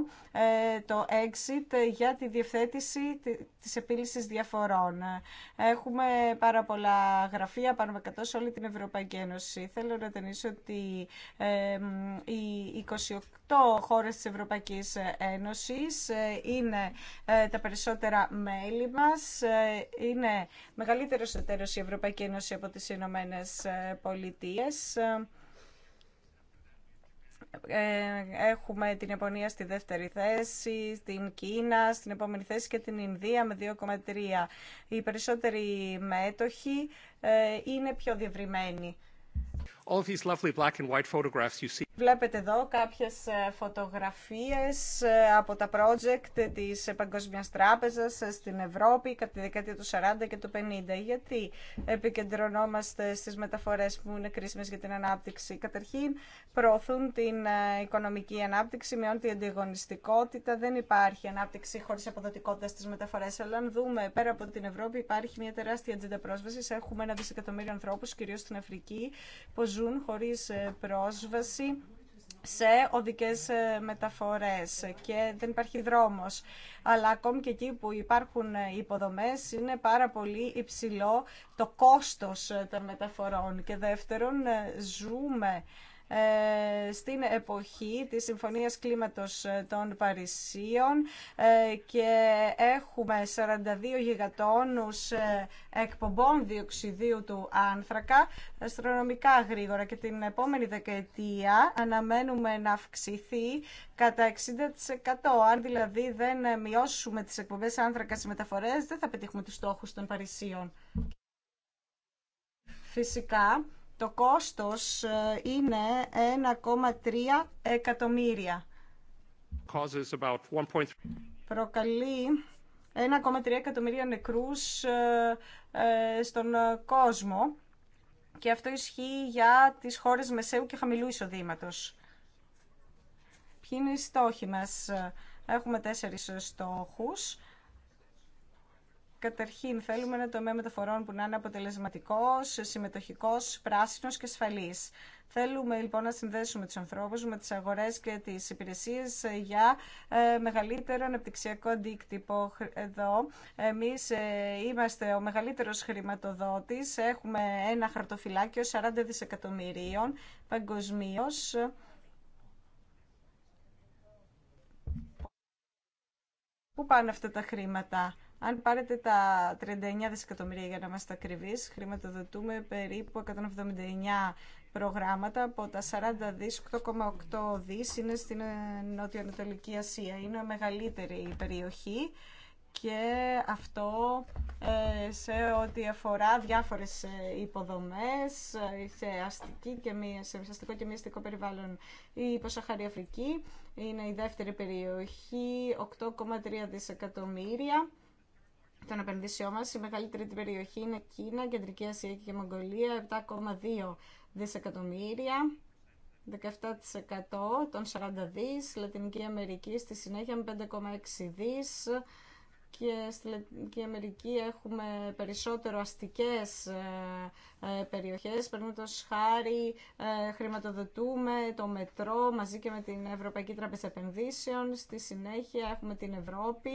το Exit, για τη διευθέτηση της επίλυσης διαφορών. Έχουμε πάρα πολλά γραφεία, πάνω με 100 σε όλη την Ευρωπαϊκή Ένωση. Θέλω να τονίσω ότι οι 28 χώρες της Ευρωπαϊκής Ένωσης ε, είναι ε, τα περισσότερα μέλη μας. Ε, είναι μεγαλύτερος εταίρος η Ευρωπαϊκή Ένωση από τις Ηνωμένε Πολιτείες. Ε, έχουμε την Ιαπωνία στη δεύτερη θέση, την Κίνα στην επόμενη θέση και την Ινδία με 2,3. Οι περισσότεροι μέτοχοι ε, είναι πιο διευρυμένοι. All these lovely black and white photographs you see. Βλέπετε εδώ κάποιες ε, φωτογραφίες ε, από τα project της Παγκόσμια Τράπεζας ε, στην Ευρώπη κατά τη δεκαετία του 40 και του 50. Γιατί επικεντρωνόμαστε στις μεταφορές που είναι κρίσιμες για την ανάπτυξη. Καταρχήν προωθούν την οικονομική ανάπτυξη, μειώνουν την αντιγωνιστικότητα. Δεν υπάρχει ανάπτυξη χωρίς αποδοτικότητα στις μεταφορές. Αλλά αν δούμε πέρα από την Ευρώπη υπάρχει μια τεράστια ατζέντα πρόσβασης. Έχουμε ένα δισεκατομμύριο ανθρώπους, κυρίως στην Αφρική, που ζουν χωρίς ε, πρόσβαση σε οδικές ε, μεταφορές και δεν υπάρχει δρόμος. Αλλά ακόμη και εκεί που υπάρχουν ε, υποδομές είναι πάρα πολύ υψηλό το κόστος των μεταφορών. Και δεύτερον, ζούμε ε, στην εποχή της Συμφωνίας Κλίματος των Παρισίων ε, και έχουμε 42 γιγατόνους ε, εκπομπών διοξιδίου του άνθρακα αστρονομικά γρήγορα και την επόμενη δεκαετία αναμένουμε να αυξηθεί κατά 60%. Αν δηλαδή δεν μειώσουμε τις εκπομπές άνθρακα στις μεταφορές δεν θα πετύχουμε τους στόχους των Παρισίων. Φυσικά, το κόστος ε, είναι 1,3 εκατομμύρια. Προκαλεί 1,3 εκατομμύρια νεκρούς ε, ε, στον κόσμο και αυτό ισχύει για τις χώρες μεσαίου και χαμηλού εισοδήματος. Ποιοι είναι οι στόχοι μας. Έχουμε τέσσερις στόχους. Καταρχήν, θέλουμε ένα τομέα μεταφορών που να είναι αποτελεσματικό, συμμετοχικό, πράσινο και ασφαλή. Θέλουμε λοιπόν να συνδέσουμε του ανθρώπου με τι αγορέ και τι υπηρεσίε για ε, μεγαλύτερο αναπτυξιακό αντίκτυπο. Εδώ, εμεί ε, είμαστε ο μεγαλύτερο χρηματοδότη. Έχουμε ένα χαρτοφυλάκιο 40 δισεκατομμυρίων παγκοσμίω. Πού πάνε αυτά τα χρήματα. Αν πάρετε τα 39 δισεκατομμύρια για να είμαστε ακριβείς, χρηματοδοτούμε περίπου 179 προγράμματα από τα 40 δις, 8,8 δις είναι στην ε, Ανατολική Ασία. Είναι η μεγαλύτερη περιοχή και αυτό ε, σε ό,τι αφορά διάφορες ε, υποδομές σε, αστική και μη, σε αστικό και μη αστικό περιβάλλον. Η Ποσαχάρη Αφρική είναι η δεύτερη περιοχή, 8,3 δισεκατομμύρια των επενδύσεών μας. Η μεγαλύτερη περιοχή είναι Κίνα, Κεντρική Ασία και Μογγολία, 7,2 δισεκατομμύρια. 17% των 40 δις, Λατινική Αμερική στη συνέχεια με 5,6 δις και στη Λατινική Αμερική έχουμε περισσότερο αστικές ε, ε, περιοχές, το χάρη ε, χρηματοδοτούμε το μετρό μαζί και με την Ευρωπαϊκή Τράπεζα Επενδύσεων, στη συνέχεια έχουμε την Ευρώπη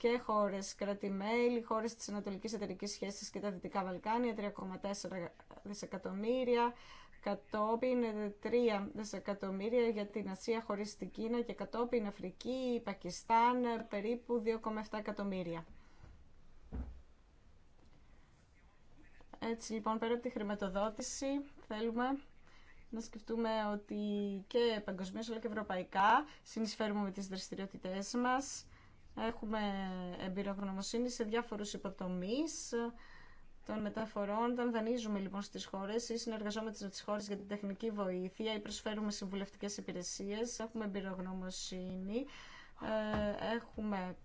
και χώρε κρατημέλη, χώρε τη Ανατολική Εταιρική Σχέση και τα Δυτικά Βαλκάνια, 3,4 δισεκατομμύρια. Κατόπιν 3 δισεκατομμύρια για την Ασία χωρίς την Κίνα και κατόπιν Αφρική, Πακιστάν περίπου 2,7 εκατομμύρια. Έτσι λοιπόν πέρα από τη χρηματοδότηση θέλουμε να σκεφτούμε ότι και παγκοσμίως αλλά και ευρωπαϊκά συνεισφέρουμε με τις δραστηριότητές μας Έχουμε εμπειρογνωμοσύνη σε διάφορους υποτομείς των μεταφορών. Όταν δανείζουμε λοιπόν στις χώρες ή συνεργαζόμαστε με τι χώρες για την τεχνική βοήθεια ή προσφέρουμε συμβουλευτικές υπηρεσίες, έχουμε εμπειρογνωμοσύνη, ε, έχουμε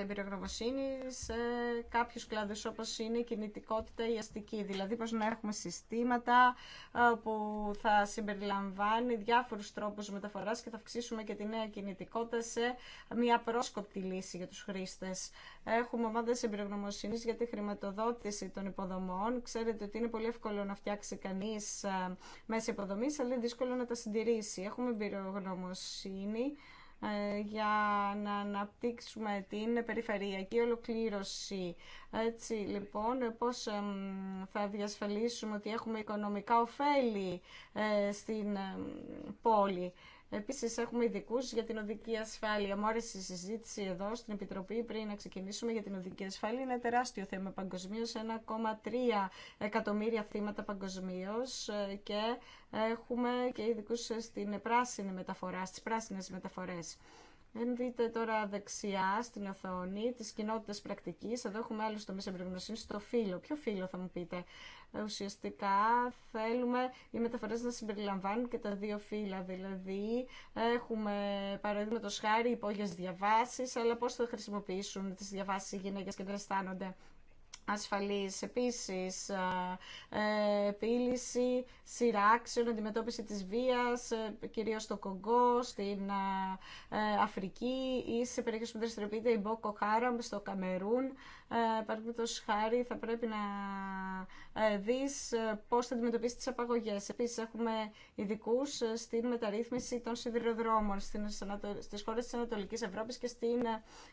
εμπειρογνωμοσύνη σε κάποιους κλάδους όπως είναι η κινητικότητα η αστική. Δηλαδή πώς να έχουμε συστήματα ε, που θα συμπεριλαμβάνει διάφορους τρόπους μεταφοράς και θα αυξήσουμε και τη νέα κινητικότητα σε μια πρόσκοπτη λύση για τους χρήστες. Έχουμε ομάδες εμπειρογνωμοσύνη για τη χρηματοδότηση των υποδομών. Ξέρετε ότι είναι πολύ εύκολο να φτιάξει κανείς ε, μέσα υποδομής, αλλά είναι δύσκολο να τα συντηρήσει. Έχουμε εμπειρογνωμοσύνη ε, για να αναπτύξουμε την περιφερειακή ολοκλήρωση. Έτσι λοιπόν, πώς θα διασφαλίσουμε ότι έχουμε οικονομικά ωφέλη ε, στην πόλη. Επίση, έχουμε ειδικού για την οδική ασφάλεια. Μου άρεσε η συζήτηση εδώ στην Επιτροπή πριν να ξεκινήσουμε για την οδική ασφάλεια. Είναι τεράστιο θέμα παγκοσμίω, 1,3 εκατομμύρια θύματα παγκοσμίω και έχουμε και ειδικού στην πράσινη μεταφορά, στις πράσινες μεταφορές. Δεν δείτε τώρα δεξιά στην οθόνη τις κοινότητα πρακτική. Εδώ έχουμε άλλου τομεί το φύλλο. Ποιο φύλλο θα μου πείτε. Ουσιαστικά θέλουμε οι μεταφορές να συμπεριλαμβάνουν και τα δύο φύλλα. Δηλαδή έχουμε παραδείγματο χάρη υπόγειες διαβάσεις, αλλά πώς θα χρησιμοποιήσουν τις διαβάσεις οι γυναίκες και δεν αισθάνονται ασφαλής. Επίσης, ε, επίλυση σειράξεων, αντιμετώπιση της βίας, ε, κυρίως στο Κογκό, στην ε, Αφρική ή σε περιοχές που δραστηριοποιείται η Μπόκο Χάραμ στο Καμερούν. Ε, παραδείγματο χάρη θα πρέπει να ε, δεις ε, πώς θα αντιμετωπίσει τις απαγωγές. Επίσης έχουμε ειδικού στην μεταρρύθμιση των σιδηροδρόμων στις χώρες της Ανατολικής Ευρώπης και στην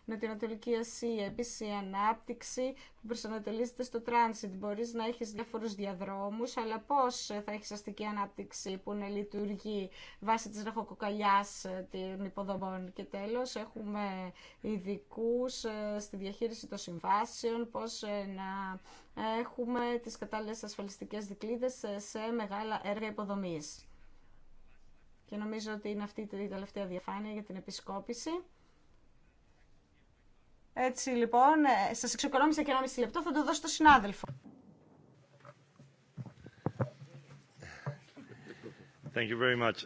Νοτιοανατολική Ασία. Επίσης η ανάπτυξη που προσανατολίζεται στο τράνσιτ. Μπορείς να έχεις διάφορους διαδρόμους, αλλά πώς θα έχεις αστική ανάπτυξη που να λειτουργεί βάσει της ραχοκοκαλιάς των υποδομών. Και τέλο, έχουμε ειδικού στη διαχείριση των συμβάσεων Πώ πώς ε, να έχουμε τις κατάλληλες ασφαλιστικές δικλείδες ε, σε μεγάλα έργα υποδομής. Και νομίζω ότι είναι αυτή η τελευταία διαφάνεια για την επισκόπηση. Έτσι λοιπόν, ε, σας εξοικονόμησα και ένα μισή λεπτό, θα το δώσω στο συνάδελφο. Thank you very much,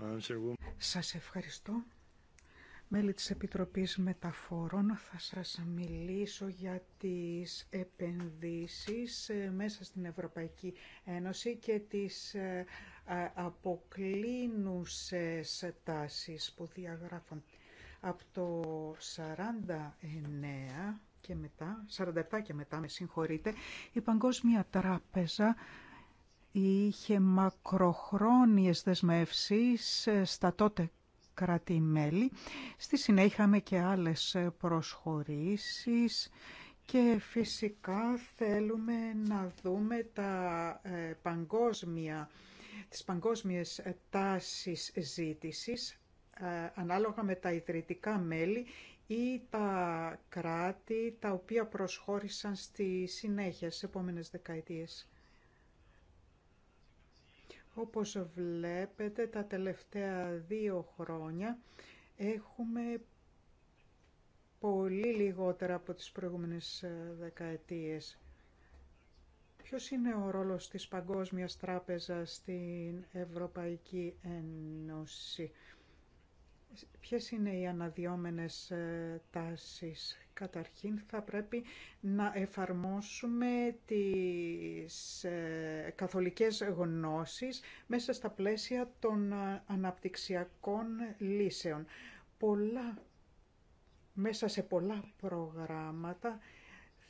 uh, Σας ευχαριστώ μέλη της Επιτροπής Μεταφορών θα σας μιλήσω για τις επενδύσεις ε, μέσα στην Ευρωπαϊκή Ένωση και τις ε, αποκλίνουσες τάσεις που διαγράφουν. Από το 49 και μετά, 47 και μετά, με συγχωρείτε, η Παγκόσμια Τράπεζα είχε μακροχρόνιες δεσμεύσεις ε, στα τότε κράτη-μέλη. Στη συνέχεια είχαμε και άλλες προσχωρήσεις και φυσικά θέλουμε να δούμε τα ε, παγκόσμια, τις παγκόσμιες τάσεις ζήτησης ε, ανάλογα με τα ιδρυτικά μέλη ή τα κράτη τα οποία προσχώρησαν στη συνέχεια στις επόμενες δεκαετίες. Όπως βλέπετε τα τελευταία δύο χρόνια έχουμε πολύ λιγότερα από τις προηγούμενες ε, δεκαετίες. Ποιος είναι ο ρόλος της Παγκόσμιας Τράπεζας στην Ευρωπαϊκή Ένωση. Ποιες είναι οι αναδιόμενες ε, τάσεις. Καταρχήν θα πρέπει να εφαρμόσουμε τις ε, καθολικές γνώσεις μέσα στα πλαίσια των ε, αναπτυξιακών λύσεων. Πολλά, μέσα σε πολλά προγράμματα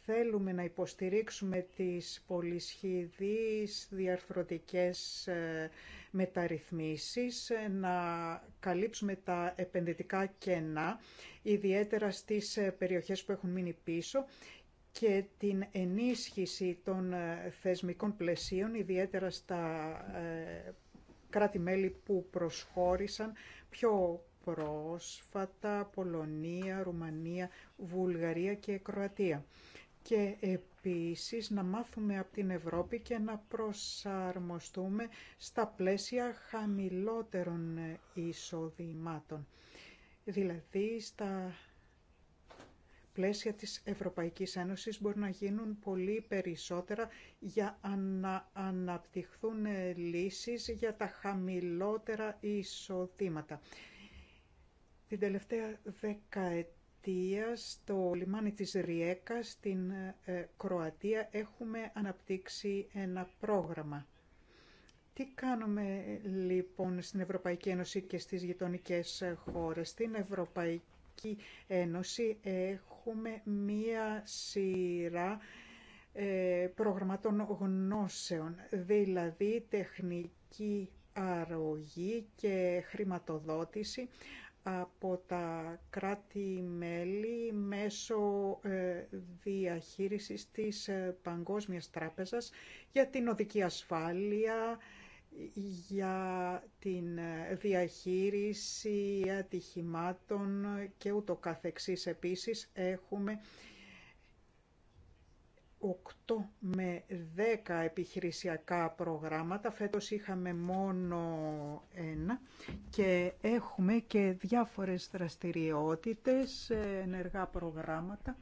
θέλουμε να υποστηρίξουμε τις πολυσχηδείς διαρθρωτικές ε, μεταρρυθμίσεις, ε, να καλύψουμε τα επενδυτικά κενά, ιδιαίτερα στις ε, περιοχές που έχουν μείνει πίσω και την ενίσχυση των θεσμικών πλαισίων, ιδιαίτερα στα κράτη-μέλη που προσχώρησαν πιο πρόσφατα Πολωνία, Ρουμανία, Βουλγαρία και Κροατία και επίσης να μάθουμε από την Ευρώπη και να προσαρμοστούμε στα πλαίσια χαμηλότερων εισοδημάτων, δηλαδή στα πλαίσια της Ευρωπαϊκής Ένωσης μπορεί να γίνουν πολύ περισσότερα για να αναπτυχθούν λύσεις για τα χαμηλότερα εισοδήματα. Την τελευταία δεκαετία στο λιμάνι της Ριέκα, στην ε, Κροατία, έχουμε αναπτύξει ένα πρόγραμμα. Τι κάνουμε λοιπόν στην Ευρωπαϊκή Ένωση και στις γειτονικές χώρες. Στην Ευρωπαϊκή Ένωση έχουμε μία σειρά ε, προγραμματών γνώσεων, δηλαδή τεχνική αρρωγή και χρηματοδότηση από τα κράτη-μέλη μέσω ε, διαχείρισης της ε, Παγκόσμιας Τράπεζας για την οδική ασφάλεια, για την ε, διαχείριση ατυχημάτων και ούτω καθεξής. Επίσης έχουμε 8 με 10 επιχειρησιακά προγράμματα. Φέτος είχαμε μόνο ένα και έχουμε και διάφορες δραστηριότητες, ε, ενεργά προγράμματα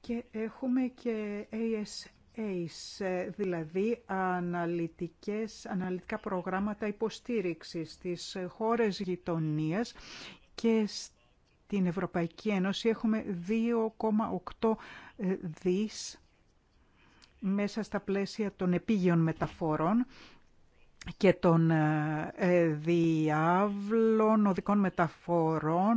και έχουμε και ASAs, ε, δηλαδή αναλυτικές, αναλυτικά προγράμματα υποστήριξης στις χώρες γειτονίας και την Ευρωπαϊκή Ένωση έχουμε 2,8 ε, δις μέσα στα πλαίσια των επίγειων μεταφορών και των ε, ε, διάβλων, οδικών μεταφορών,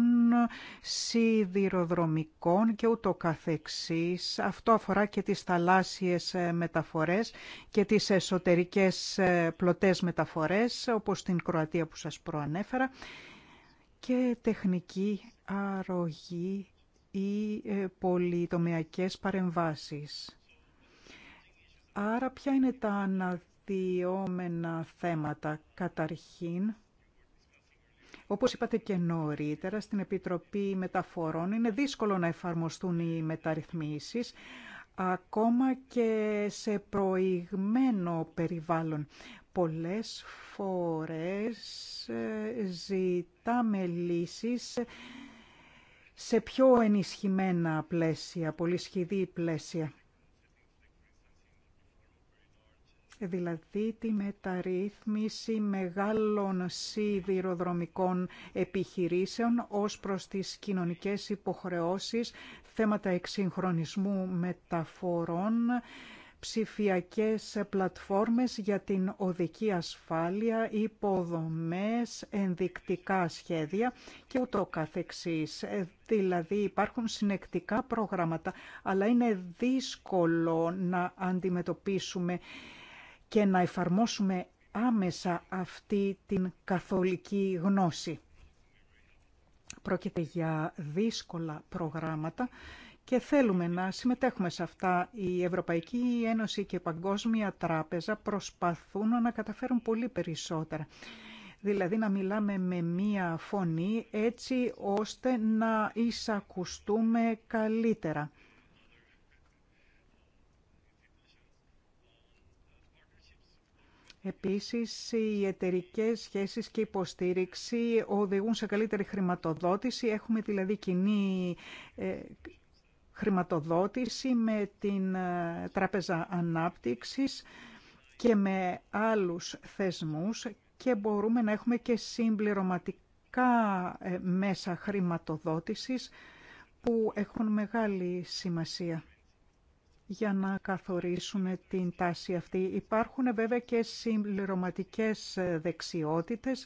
σιδηροδρομικών και ούτω καθεξής. Αυτό αφορά και τις θαλάσσιες μεταφορές και τις εσωτερικές πλωτές μεταφορές, όπως την Κροατία που σας προανέφερα, και τεχνική αρρωγή ή ε, πολυτομιακές παρεμβάσεις. Άρα ποια είναι τα αναδυόμενα θέματα. Καταρχήν, όπως είπατε και νωρίτερα, στην Επιτροπή Μεταφορών είναι δύσκολο να εφαρμοστούν οι μεταρρυθμίσεις, ακόμα και σε προηγμένο περιβάλλον. Πολλές φορές ε, ζητάμε λύσεις σε πιο ενισχυμένα πλαίσια, σχηδή πλαίσια. δηλαδή τη μεταρρύθμιση μεγάλων σιδηροδρομικών επιχειρήσεων ως προς τις κοινωνικές υποχρεώσεις, θέματα εξυγχρονισμού μεταφορών, ψηφιακές πλατφόρμες για την οδική ασφάλεια, υποδομές, ενδεικτικά σχέδια και ούτω καθεξής. Ε, δηλαδή υπάρχουν συνεκτικά προγράμματα, αλλά είναι δύσκολο να αντιμετωπίσουμε και να εφαρμόσουμε άμεσα αυτή την καθολική γνώση. Πρόκειται για δύσκολα προγράμματα και θέλουμε να συμμετέχουμε σε αυτά. Η Ευρωπαϊκή Ένωση και η Παγκόσμια Τράπεζα προσπαθούν να καταφέρουν πολύ περισσότερα. Δηλαδή να μιλάμε με μία φωνή έτσι ώστε να εισακουστούμε καλύτερα. Επίσης, οι εταιρικέ σχέσεις και υποστήριξη οδηγούν σε καλύτερη χρηματοδότηση. Έχουμε δηλαδή κοινή ε, χρηματοδότηση με την ε, Τράπεζα Ανάπτυξης και με άλλους θεσμούς και μπορούμε να έχουμε και συμπληρωματικά ε, μέσα χρηματοδότησης που έχουν μεγάλη σημασία για να καθορίσουμε την τάση αυτή. Υπάρχουν ε, βέβαια και συμπληρωματικές δεξιότητες,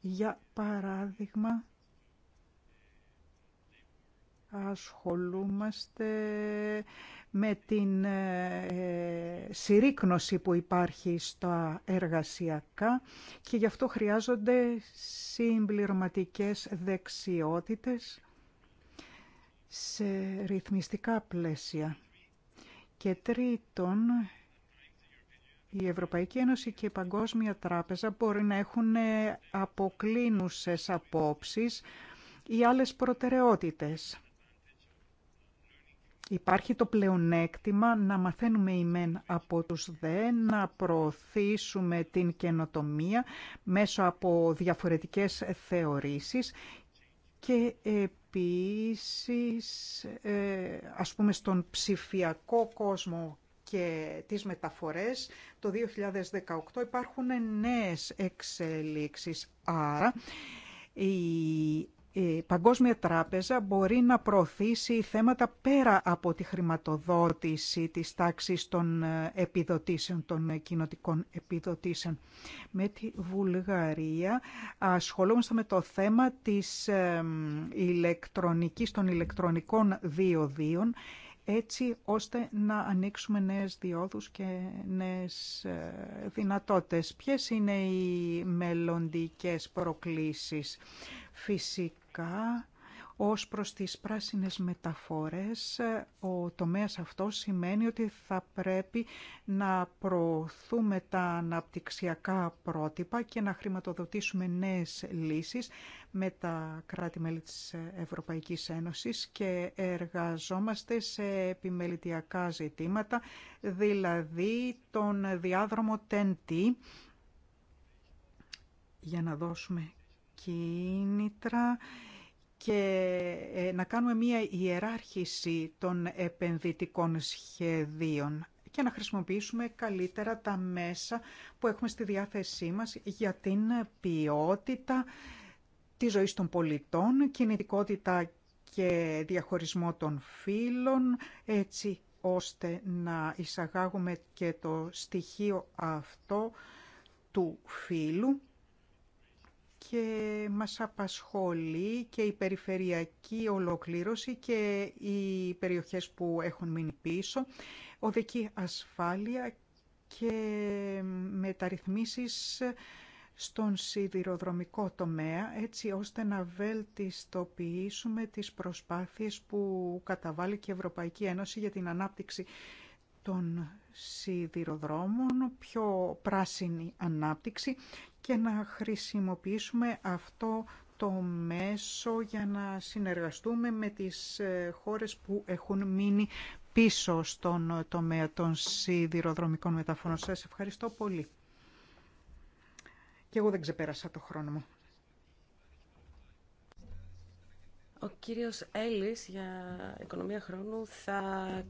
για παράδειγμα ασχολούμαστε με την ε, ε, συρρήκνωση που υπάρχει στα εργασιακά και γι' αυτό χρειάζονται συμπληρωματικές δεξιότητες σε ρυθμιστικά πλαίσια. Και τρίτον, η Ευρωπαϊκή Ένωση και η Παγκόσμια Τράπεζα μπορεί να έχουν αποκλίνουσες απόψεις ή άλλες προτεραιότητες Υπάρχει το πλεονέκτημα να μαθαίνουμε ημέν από τους δε, να προωθήσουμε την καινοτομία μέσω από διαφορετικές θεωρήσεις και επίσης, ε, ας πούμε, στον ψηφιακό κόσμο και τις μεταφορές, το 2018 υπάρχουν νέες εξελίξεις. Άρα, η η Παγκόσμια Τράπεζα μπορεί να προωθήσει θέματα πέρα από τη χρηματοδότηση της τάξης των ε, επιδοτήσεων, των ε, κοινοτικών επιδοτήσεων. Με τη Βουλγαρία ασχολούμαστε με το θέμα της ε, ηλεκτρονικής, των ηλεκτρονικών διοδίων, έτσι ώστε να ανοίξουμε νέες διόδους και νέες δυνατότητες. Ποιες είναι οι μελλοντικές προκλήσεις. Φυσικά Ω ως προς τις πράσινες μεταφορές, ο τομέας αυτό σημαίνει ότι θα πρέπει να προωθούμε τα αναπτυξιακά πρότυπα και να χρηματοδοτήσουμε νέες λύσεις με τα κράτη-μέλη της Ευρωπαϊκής Ένωσης και εργαζόμαστε σε επιμελητιακά ζητήματα, δηλαδή τον διάδρομο TEN-T, για να δώσουμε κίνητρα και ε, να κάνουμε μία ιεράρχηση των επενδυτικών σχεδίων και να χρησιμοποιήσουμε καλύτερα τα μέσα που έχουμε στη διάθεσή μας για την ποιότητα τη ζωή των πολιτών, κινητικότητα και διαχωρισμό των φύλων, έτσι ώστε να εισαγάγουμε και το στοιχείο αυτό του φύλου και μας απασχολεί και η περιφερειακή ολοκλήρωση και οι περιοχές που έχουν μείνει πίσω, οδική ασφάλεια και μεταρρυθμίσεις στον σιδηροδρομικό τομέα, έτσι ώστε να βελτιστοποιήσουμε τις προσπάθειες που καταβάλει και η Ευρωπαϊκή Ένωση για την ανάπτυξη των σιδηροδρόμων, πιο πράσινη ανάπτυξη και να χρησιμοποιήσουμε αυτό το μέσο για να συνεργαστούμε με τις ε, χώρες που έχουν μείνει πίσω στον τομέα των σιδηροδρομικών μεταφορών. Σας ευχαριστώ πολύ. Και εγώ δεν ξεπέρασα το χρόνο μου. Ο κύριος Έλλης για οικονομία χρόνου θα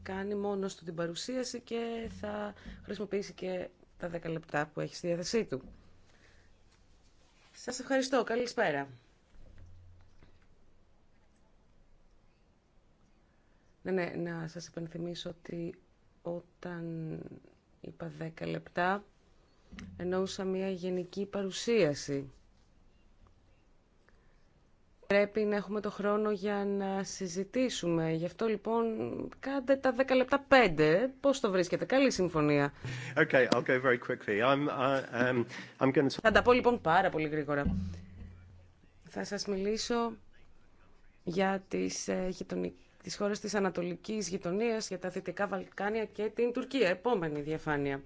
κάνει μόνο του την παρουσίαση και θα χρησιμοποιήσει και τα 10 λεπτά που έχει στη διάθεσή του. Σας ευχαριστώ. Καλησπέρα. Ναι, ναι, να σας υπενθυμίσω ότι όταν είπα 10 λεπτά εννοούσα μια γενική παρουσίαση Πρέπει να έχουμε το χρόνο για να συζητήσουμε. Γι' αυτό λοιπόν κάντε τα 10 λεπτά 5. Πώς το βρίσκετε. Καλή συμφωνία. Okay, I'm, um, I'm Θα τα πω λοιπόν πάρα πολύ γρήγορα. Θα σας μιλήσω για τις, ε, τη τις χώρες της Ανατολικής Γειτονίας, για τα Δυτικά Βαλκάνια και την Τουρκία. Επόμενη διαφάνεια.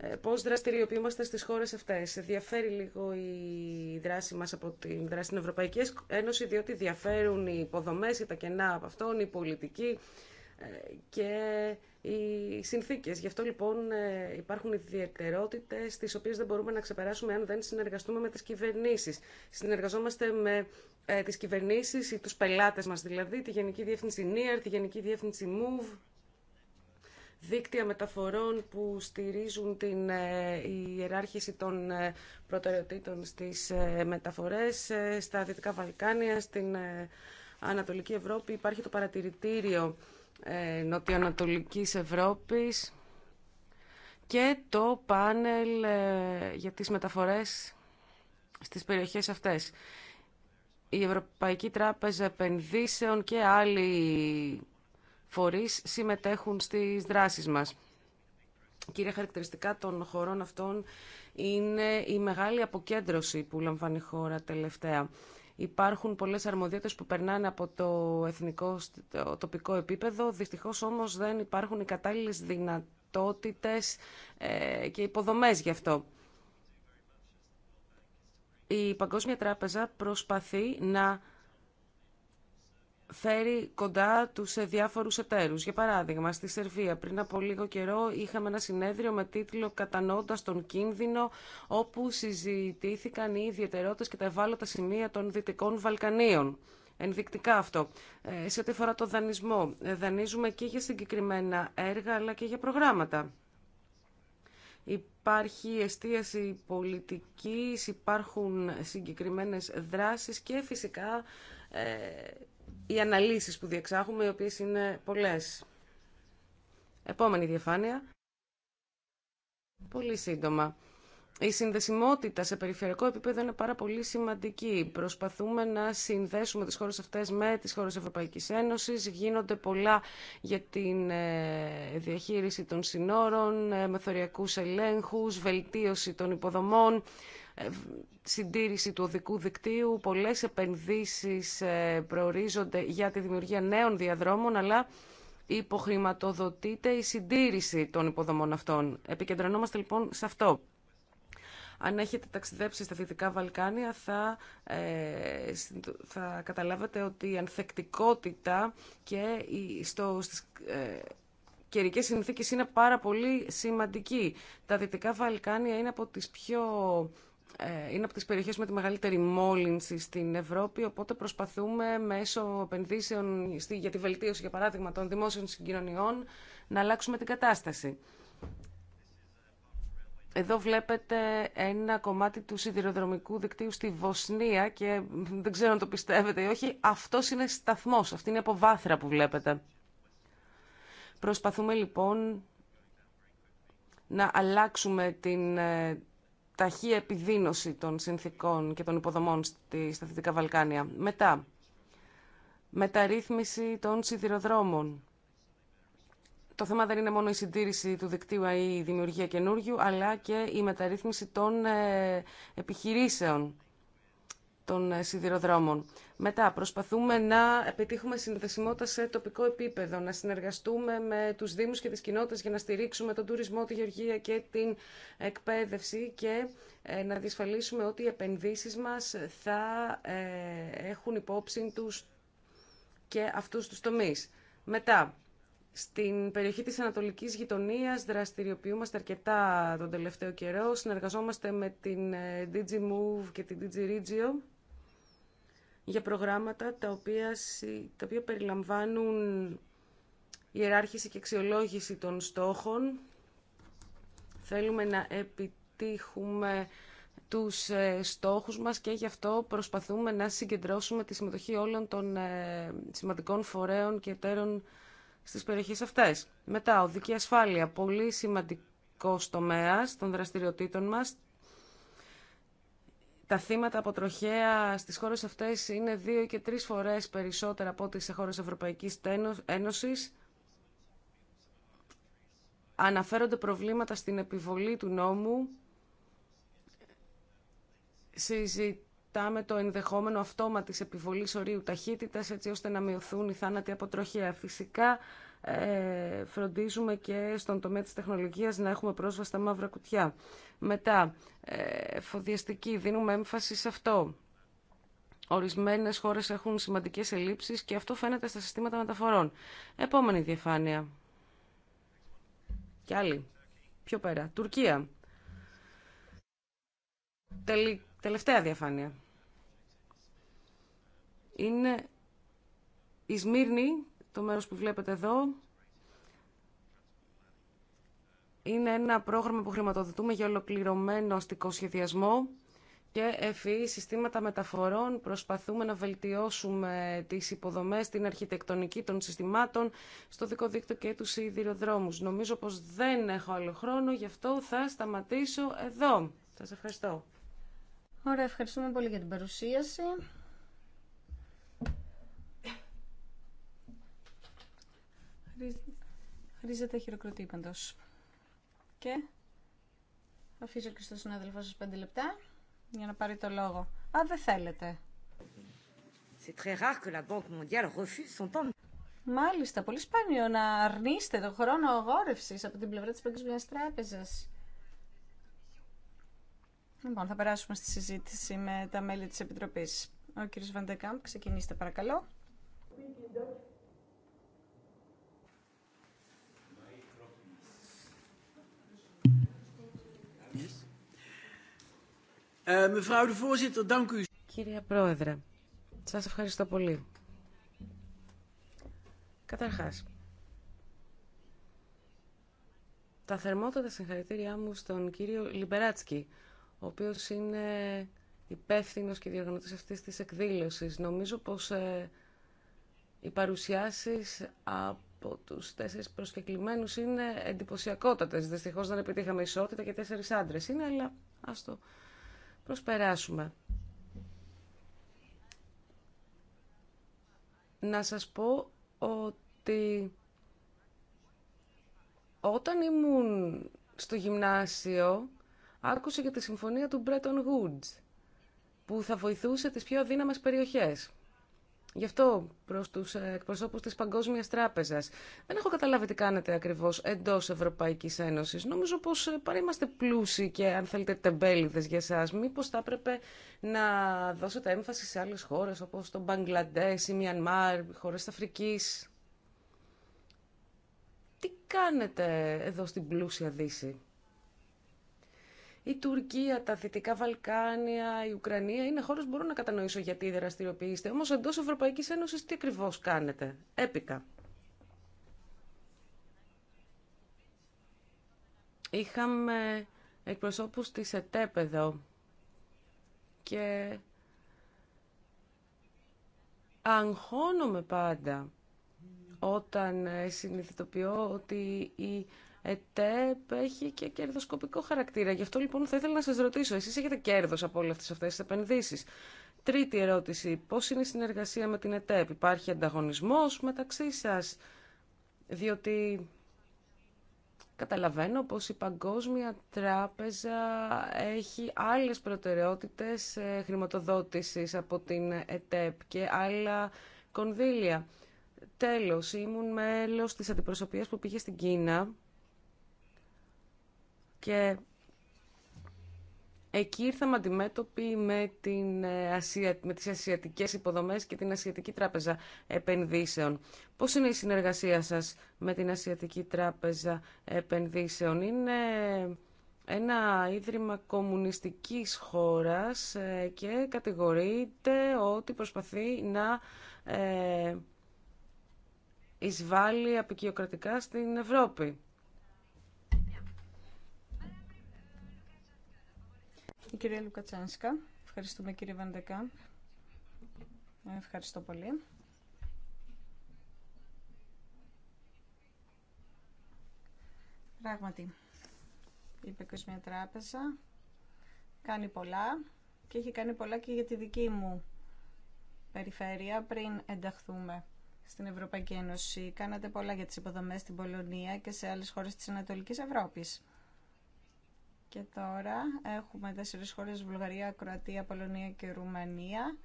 Ε, Πώ δραστηριοποιούμαστε στι χώρε αυτέ. Διαφέρει λίγο η δράση μα από την δράση στην Ευρωπαϊκή Ένωση, διότι διαφέρουν οι υποδομές, τα κενά από αυτόν, η πολιτική ε, και οι συνθήκε. Γι' αυτό λοιπόν ε, υπάρχουν ιδιαιτερότητε, τι οποίε δεν μπορούμε να ξεπεράσουμε αν δεν συνεργαστούμε με τι κυβερνήσει. Συνεργαζόμαστε με τι κυβερνήσει ή του πελάτε μα, δηλαδή, τη Γενική Διεύθυνση NIR, τη Γενική Διεύθυνση MOVE, δίκτυα μεταφορών που στηρίζουν την ε, ιεράρχηση των ε, προτεραιοτήτων στις ε, μεταφορές στα Δυτικά Βαλκάνια, στην Ανατολική Ευρώπη. Υπάρχει το παρατηρητήριο Νοτιοανατολικής Ευρώπης και το πάνελ για τις μεταφορές στις περιοχές αυτές. Η Ευρωπαϊκή Τράπεζα Επενδύσεων και άλλοι φορείς συμμετέχουν στις δράσεις μας. Κύρια χαρακτηριστικά των χωρών αυτών είναι η μεγάλη αποκέντρωση που λαμβάνει η χώρα τελευταία. Υπάρχουν πολλές αρμοδιότητες που περνάνε από το εθνικό το τοπικό επίπεδο, δυστυχώς όμως δεν υπάρχουν οι κατάλληλες δυνατότητες ε, και υποδομές γι' αυτό. Η Παγκόσμια Τράπεζα προσπαθεί να φέρει κοντά τους σε διάφορους εταίρους. Για παράδειγμα, στη Σερβία πριν από λίγο καιρό είχαμε ένα συνέδριο με τίτλο «Κατανοώντας τον κίνδυνο» όπου συζητήθηκαν οι ιδιαιτερότητες και τα ευάλωτα σημεία των Δυτικών Βαλκανίων. Ενδεικτικά αυτό. Ε, σε ό,τι αφορά το δανεισμό, ε, δανείζουμε και για συγκεκριμένα έργα αλλά και για προγράμματα. Υπάρχει εστίαση πολιτικής, υπάρχουν συγκεκριμένες δράσεις και φυσικά ε, οι αναλύσεις που διεξάγουμε, οι οποίες είναι πολλές. Επόμενη διαφάνεια. Πολύ σύντομα. Η συνδεσιμότητα σε περιφερειακό επίπεδο είναι πάρα πολύ σημαντική. Προσπαθούμε να συνδέσουμε τις χώρες αυτές με τις χώρες Ευρωπαϊκής Ένωσης. Γίνονται πολλά για την ε, διαχείριση των συνόρων, ε, μεθοριακούς ελέγχους, βελτίωση των υποδομών. Ε, συντήρηση του οδικού δικτύου, πολλές επενδύσεις ε, προορίζονται για τη δημιουργία νέων διαδρόμων, αλλά υποχρηματοδοτείται η συντήρηση των υποδομών αυτών. Επικεντρωνόμαστε λοιπόν σε αυτό. Αν έχετε ταξιδέψει στα Δυτικά Βαλκάνια θα, ε, καταλάβετε ότι η ανθεκτικότητα και η, στο, στις καιρικές συνθήκες είναι πάρα πολύ σημαντική. Τα Δυτικά Βαλκάνια είναι από τις πιο ε, είναι από τις περιοχές με τη μεγαλύτερη μόλυνση στην Ευρώπη, οπότε προσπαθούμε μέσω επενδύσεων για τη βελτίωση, για παράδειγμα, των δημόσιων συγκοινωνιών, να αλλάξουμε την κατάσταση. Εδώ βλέπετε ένα κομμάτι του σιδηροδρομικού δικτύου στη Βοσνία και δεν ξέρω αν το πιστεύετε ή όχι. Αυτό είναι σταθμός, αυτή είναι η αποβάθρα που βλέπετε. Προσπαθούμε λοιπόν να αλλάξουμε την ε, ταχύ επιδείνωση των συνθήκων και των υποδομών στα Δυτικά Βαλκάνια. Μετά, μεταρρύθμιση των σιδηροδρόμων. Το θέμα δεν είναι μόνο η συντήρηση του δικτύου ή η δημιουργία καινούργιου, αλλά και η μεταρρύθμιση των ε, επιχειρήσεων των ε, σιδηροδρόμων. Μετά, προσπαθούμε να επιτύχουμε συνδεσιμότητα σε τοπικό επίπεδο, να συνεργαστούμε με τους Δήμους και τις κοινότητες για να στηρίξουμε τον τουρισμό, τη γεωργία και την εκπαίδευση και ε, να διασφαλίσουμε ότι οι επενδύσεις μας θα ε, έχουν υπόψη τους και αυτούς τους τομείς. Μετά, στην περιοχή της Ανατολικής Γειτονίας δραστηριοποιούμαστε αρκετά τον τελευταίο καιρό. Συνεργαζόμαστε με την DigiMove και την DigiRegio για προγράμματα τα οποία, τα οποία περιλαμβάνουν ιεράρχηση και αξιολόγηση των στόχων. Θέλουμε να επιτύχουμε τους ε, στόχους μας και γι' αυτό προσπαθούμε να συγκεντρώσουμε τη συμμετοχή όλων των ε, σημαντικών φορέων και εταίρων στις περιοχές αυτές. Μετά, οδική ασφάλεια, πολύ σημαντικό τομέας των δραστηριοτήτων μας τα θύματα από τροχέα στις χώρες αυτές είναι δύο και τρεις φορές περισσότερα από ό,τι σε χώρες Ευρωπαϊκής Ένωσης. Αναφέρονται προβλήματα στην επιβολή του νόμου. Συζητάμε το ενδεχόμενο αυτόματης επιβολής ορίου ταχύτητας έτσι ώστε να μειωθούν οι θάνατοι από Φυσικά ε, φροντίζουμε και στον τομέα της τεχνολογίας να έχουμε πρόσβαση στα μαύρα κουτιά. Μετά, ε, φοδιαστική, δίνουμε έμφαση σε αυτό. Ορισμένες χώρες έχουν σημαντικές ελλείψεις και αυτό φαίνεται στα συστήματα μεταφορών. Επόμενη διαφάνεια. Και άλλη. Πιο πέρα. Τουρκία. Τελευταία διαφάνεια. Είναι η Σμύρνη το μέρος που βλέπετε εδώ είναι ένα πρόγραμμα που χρηματοδοτούμε για ολοκληρωμένο αστικό σχεδιασμό και ΕΦΗ συστήματα μεταφορών. Προσπαθούμε να βελτιώσουμε τις υποδομές, την αρχιτεκτονική των συστημάτων στο δικό δίκτυο και τους σιδηροδρόμους. Νομίζω πως δεν έχω άλλο χρόνο, γι' αυτό θα σταματήσω εδώ. Σας ευχαριστώ. Ωραία, ευχαριστούμε πολύ για την παρουσίαση. Χρήζεται χειροκροτή Και αφήσω και στον συνάδελφό σας πέντε λεπτά για να πάρει το λόγο. Α, δεν θέλετε. Μάλιστα, πολύ σπάνιο να αρνείστε το χρόνο αγόρευση από την πλευρά τη Παγκοσμία Τράπεζας. Λοιπόν, θα περάσουμε στη συζήτηση με τα μέλη τη επιτροπή. Ο κύριος Βαντεκάμπ, ξεκινήστε παρακαλώ. Κύριε Πρόεδρε, σας ευχαριστώ πολύ. Καταρχάς, τα θερμότατα συγχαρητήριά μου στον κύριο Λιμπεράτσκι, ο οποίος είναι υπεύθυνο και διοργανωτής αυτής της εκδήλωσης. Νομίζω πως ε, οι παρουσιάσεις από τους τέσσερις προσκεκλημένους είναι εντυπωσιακότατες. Δυστυχώς δεν επιτύχαμε ισότητα και τέσσερις άντρες είναι, αλλά ας το προσπεράσουμε. Να σας πω ότι όταν ήμουν στο γυμνάσιο άκουσα για τη συμφωνία του Bretton Woods που θα βοηθούσε τις πιο αδύναμες περιοχές. Γι' αυτό προς τους ε, εκπροσώπους της Παγκόσμια Τράπεζας. Δεν έχω καταλάβει τι κάνετε ακριβώς εντό ευρωπαϊκή Ένωση. Νομίζω πω ε, παρά είμαστε πλούσιοι και αν θέλετε τεμπέληδε για εσά, μήπως θα έπρεπε να δώσετε έμφαση σε άλλες χώρες όπως το Μπαγκλαντέ η Μιανμάρ, χώρε της Αφρικής. Τι κάνετε εδώ στην πλούσια Δύση η Τουρκία, τα Δυτικά Βαλκάνια, η Ουκρανία είναι χώρε που μπορώ να κατανοήσω γιατί δραστηριοποιείστε. Όμω εντό Ευρωπαϊκή Ένωση τι ακριβώ κάνετε. Έπικα. Είχαμε εκπροσώπους της ΕΤΕΠ εδώ και αγχώνομαι πάντα όταν συνειδητοποιώ ότι η ΕΤΕΠ έχει και κερδοσκοπικό χαρακτήρα. Γι' αυτό λοιπόν θα ήθελα να σας ρωτήσω, εσείς έχετε κέρδος από όλες αυτές τις επενδύσεις. Τρίτη ερώτηση, πώς είναι η συνεργασία με την ΕΤΕΠ, υπάρχει ανταγωνισμός μεταξύ σας, διότι καταλαβαίνω πως η Παγκόσμια Τράπεζα έχει άλλες προτεραιότητες ε, χρηματοδότησης από την ΕΤΕΠ και άλλα κονδύλια. Τέλος, ήμουν μέλος της αντιπροσωπείας που πήγε στην Κίνα και εκεί ήρθαμε αντιμέτωποι με, την ε, Ασία, με τις ασιατικές υποδομές και την Ασιατική Τράπεζα Επενδύσεων. Πώς είναι η συνεργασία σας με την Ασιατική Τράπεζα Επενδύσεων. Είναι ένα ίδρυμα κομμουνιστικής χώρας ε, και κατηγορείται ότι προσπαθεί να ε, εισβάλλει απεικιοκρατικά στην Ευρώπη. Η κυρία Λουκατσάνσκα. Ευχαριστούμε κύριε Βαντεκά, Ευχαριστώ πολύ. Πράγματι, η Παγκοσμία Τράπεζα κάνει πολλά και έχει κάνει πολλά και για τη δική μου περιφέρεια πριν ενταχθούμε στην Ευρωπαϊκή Ένωση. Κάνατε πολλά για τις υποδομές στην Πολωνία και σε άλλες χώρες της Ανατολικής Ευρώπης. Και τώρα έχουμε τέσσερις χώρες, Βουλγαρία, Κροατία, Πολωνία και Ρουμανία,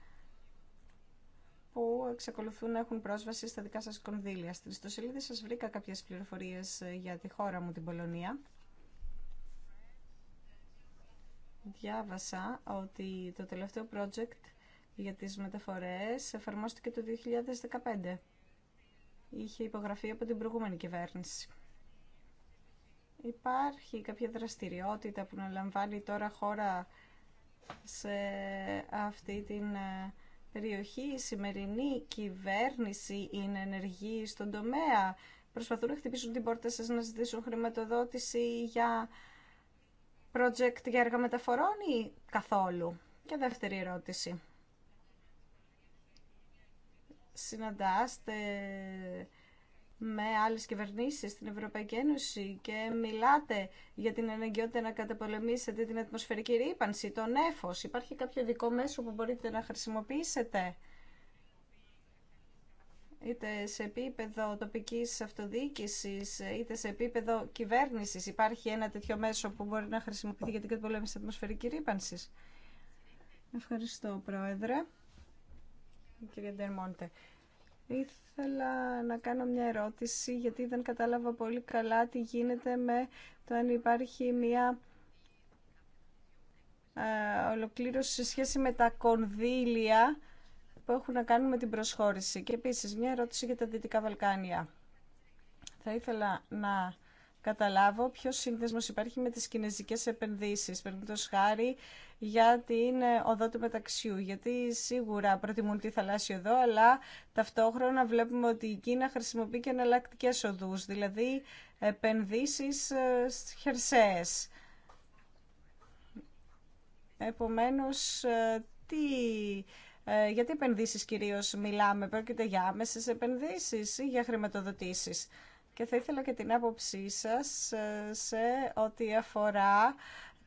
που εξακολουθούν να έχουν πρόσβαση στα δικά σας κονδύλια. Στην ιστοσελίδα σας βρήκα κάποιες πληροφορίες ε, για τη χώρα μου, την Πολωνία. Διάβασα ότι το τελευταίο project για τις μεταφορές εφαρμόστηκε το 2015. Είχε υπογραφεί από την προηγούμενη κυβέρνηση. Υπάρχει κάποια δραστηριότητα που να λαμβάνει τώρα χώρα σε αυτή την ε, περιοχή. Η σημερινή κυβέρνηση είναι ενεργή στον τομέα. Προσπαθούν να χτυπήσουν την πόρτα σας να ζητήσουν χρηματοδότηση για project για έργα μεταφορών ή καθόλου. Και δεύτερη ερώτηση. Συναντάστε με άλλες κυβερνήσεις στην Ευρωπαϊκή Ένωση και μιλάτε για την αναγκαιότητα να καταπολεμήσετε την ατμοσφαιρική ρήπανση, τον έφος. Υπάρχει κάποιο δικό μέσο που μπορείτε να χρησιμοποιήσετε είτε σε επίπεδο τοπικής αυτοδιοίκηση, είτε σε επίπεδο κυβέρνησης. Υπάρχει ένα τέτοιο μέσο που μπορεί να χρησιμοποιηθεί για την καταπολέμηση τη ατμοσφαιρική ρήπανση. Ευχαριστώ, Πρόεδρε. Κύριε Ήθελα να κάνω μια ερώτηση γιατί δεν κατάλαβα πολύ καλά τι γίνεται με το αν υπάρχει μια ε, ολοκλήρωση σε σχέση με τα κονδύλια που έχουν να κάνουν με την προσχώρηση. Και επίσης μια ερώτηση για τα Δυτικά Βαλκάνια. Θα ήθελα να καταλάβω ποιο σύνδεσμο υπάρχει με τι κινέζικε επενδύσει. Παραδείγματο χάρη για την ε, οδό του μεταξιού. Γιατί σίγουρα προτιμούν τη θαλάσσια εδώ, αλλά ταυτόχρονα βλέπουμε ότι η Κίνα χρησιμοποιεί και εναλλακτικέ οδού, δηλαδή επενδύσει ε, χερσαίε. Επομένως, ε, τι γιατί επενδύσεις κυρίως μιλάμε, πρόκειται για άμεσες επενδύσεις ή για χρηματοδοτήσεις και θα ήθελα και την άποψή σας ε, σε ό,τι αφορά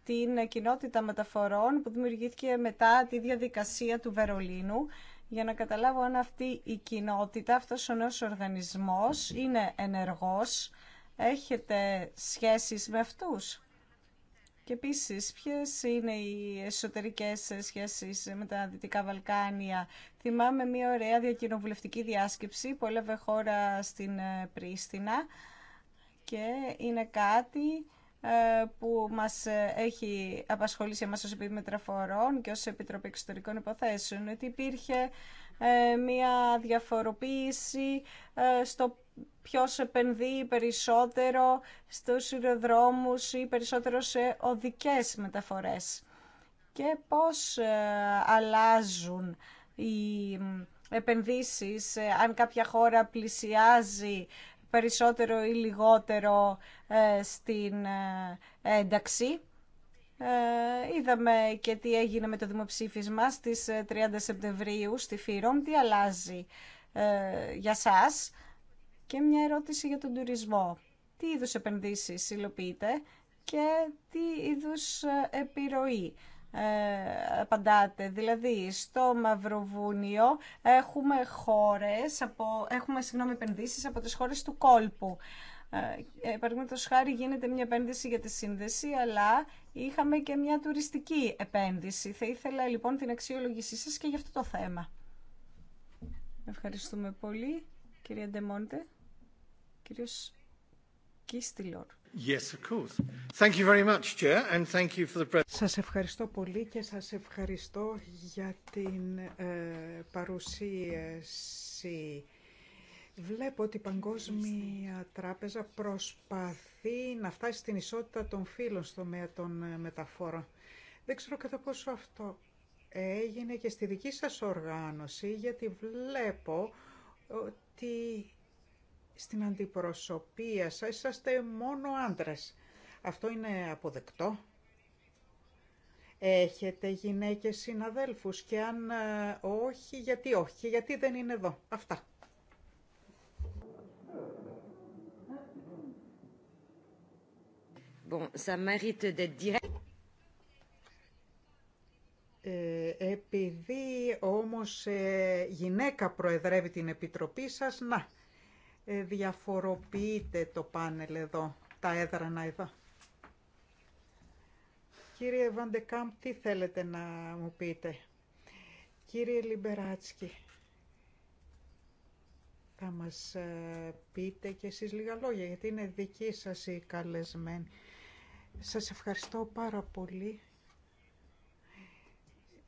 την κοινότητα μεταφορών που δημιουργήθηκε μετά τη διαδικασία του Βερολίνου για να καταλάβω αν αυτή η κοινότητα, αυτός ο νέος οργανισμός είναι ενεργός. Έχετε σχέσεις με αυτούς. Και επίση, ποιε είναι οι εσωτερικές σχέσει με τα Δυτικά Βαλκάνια. Θυμάμαι μια ωραία διακοινοβουλευτική διάσκεψη που έλαβε χώρα στην ε, Πρίστινα και είναι κάτι ε, που μας ε, έχει απασχολήσει εμάς ως Επίμετρα και ως Επιτροπή Εξωτερικών Υποθέσεων, ότι υπήρχε μια διαφοροποίηση στο ποιος επενδύει περισσότερο στους σιδηροδρόμους ή περισσότερο σε οδικές μεταφορές και πώς ε, αλλάζουν οι επενδύσεις ε, αν κάποια χώρα πλησιάζει περισσότερο ή λιγότερο ε, στην ένταξη. Είδαμε και τι έγινε με το δημοψήφισμα στις 30 Σεπτεμβρίου στη Φύρομ. Τι αλλάζει για σας και μια ερώτηση για τον τουρισμό. Τι είδους επενδύσεις υλοποιείτε και τι είδους ε, επιρροή ε, απαντάτε. Δηλαδή, στο Μαυροβούνιο έχουμε χώρες, από, έχουμε συγγνώμη, επενδύσεις από τις χώρες του κόλπου. Ε, ε Παραδείγματο χάρη γίνεται μια επένδυση για τη σύνδεση, αλλά είχαμε και μια τουριστική επένδυση. Θα ήθελα λοιπόν την αξιολογησή σας και για αυτό το θέμα. Ευχαριστούμε πολύ, κυρία Ντεμόντε. Κύριος Κίστιλορ. Yes, of course. Thank you very much, Chair, Σας ευχαριστώ πολύ και σας ευχαριστώ για την ε, παρουσίαση. Βλέπω ότι η Παγκόσμια Τράπεζα προσπαθεί να φτάσει στην ισότητα των φύλων στο μέα των ε, μεταφόρων. Δεν ξέρω κατά πόσο αυτό έγινε και στη δική σας οργάνωση, γιατί βλέπω ότι στην αντιπροσωπεία σας είσαστε μόνο άντρες. Αυτό είναι αποδεκτό. Έχετε γυναίκες συναδέλφους και αν ε, όχι, γιατί όχι γιατί δεν είναι εδώ. Αυτά. Bon, ça ε, επειδή όμως ε, γυναίκα προεδρεύει την Επιτροπή σας, να, ε, διαφοροποιείται το πάνελ εδώ, τα έδρανα εδώ. Κύριε Βαντεκάμπ, τι θέλετε να μου πείτε. Κύριε Λιμπεράτσκι, θα μας ε, πείτε και εσείς λίγα λόγια, γιατί είναι δική σας η καλεσμένη. Σας ευχαριστώ πάρα πολύ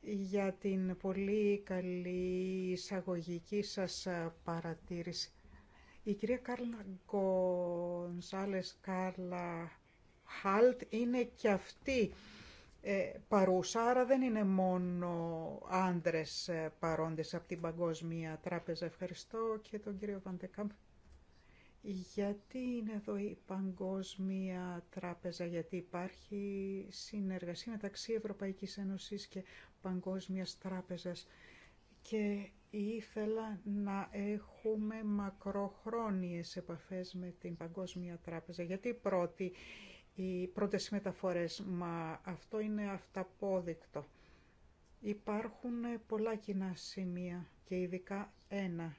για την πολύ καλή εισαγωγική σας ε, παρατήρηση. Η κυρία Κάρλα Γκονσάλες Κάρλα Χάλτ είναι και αυτή ε, παρούσα, άρα δεν είναι μόνο άντρες ε, παρόντες από την Παγκόσμια Τράπεζα. Ευχαριστώ και τον κύριο Βαντεκάμπ. Γιατί είναι εδώ η Παγκόσμια Τράπεζα, γιατί υπάρχει συνεργασία μεταξύ Ευρωπαϊκής Ένωσης και Παγκόσμιας Τράπεζας και Ήθελα να έχουμε μακροχρόνιες επαφές με την Παγκόσμια Τράπεζα. Γιατί πρώτη, οι πρώτες μεταφορές, μα αυτό είναι αυταπόδεικτο. Υπάρχουν πολλά κοινά σημεία και ειδικά ένα.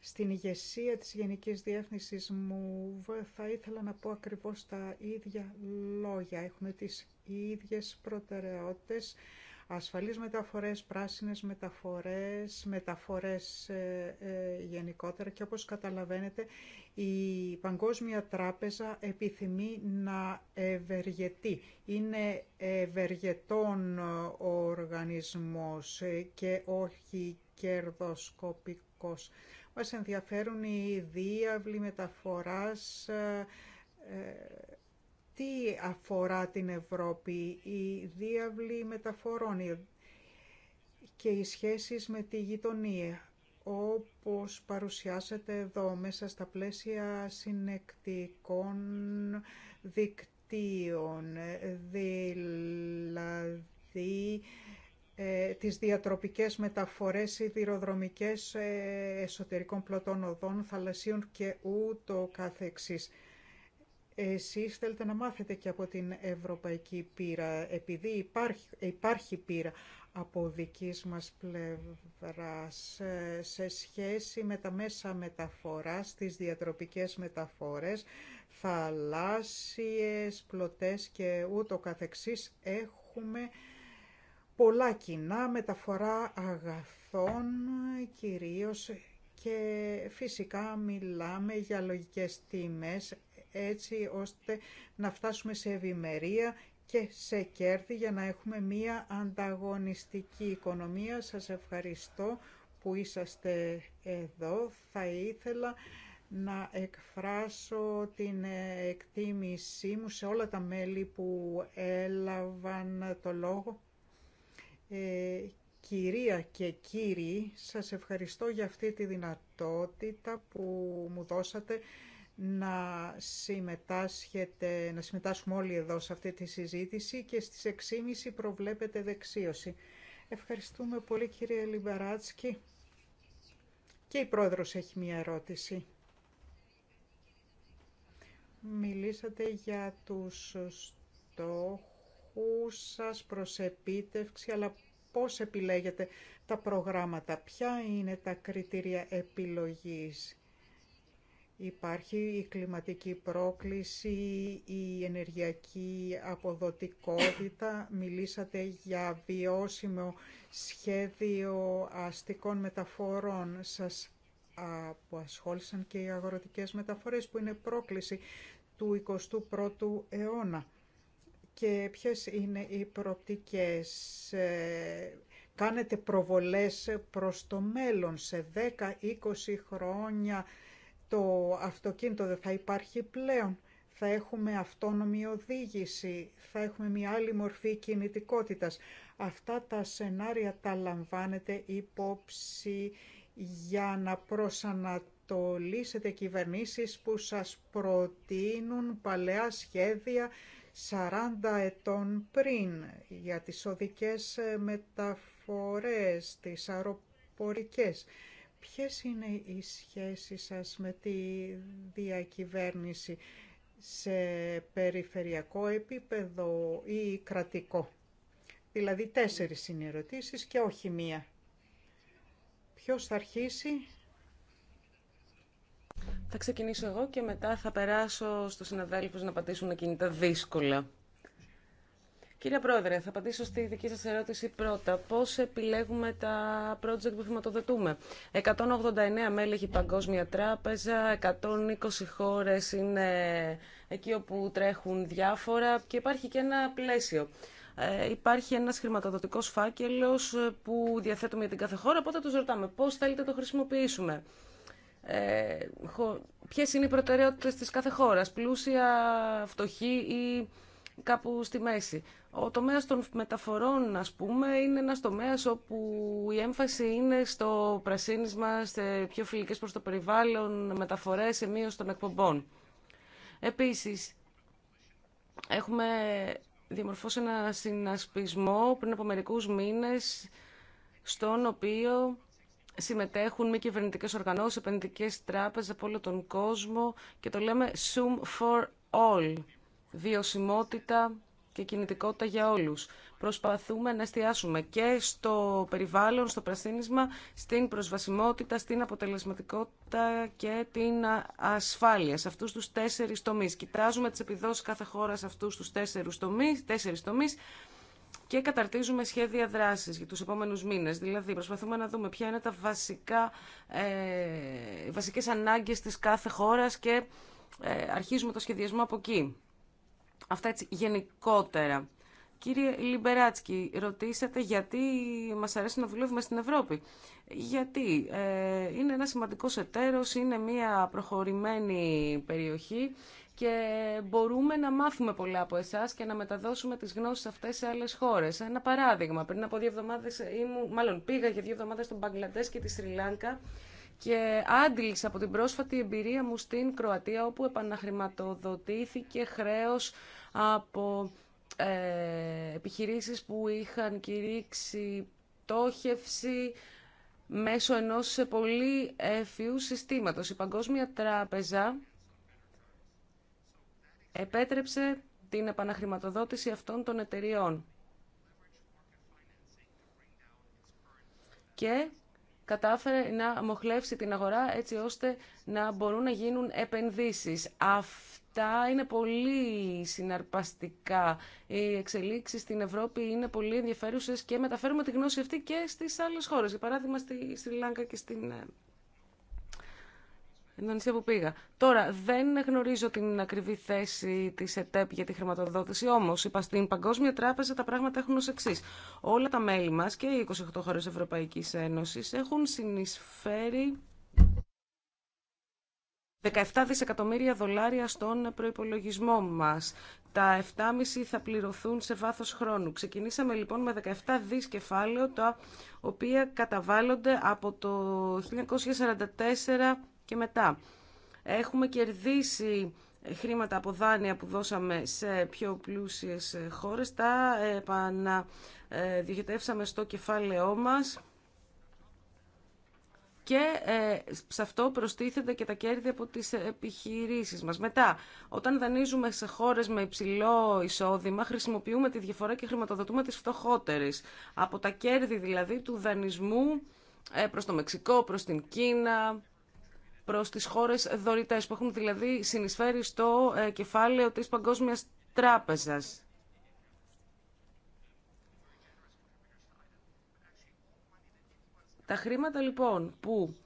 Στην ηγεσία της Γενικής Διεύθυνσης μου θα ήθελα να πω ακριβώς τα ίδια λόγια. Έχουμε τις ίδιες προτεραιότητες ασφαλείς μεταφορές, πράσινες μεταφορές, μεταφορές ε, ε, γενικότερα και όπως καταλαβαίνετε η Παγκόσμια Τράπεζα επιθυμεί να ευεργετεί. Είναι ευεργετών ε, ο οργανισμός και όχι κερδοσκοπικός. Μας ενδιαφέρουν οι διάβλοι μεταφοράς, τι αφορά την Ευρώπη, η διάβλη μεταφορών και οι σχέσεις με τη γειτονία, όπως παρουσιάσετε εδώ μέσα στα πλαίσια συνεκτικών δικτύων, δηλαδή ε, τις διατροπικές μεταφορές σιδηροδρομικές ε, εσωτερικών πλωτών οδών, θαλασσίων και ούτω καθεξής. Εσείς θέλετε να μάθετε και από την ευρωπαϊκή πείρα, επειδή υπάρχει, υπάρχει πείρα από δικής μας πλευράς ε, σε σχέση με τα μέσα μεταφοράς, τις διατροπικές μεταφορές, θαλάσσιες, πλωτές και ούτω καθεξής. Έχουμε πολλά κοινά μεταφορά αγαθών κυρίως και φυσικά μιλάμε για λογικές τιμές έτσι ώστε να φτάσουμε σε ευημερία και σε κέρδη για να έχουμε μία ανταγωνιστική οικονομία. Σας ευχαριστώ που είσαστε εδώ. Θα ήθελα να εκφράσω την εκτίμησή μου σε όλα τα μέλη που έλαβαν το λόγο. Ε, κυρία και κύριοι, σας ευχαριστώ για αυτή τη δυνατότητα που μου δώσατε να, συμμετάσχετε, να συμμετάσχουμε όλοι εδώ σε αυτή τη συζήτηση και στις 6.30 προβλέπεται δεξίωση. Ευχαριστούμε πολύ κύριε Λιμπαράτσκι. Και η πρόεδρος έχει μία ερώτηση. Μιλήσατε για τους στόχους σας προς επίτευξη, αλλά πώς επιλέγετε τα προγράμματα, ποια είναι τα κριτήρια επιλογής Υπάρχει η κλιματική πρόκληση, η ενεργειακή αποδοτικότητα. Μιλήσατε για βιώσιμο σχέδιο αστικών μεταφορών. Σας ασχόλησαν και οι αγροτικές μεταφορές που είναι πρόκληση του 21ου αιώνα. Και ποιες είναι οι προπτικές. Ε, κάνετε προβολές προς το μέλλον σε 10-20 χρόνια το αυτοκίνητο δεν θα υπάρχει πλέον. Θα έχουμε αυτόνομη οδήγηση, θα έχουμε μια άλλη μορφή κινητικότητας. Αυτά τα σενάρια τα λαμβάνετε υπόψη για να προσανατολίσετε κυβερνήσεις που σας προτείνουν παλαιά σχέδια 40 ετών πριν για τις οδικές μεταφορές, τις αεροπορικές. Ποιες είναι οι σχέσεις σας με τη διακυβέρνηση σε περιφερειακό επίπεδο ή κρατικό. Δηλαδή τέσσερις είναι ερωτήσεις και όχι μία. Ποιος θα αρχίσει. Θα ξεκινήσω εγώ και μετά θα περάσω στους συναδέλφους να πατήσουν εκείνη τα δύσκολα. Κύριε Πρόεδρε, θα απαντήσω στη δική σας ερώτηση πρώτα. Πώς επιλέγουμε τα project που χρηματοδοτούμε. 189 μέλη έχει η Παγκόσμια Τράπεζα, 120 χώρες είναι εκεί όπου τρέχουν διάφορα και υπάρχει και ένα πλαίσιο. Ε, υπάρχει ένας χρηματοδοτικός φάκελος ε, που διαθέτουμε για την κάθε χώρα, οπότε τους ρωτάμε πώς θέλετε το χρησιμοποιήσουμε. Ε, είναι οι προτεραιότητε τη κάθε χώρα, πλούσια, φτωχή ή κάπου στη μέση. Ο τομέας των μεταφορών, ας πούμε, είναι ένας τομέας όπου η έμφαση είναι στο πρασίνισμα, σε πιο φιλικές προς το περιβάλλον, μεταφορές, σε μείωση των εκπομπών. Επίσης, έχουμε διαμορφώσει ένα συνασπισμό πριν από μερικούς μήνες, στον οποίο συμμετέχουν μη κυβερνητικέ οργανώσεις, επενδυτικές τράπεζες από όλο τον κόσμο και το λέμε Zoom for All, βιωσιμότητα και κινητικότητα για όλους. Προσπαθούμε να εστιάσουμε και στο περιβάλλον, στο πρασίνισμα, στην προσβασιμότητα, στην αποτελεσματικότητα και την ασφάλεια σε αυτούς τους τέσσερις τομείς. Κοιτάζουμε τις επιδόσεις κάθε χώρα σε αυτούς τους τέσσερις τομείς, τέσσερις τομείς και καταρτίζουμε σχέδια δράσης για τους επόμενους μήνες. Δηλαδή, προσπαθούμε να δούμε ποια είναι τα βασικά, ε, βασικές ανάγκες της κάθε χώρας και ε, αρχίζουμε το σχεδιασμό από εκεί. Αυτά έτσι γενικότερα. Κύριε Λιμπεράτσκι, ρωτήσατε γιατί μας αρέσει να δουλεύουμε στην Ευρώπη. Γιατί ε, είναι ένα σημαντικό εταίρος, είναι μια προχωρημένη περιοχή και μπορούμε να μάθουμε πολλά από εσάς και να μεταδώσουμε τις γνώσεις αυτές σε άλλες χώρες. Ένα παράδειγμα, πριν από δύο εβδομάδες, ήμου, μάλλον πήγα για δύο εβδομάδες στον Μπαγκλαντές και τη Σρι Λάνκα και άντλησα από την πρόσφατη εμπειρία μου στην Κροατία όπου επαναχρηματοδοτήθηκε χρέος από ε, επιχειρήσεις που είχαν κηρύξει πτώχευση μέσω ενός πολύ έφιου συστήματος. Η Παγκόσμια Τράπεζα επέτρεψε την επαναχρηματοδότηση αυτών των εταιριών. Και κατάφερε να μοχλεύσει την αγορά έτσι ώστε να μπορούν να γίνουν επενδύσεις. Αυτή είναι πολύ συναρπαστικά. Οι εξελίξεις στην Ευρώπη είναι πολύ ενδιαφέρουσες και μεταφέρουμε τη γνώση αυτή και στις άλλες χώρες. Για παράδειγμα στη Σρι Λάγκα και στην ε, Ινδονησία που πήγα. Τώρα, δεν γνωρίζω την ακριβή θέση τη ΕΤΕΠ για τη χρηματοδότηση, όμω είπα στην Παγκόσμια Τράπεζα τα πράγματα έχουν ω εξή. Όλα τα μέλη μα και οι 28 χώρε Ευρωπαϊκή Ένωση έχουν συνεισφέρει 17 δισεκατομμύρια δολάρια στον προϋπολογισμό μας. Τα 7,5 θα πληρωθούν σε βάθος χρόνου. Ξεκινήσαμε λοιπόν με 17 δις κεφάλαιο, τα οποία καταβάλλονται από το 1944 και μετά. Έχουμε κερδίσει χρήματα από δάνεια που δώσαμε σε πιο πλούσιες χώρες. Τα επαναδιοχετεύσαμε ε, στο κεφάλαιό μας και ε, σε αυτό προστίθενται και τα κέρδη από τις επιχειρήσεις μας. Μετά, όταν δανείζουμε σε χώρες με υψηλό εισόδημα, χρησιμοποιούμε τη διαφορά και χρηματοδοτούμε τις φτωχότερες. Από τα κέρδη δηλαδή του δανεισμού ε, προς το Μεξικό, προς την Κίνα, προς τις χώρες δωρητές που έχουν δηλαδή συνεισφέρει στο ε, κεφάλαιο της Παγκόσμιας Τράπεζας. Τα χρήματα λοιπόν που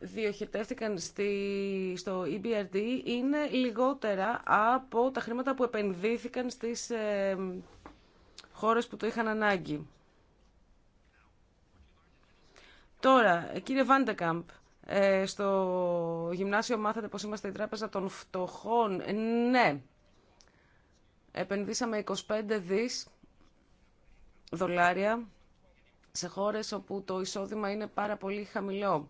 διοχετεύτηκαν στη, στο EBRD είναι λιγότερα από τα χρήματα που επενδύθηκαν στις ε, χώρες που το είχαν ανάγκη. Τώρα, κύριε Βάντεκαμπ, ε, στο γυμνάσιο μάθατε πως είμαστε η τράπεζα των φτωχών. Ναι, επενδύσαμε 25 δις δολάρια σε χώρες όπου το εισόδημα είναι πάρα πολύ χαμηλό.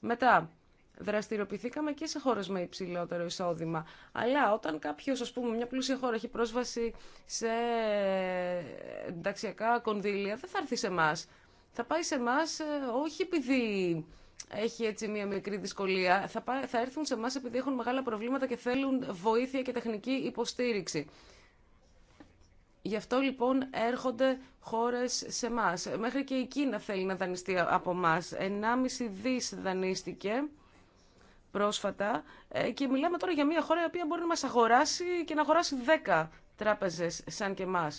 Μετά, δραστηριοποιηθήκαμε και σε χώρες με υψηλότερο εισόδημα. Αλλά όταν κάποιος, ας πούμε, μια πλούσια χώρα έχει πρόσβαση σε ενταξιακά κονδύλια, δεν θα έρθει σε εμά. Θα πάει σε εμά ε, όχι επειδή έχει έτσι μια μικρή δυσκολία. Θα, θα έρθουν σε εμά επειδή έχουν μεγάλα προβλήματα και θέλουν βοήθεια και τεχνική υποστήριξη. Γι' αυτό λοιπόν έρχονται χώρες σε εμά. Μέχρι και η Κίνα θέλει να δανειστεί από εμά. 1,5 δι δανείστηκε πρόσφατα ε, και μιλάμε τώρα για μια χώρα η οποία μπορεί να μας αγοράσει και να αγοράσει 10 τράπεζες σαν και εμά.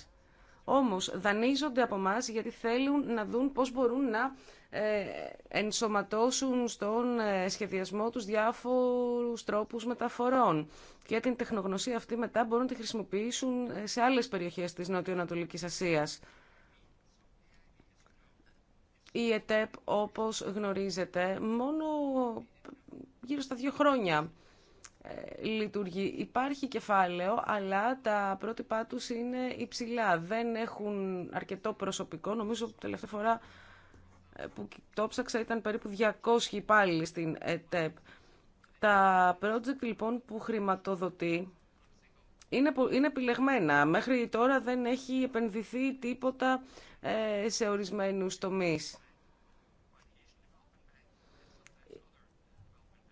Όμως δανείζονται από εμά γιατί θέλουν να δουν πώς μπορούν να ε, ενσωματώσουν στον ε, σχεδιασμό τους διάφορους τρόπους μεταφορών και την τεχνογνωσία αυτή μετά μπορούν να τη χρησιμοποιήσουν ε, σε άλλες περιοχές της Νοτιοανατολικής Ασίας. Η ΕΤΕΠ, όπως γνωρίζετε, μόνο γύρω στα δύο χρόνια λειτουργεί. Υπάρχει κεφάλαιο, αλλά τα πρότυπά τους είναι υψηλά. Δεν έχουν αρκετό προσωπικό. Νομίζω τελευταία φορά που το ψάξα ήταν περίπου 200 υπάλληλοι στην ΕΤΕΠ. Τα project λοιπόν που χρηματοδοτεί είναι, είναι επιλεγμένα. Μέχρι τώρα δεν έχει επενδυθεί τίποτα ε, σε ορισμένους τομείς.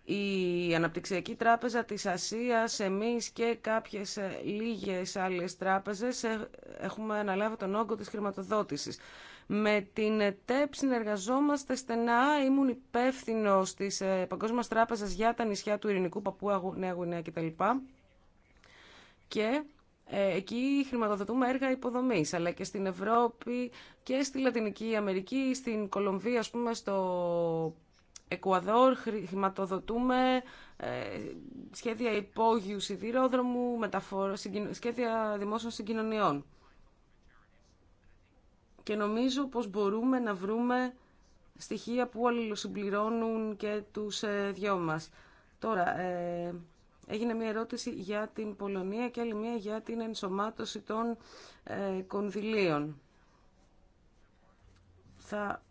Η Αναπτυξιακή Τράπεζα της Ασίας, εμείς και κάποιες ε, λίγες άλλες τράπεζες ε, έχουμε αναλάβει τον όγκο της χρηματοδότησης. Με την ΕΤΕΠ συνεργαζόμαστε στενά. Ήμουν υπεύθυνο τη ε, Παγκόσμια Τράπεζα για τα νησιά του Ειρηνικού, Παππού, Νέα Γουινέα κτλ. Και ε, εκεί χρηματοδοτούμε έργα υποδομής, αλλά και στην Ευρώπη και στη Λατινική Αμερική, στην Κολομβία, α πούμε, στο Εκουαδόρ χρηματοδοτούμε ε, σχέδια υπόγειου σιδηρόδρομου, σχέδια δημόσιων συγκοινωνιών και νομίζω πως μπορούμε να βρούμε στοιχεία που αλληλοσυμπληρώνουν και τους ε, δυο μας. Τώρα, ε, έγινε μια ερώτηση για την Πολωνία και άλλη μια για την ενσωμάτωση των ε, κονδυλίων. Θα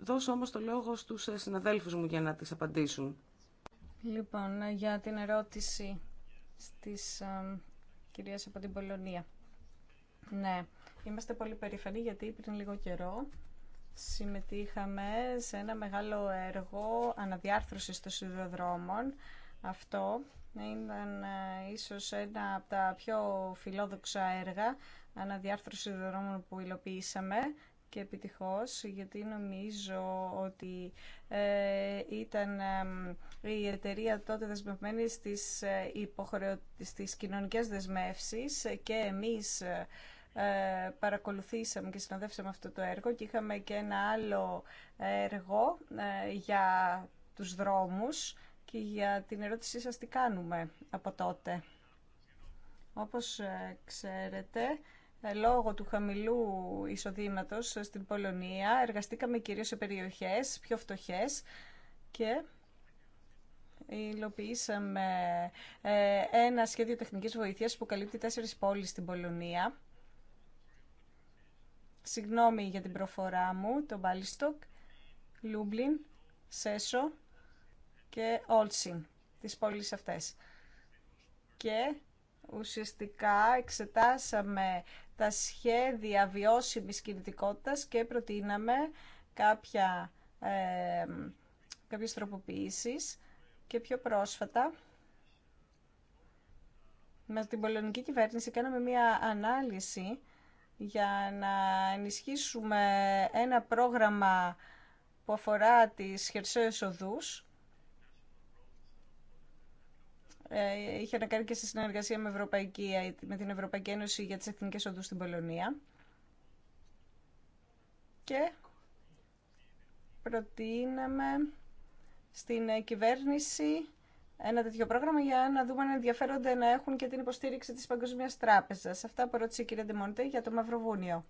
δώσω όμως το λόγο στους ε, συναδέλφους μου για να τις απαντήσουν. Λοιπόν, ε, για την ερώτηση της ε, κυρίας από την Πολωνία. Ναι. Είμαστε πολύ περήφανοι γιατί πριν λίγο καιρό συμμετείχαμε σε ένα μεγάλο έργο αναδιάρθρωσης των σιδηροδρόμων. Αυτό ήταν ε, ίσως ένα από τα πιο φιλόδοξα έργα αναδιάρθρωσης σιδηροδρόμων που υλοποιήσαμε και επιτυχώς γιατί νομίζω ότι ε, ήταν ε, η εταιρεία τότε δεσμευμένη στις, υποχρεω... στις κοινωνικές δεσμεύσεις και εμείς ε, παρακολουθήσαμε και συνοδεύσαμε αυτό το έργο και είχαμε και ένα άλλο έργο ε, για τους δρόμους και για την ερώτησή σας τι κάνουμε από τότε. Όπως ε, ξέρετε, λόγω του χαμηλού εισοδήματος στην Πολωνία εργαστήκαμε κυρίως σε περιοχές πιο φτωχές και υλοποιήσαμε ένα σχέδιο τεχνικής βοήθειας που καλύπτει τέσσερις πόλεις στην Πολωνία Συγγνώμη για την προφορά μου, το Μπάλιστοκ, Λούμπλιν, Σέσο και Όλσιν, τις πόλεις αυτές. Και ουσιαστικά εξετάσαμε τα σχέδια βιώσιμης κινητικότητας και προτείναμε κάποια, ε, κάποιες τροποποιήσεις και πιο πρόσφατα με την πολωνική κυβέρνηση κάναμε μια ανάλυση για να ενισχύσουμε ένα πρόγραμμα που αφορά τις χερσαίες οδούς. Ε, είχε να κάνει και στη συνεργασία με, Ευρωπαϊκή, με την Ευρωπαϊκή Ένωση για τις Εθνικές Οδούς στην Πολωνία. Και προτείναμε στην κυβέρνηση ένα τέτοιο πρόγραμμα για να δούμε αν ενδιαφέρονται να έχουν και την υποστήριξη της Παγκοσμίας Τράπεζας. Αυτά που ρώτησε η κυρία Ντεμοντέ για το Μαυροβούνιο.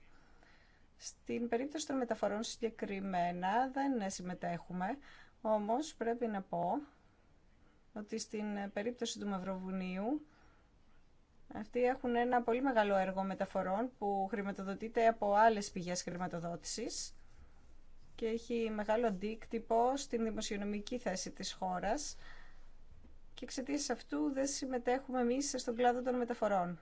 Στην περίπτωση των μεταφορών συγκεκριμένα δεν συμμετέχουμε, όμως πρέπει να πω ότι στην περίπτωση του Μαυροβουνίου αυτοί έχουν ένα πολύ μεγάλο έργο μεταφορών που χρηματοδοτείται από άλλες πηγές χρηματοδότησης και έχει μεγάλο αντίκτυπο στην δημοσιονομική θέση της χώρας και εξαιτία αυτού δεν συμμετέχουμε εμείς στον κλάδο των μεταφορών.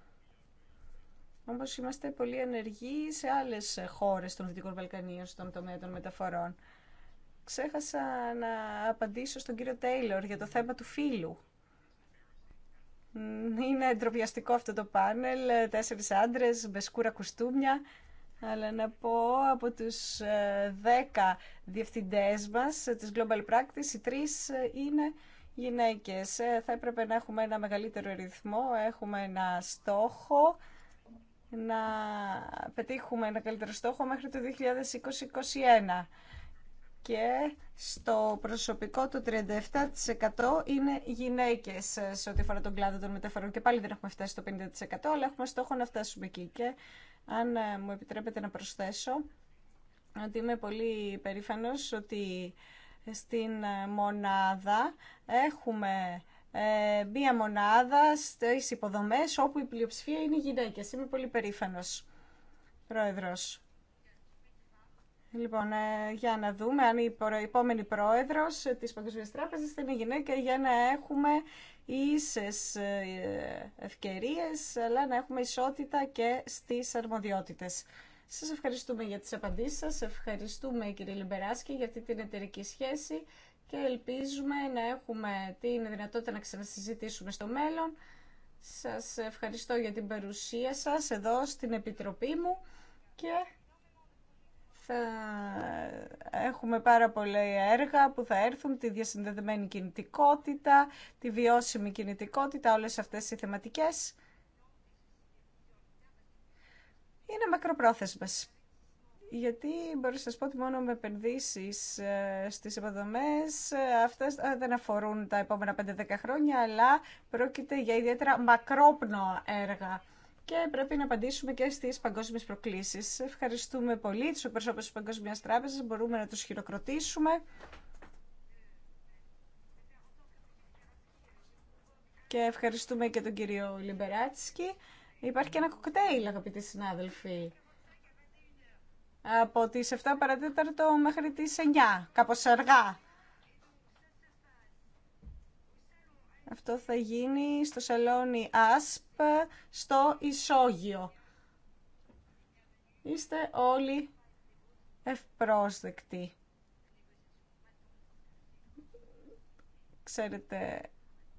Όμω είμαστε πολύ ενεργοί σε άλλε χώρε των Δυτικών Βαλκανίων στον τομέα των μεταφορών. Ξέχασα να απαντήσω στον κύριο Τέιλορ για το θέμα του φίλου. Είναι ντροπιαστικό αυτό το πάνελ, τέσσερις άντρες με σκούρα κουστούμια. Αλλά να πω από τους ε, δέκα διευθυντές μας ε, της Global Practice, οι τρεις ε, είναι γυναίκες. Ε, θα έπρεπε να έχουμε ένα μεγαλύτερο ρυθμό, έχουμε ένα στόχο να πετύχουμε ένα καλύτερο στόχο μέχρι το 2020-2021. Και στο προσωπικό το 37% είναι γυναίκες ε, σε ό,τι αφορά τον κλάδο των μεταφορών. Και πάλι δεν έχουμε φτάσει στο 50% αλλά έχουμε στόχο να φτάσουμε εκεί. Και αν ε, μου επιτρέπετε να προσθέσω ότι είμαι πολύ περήφανος ότι στην ε, μονάδα. Έχουμε ε, μία μονάδα στις υποδομές όπου η πλειοψηφία είναι γυναίκες. Είμαι πολύ περήφανος, πρόεδρος. Λοιπόν, ε, για να δούμε αν η επόμενη πρόεδρος της Παγκοσμίας Τράπεζας θα είναι γυναίκα για να έχουμε ίσες ευκαιρίες, αλλά να έχουμε ισότητα και στις αρμοδιότητες. Σας ευχαριστούμε για τις απαντήσεις σας, ευχαριστούμε κύριε Λιμπεράσκη για την εταιρική σχέση και ελπίζουμε να έχουμε την δυνατότητα να ξανασυζητήσουμε στο μέλλον. Σας ευχαριστώ για την παρουσία σας εδώ στην Επιτροπή μου και θα έχουμε πάρα πολλά έργα που θα έρθουν, τη διασυνδεδεμένη κινητικότητα, τη βιώσιμη κινητικότητα, όλες αυτές οι θεματικές. είναι μακροπρόθεσμες. Γιατί μπορώ να σας πω ότι μόνο με επενδύσει ε, στις υποδομές ε, αυτές ε, δεν αφορούν τα επόμενα 5-10 χρόνια, αλλά πρόκειται για ιδιαίτερα μακρόπνοα έργα. Και πρέπει να απαντήσουμε και στις παγκόσμιες προκλήσεις. Ευχαριστούμε πολύ του εκπροσώπου τη παγκόσμια Τράπεζας, μπορούμε να τους χειροκροτήσουμε. Και ευχαριστούμε και τον κύριο Λιμπεράτσκι. Υπάρχει και ένα κοκτέιλ, αγαπητοί συνάδελφοι. Από τις 7 παρατέταρτο μέχρι τις 9, κάπω αργά. Αυτό θα γίνει στο σαλόνι ΑΣΠ, στο Ισόγειο. Είστε όλοι ευπρόσδεκτοι. Ξέρετε,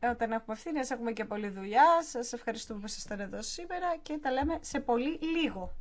όταν έχουμε ευθύνε, έχουμε και πολλή δουλειά. Σας ευχαριστούμε που ήσασταν εδώ σήμερα και τα λέμε σε πολύ λίγο.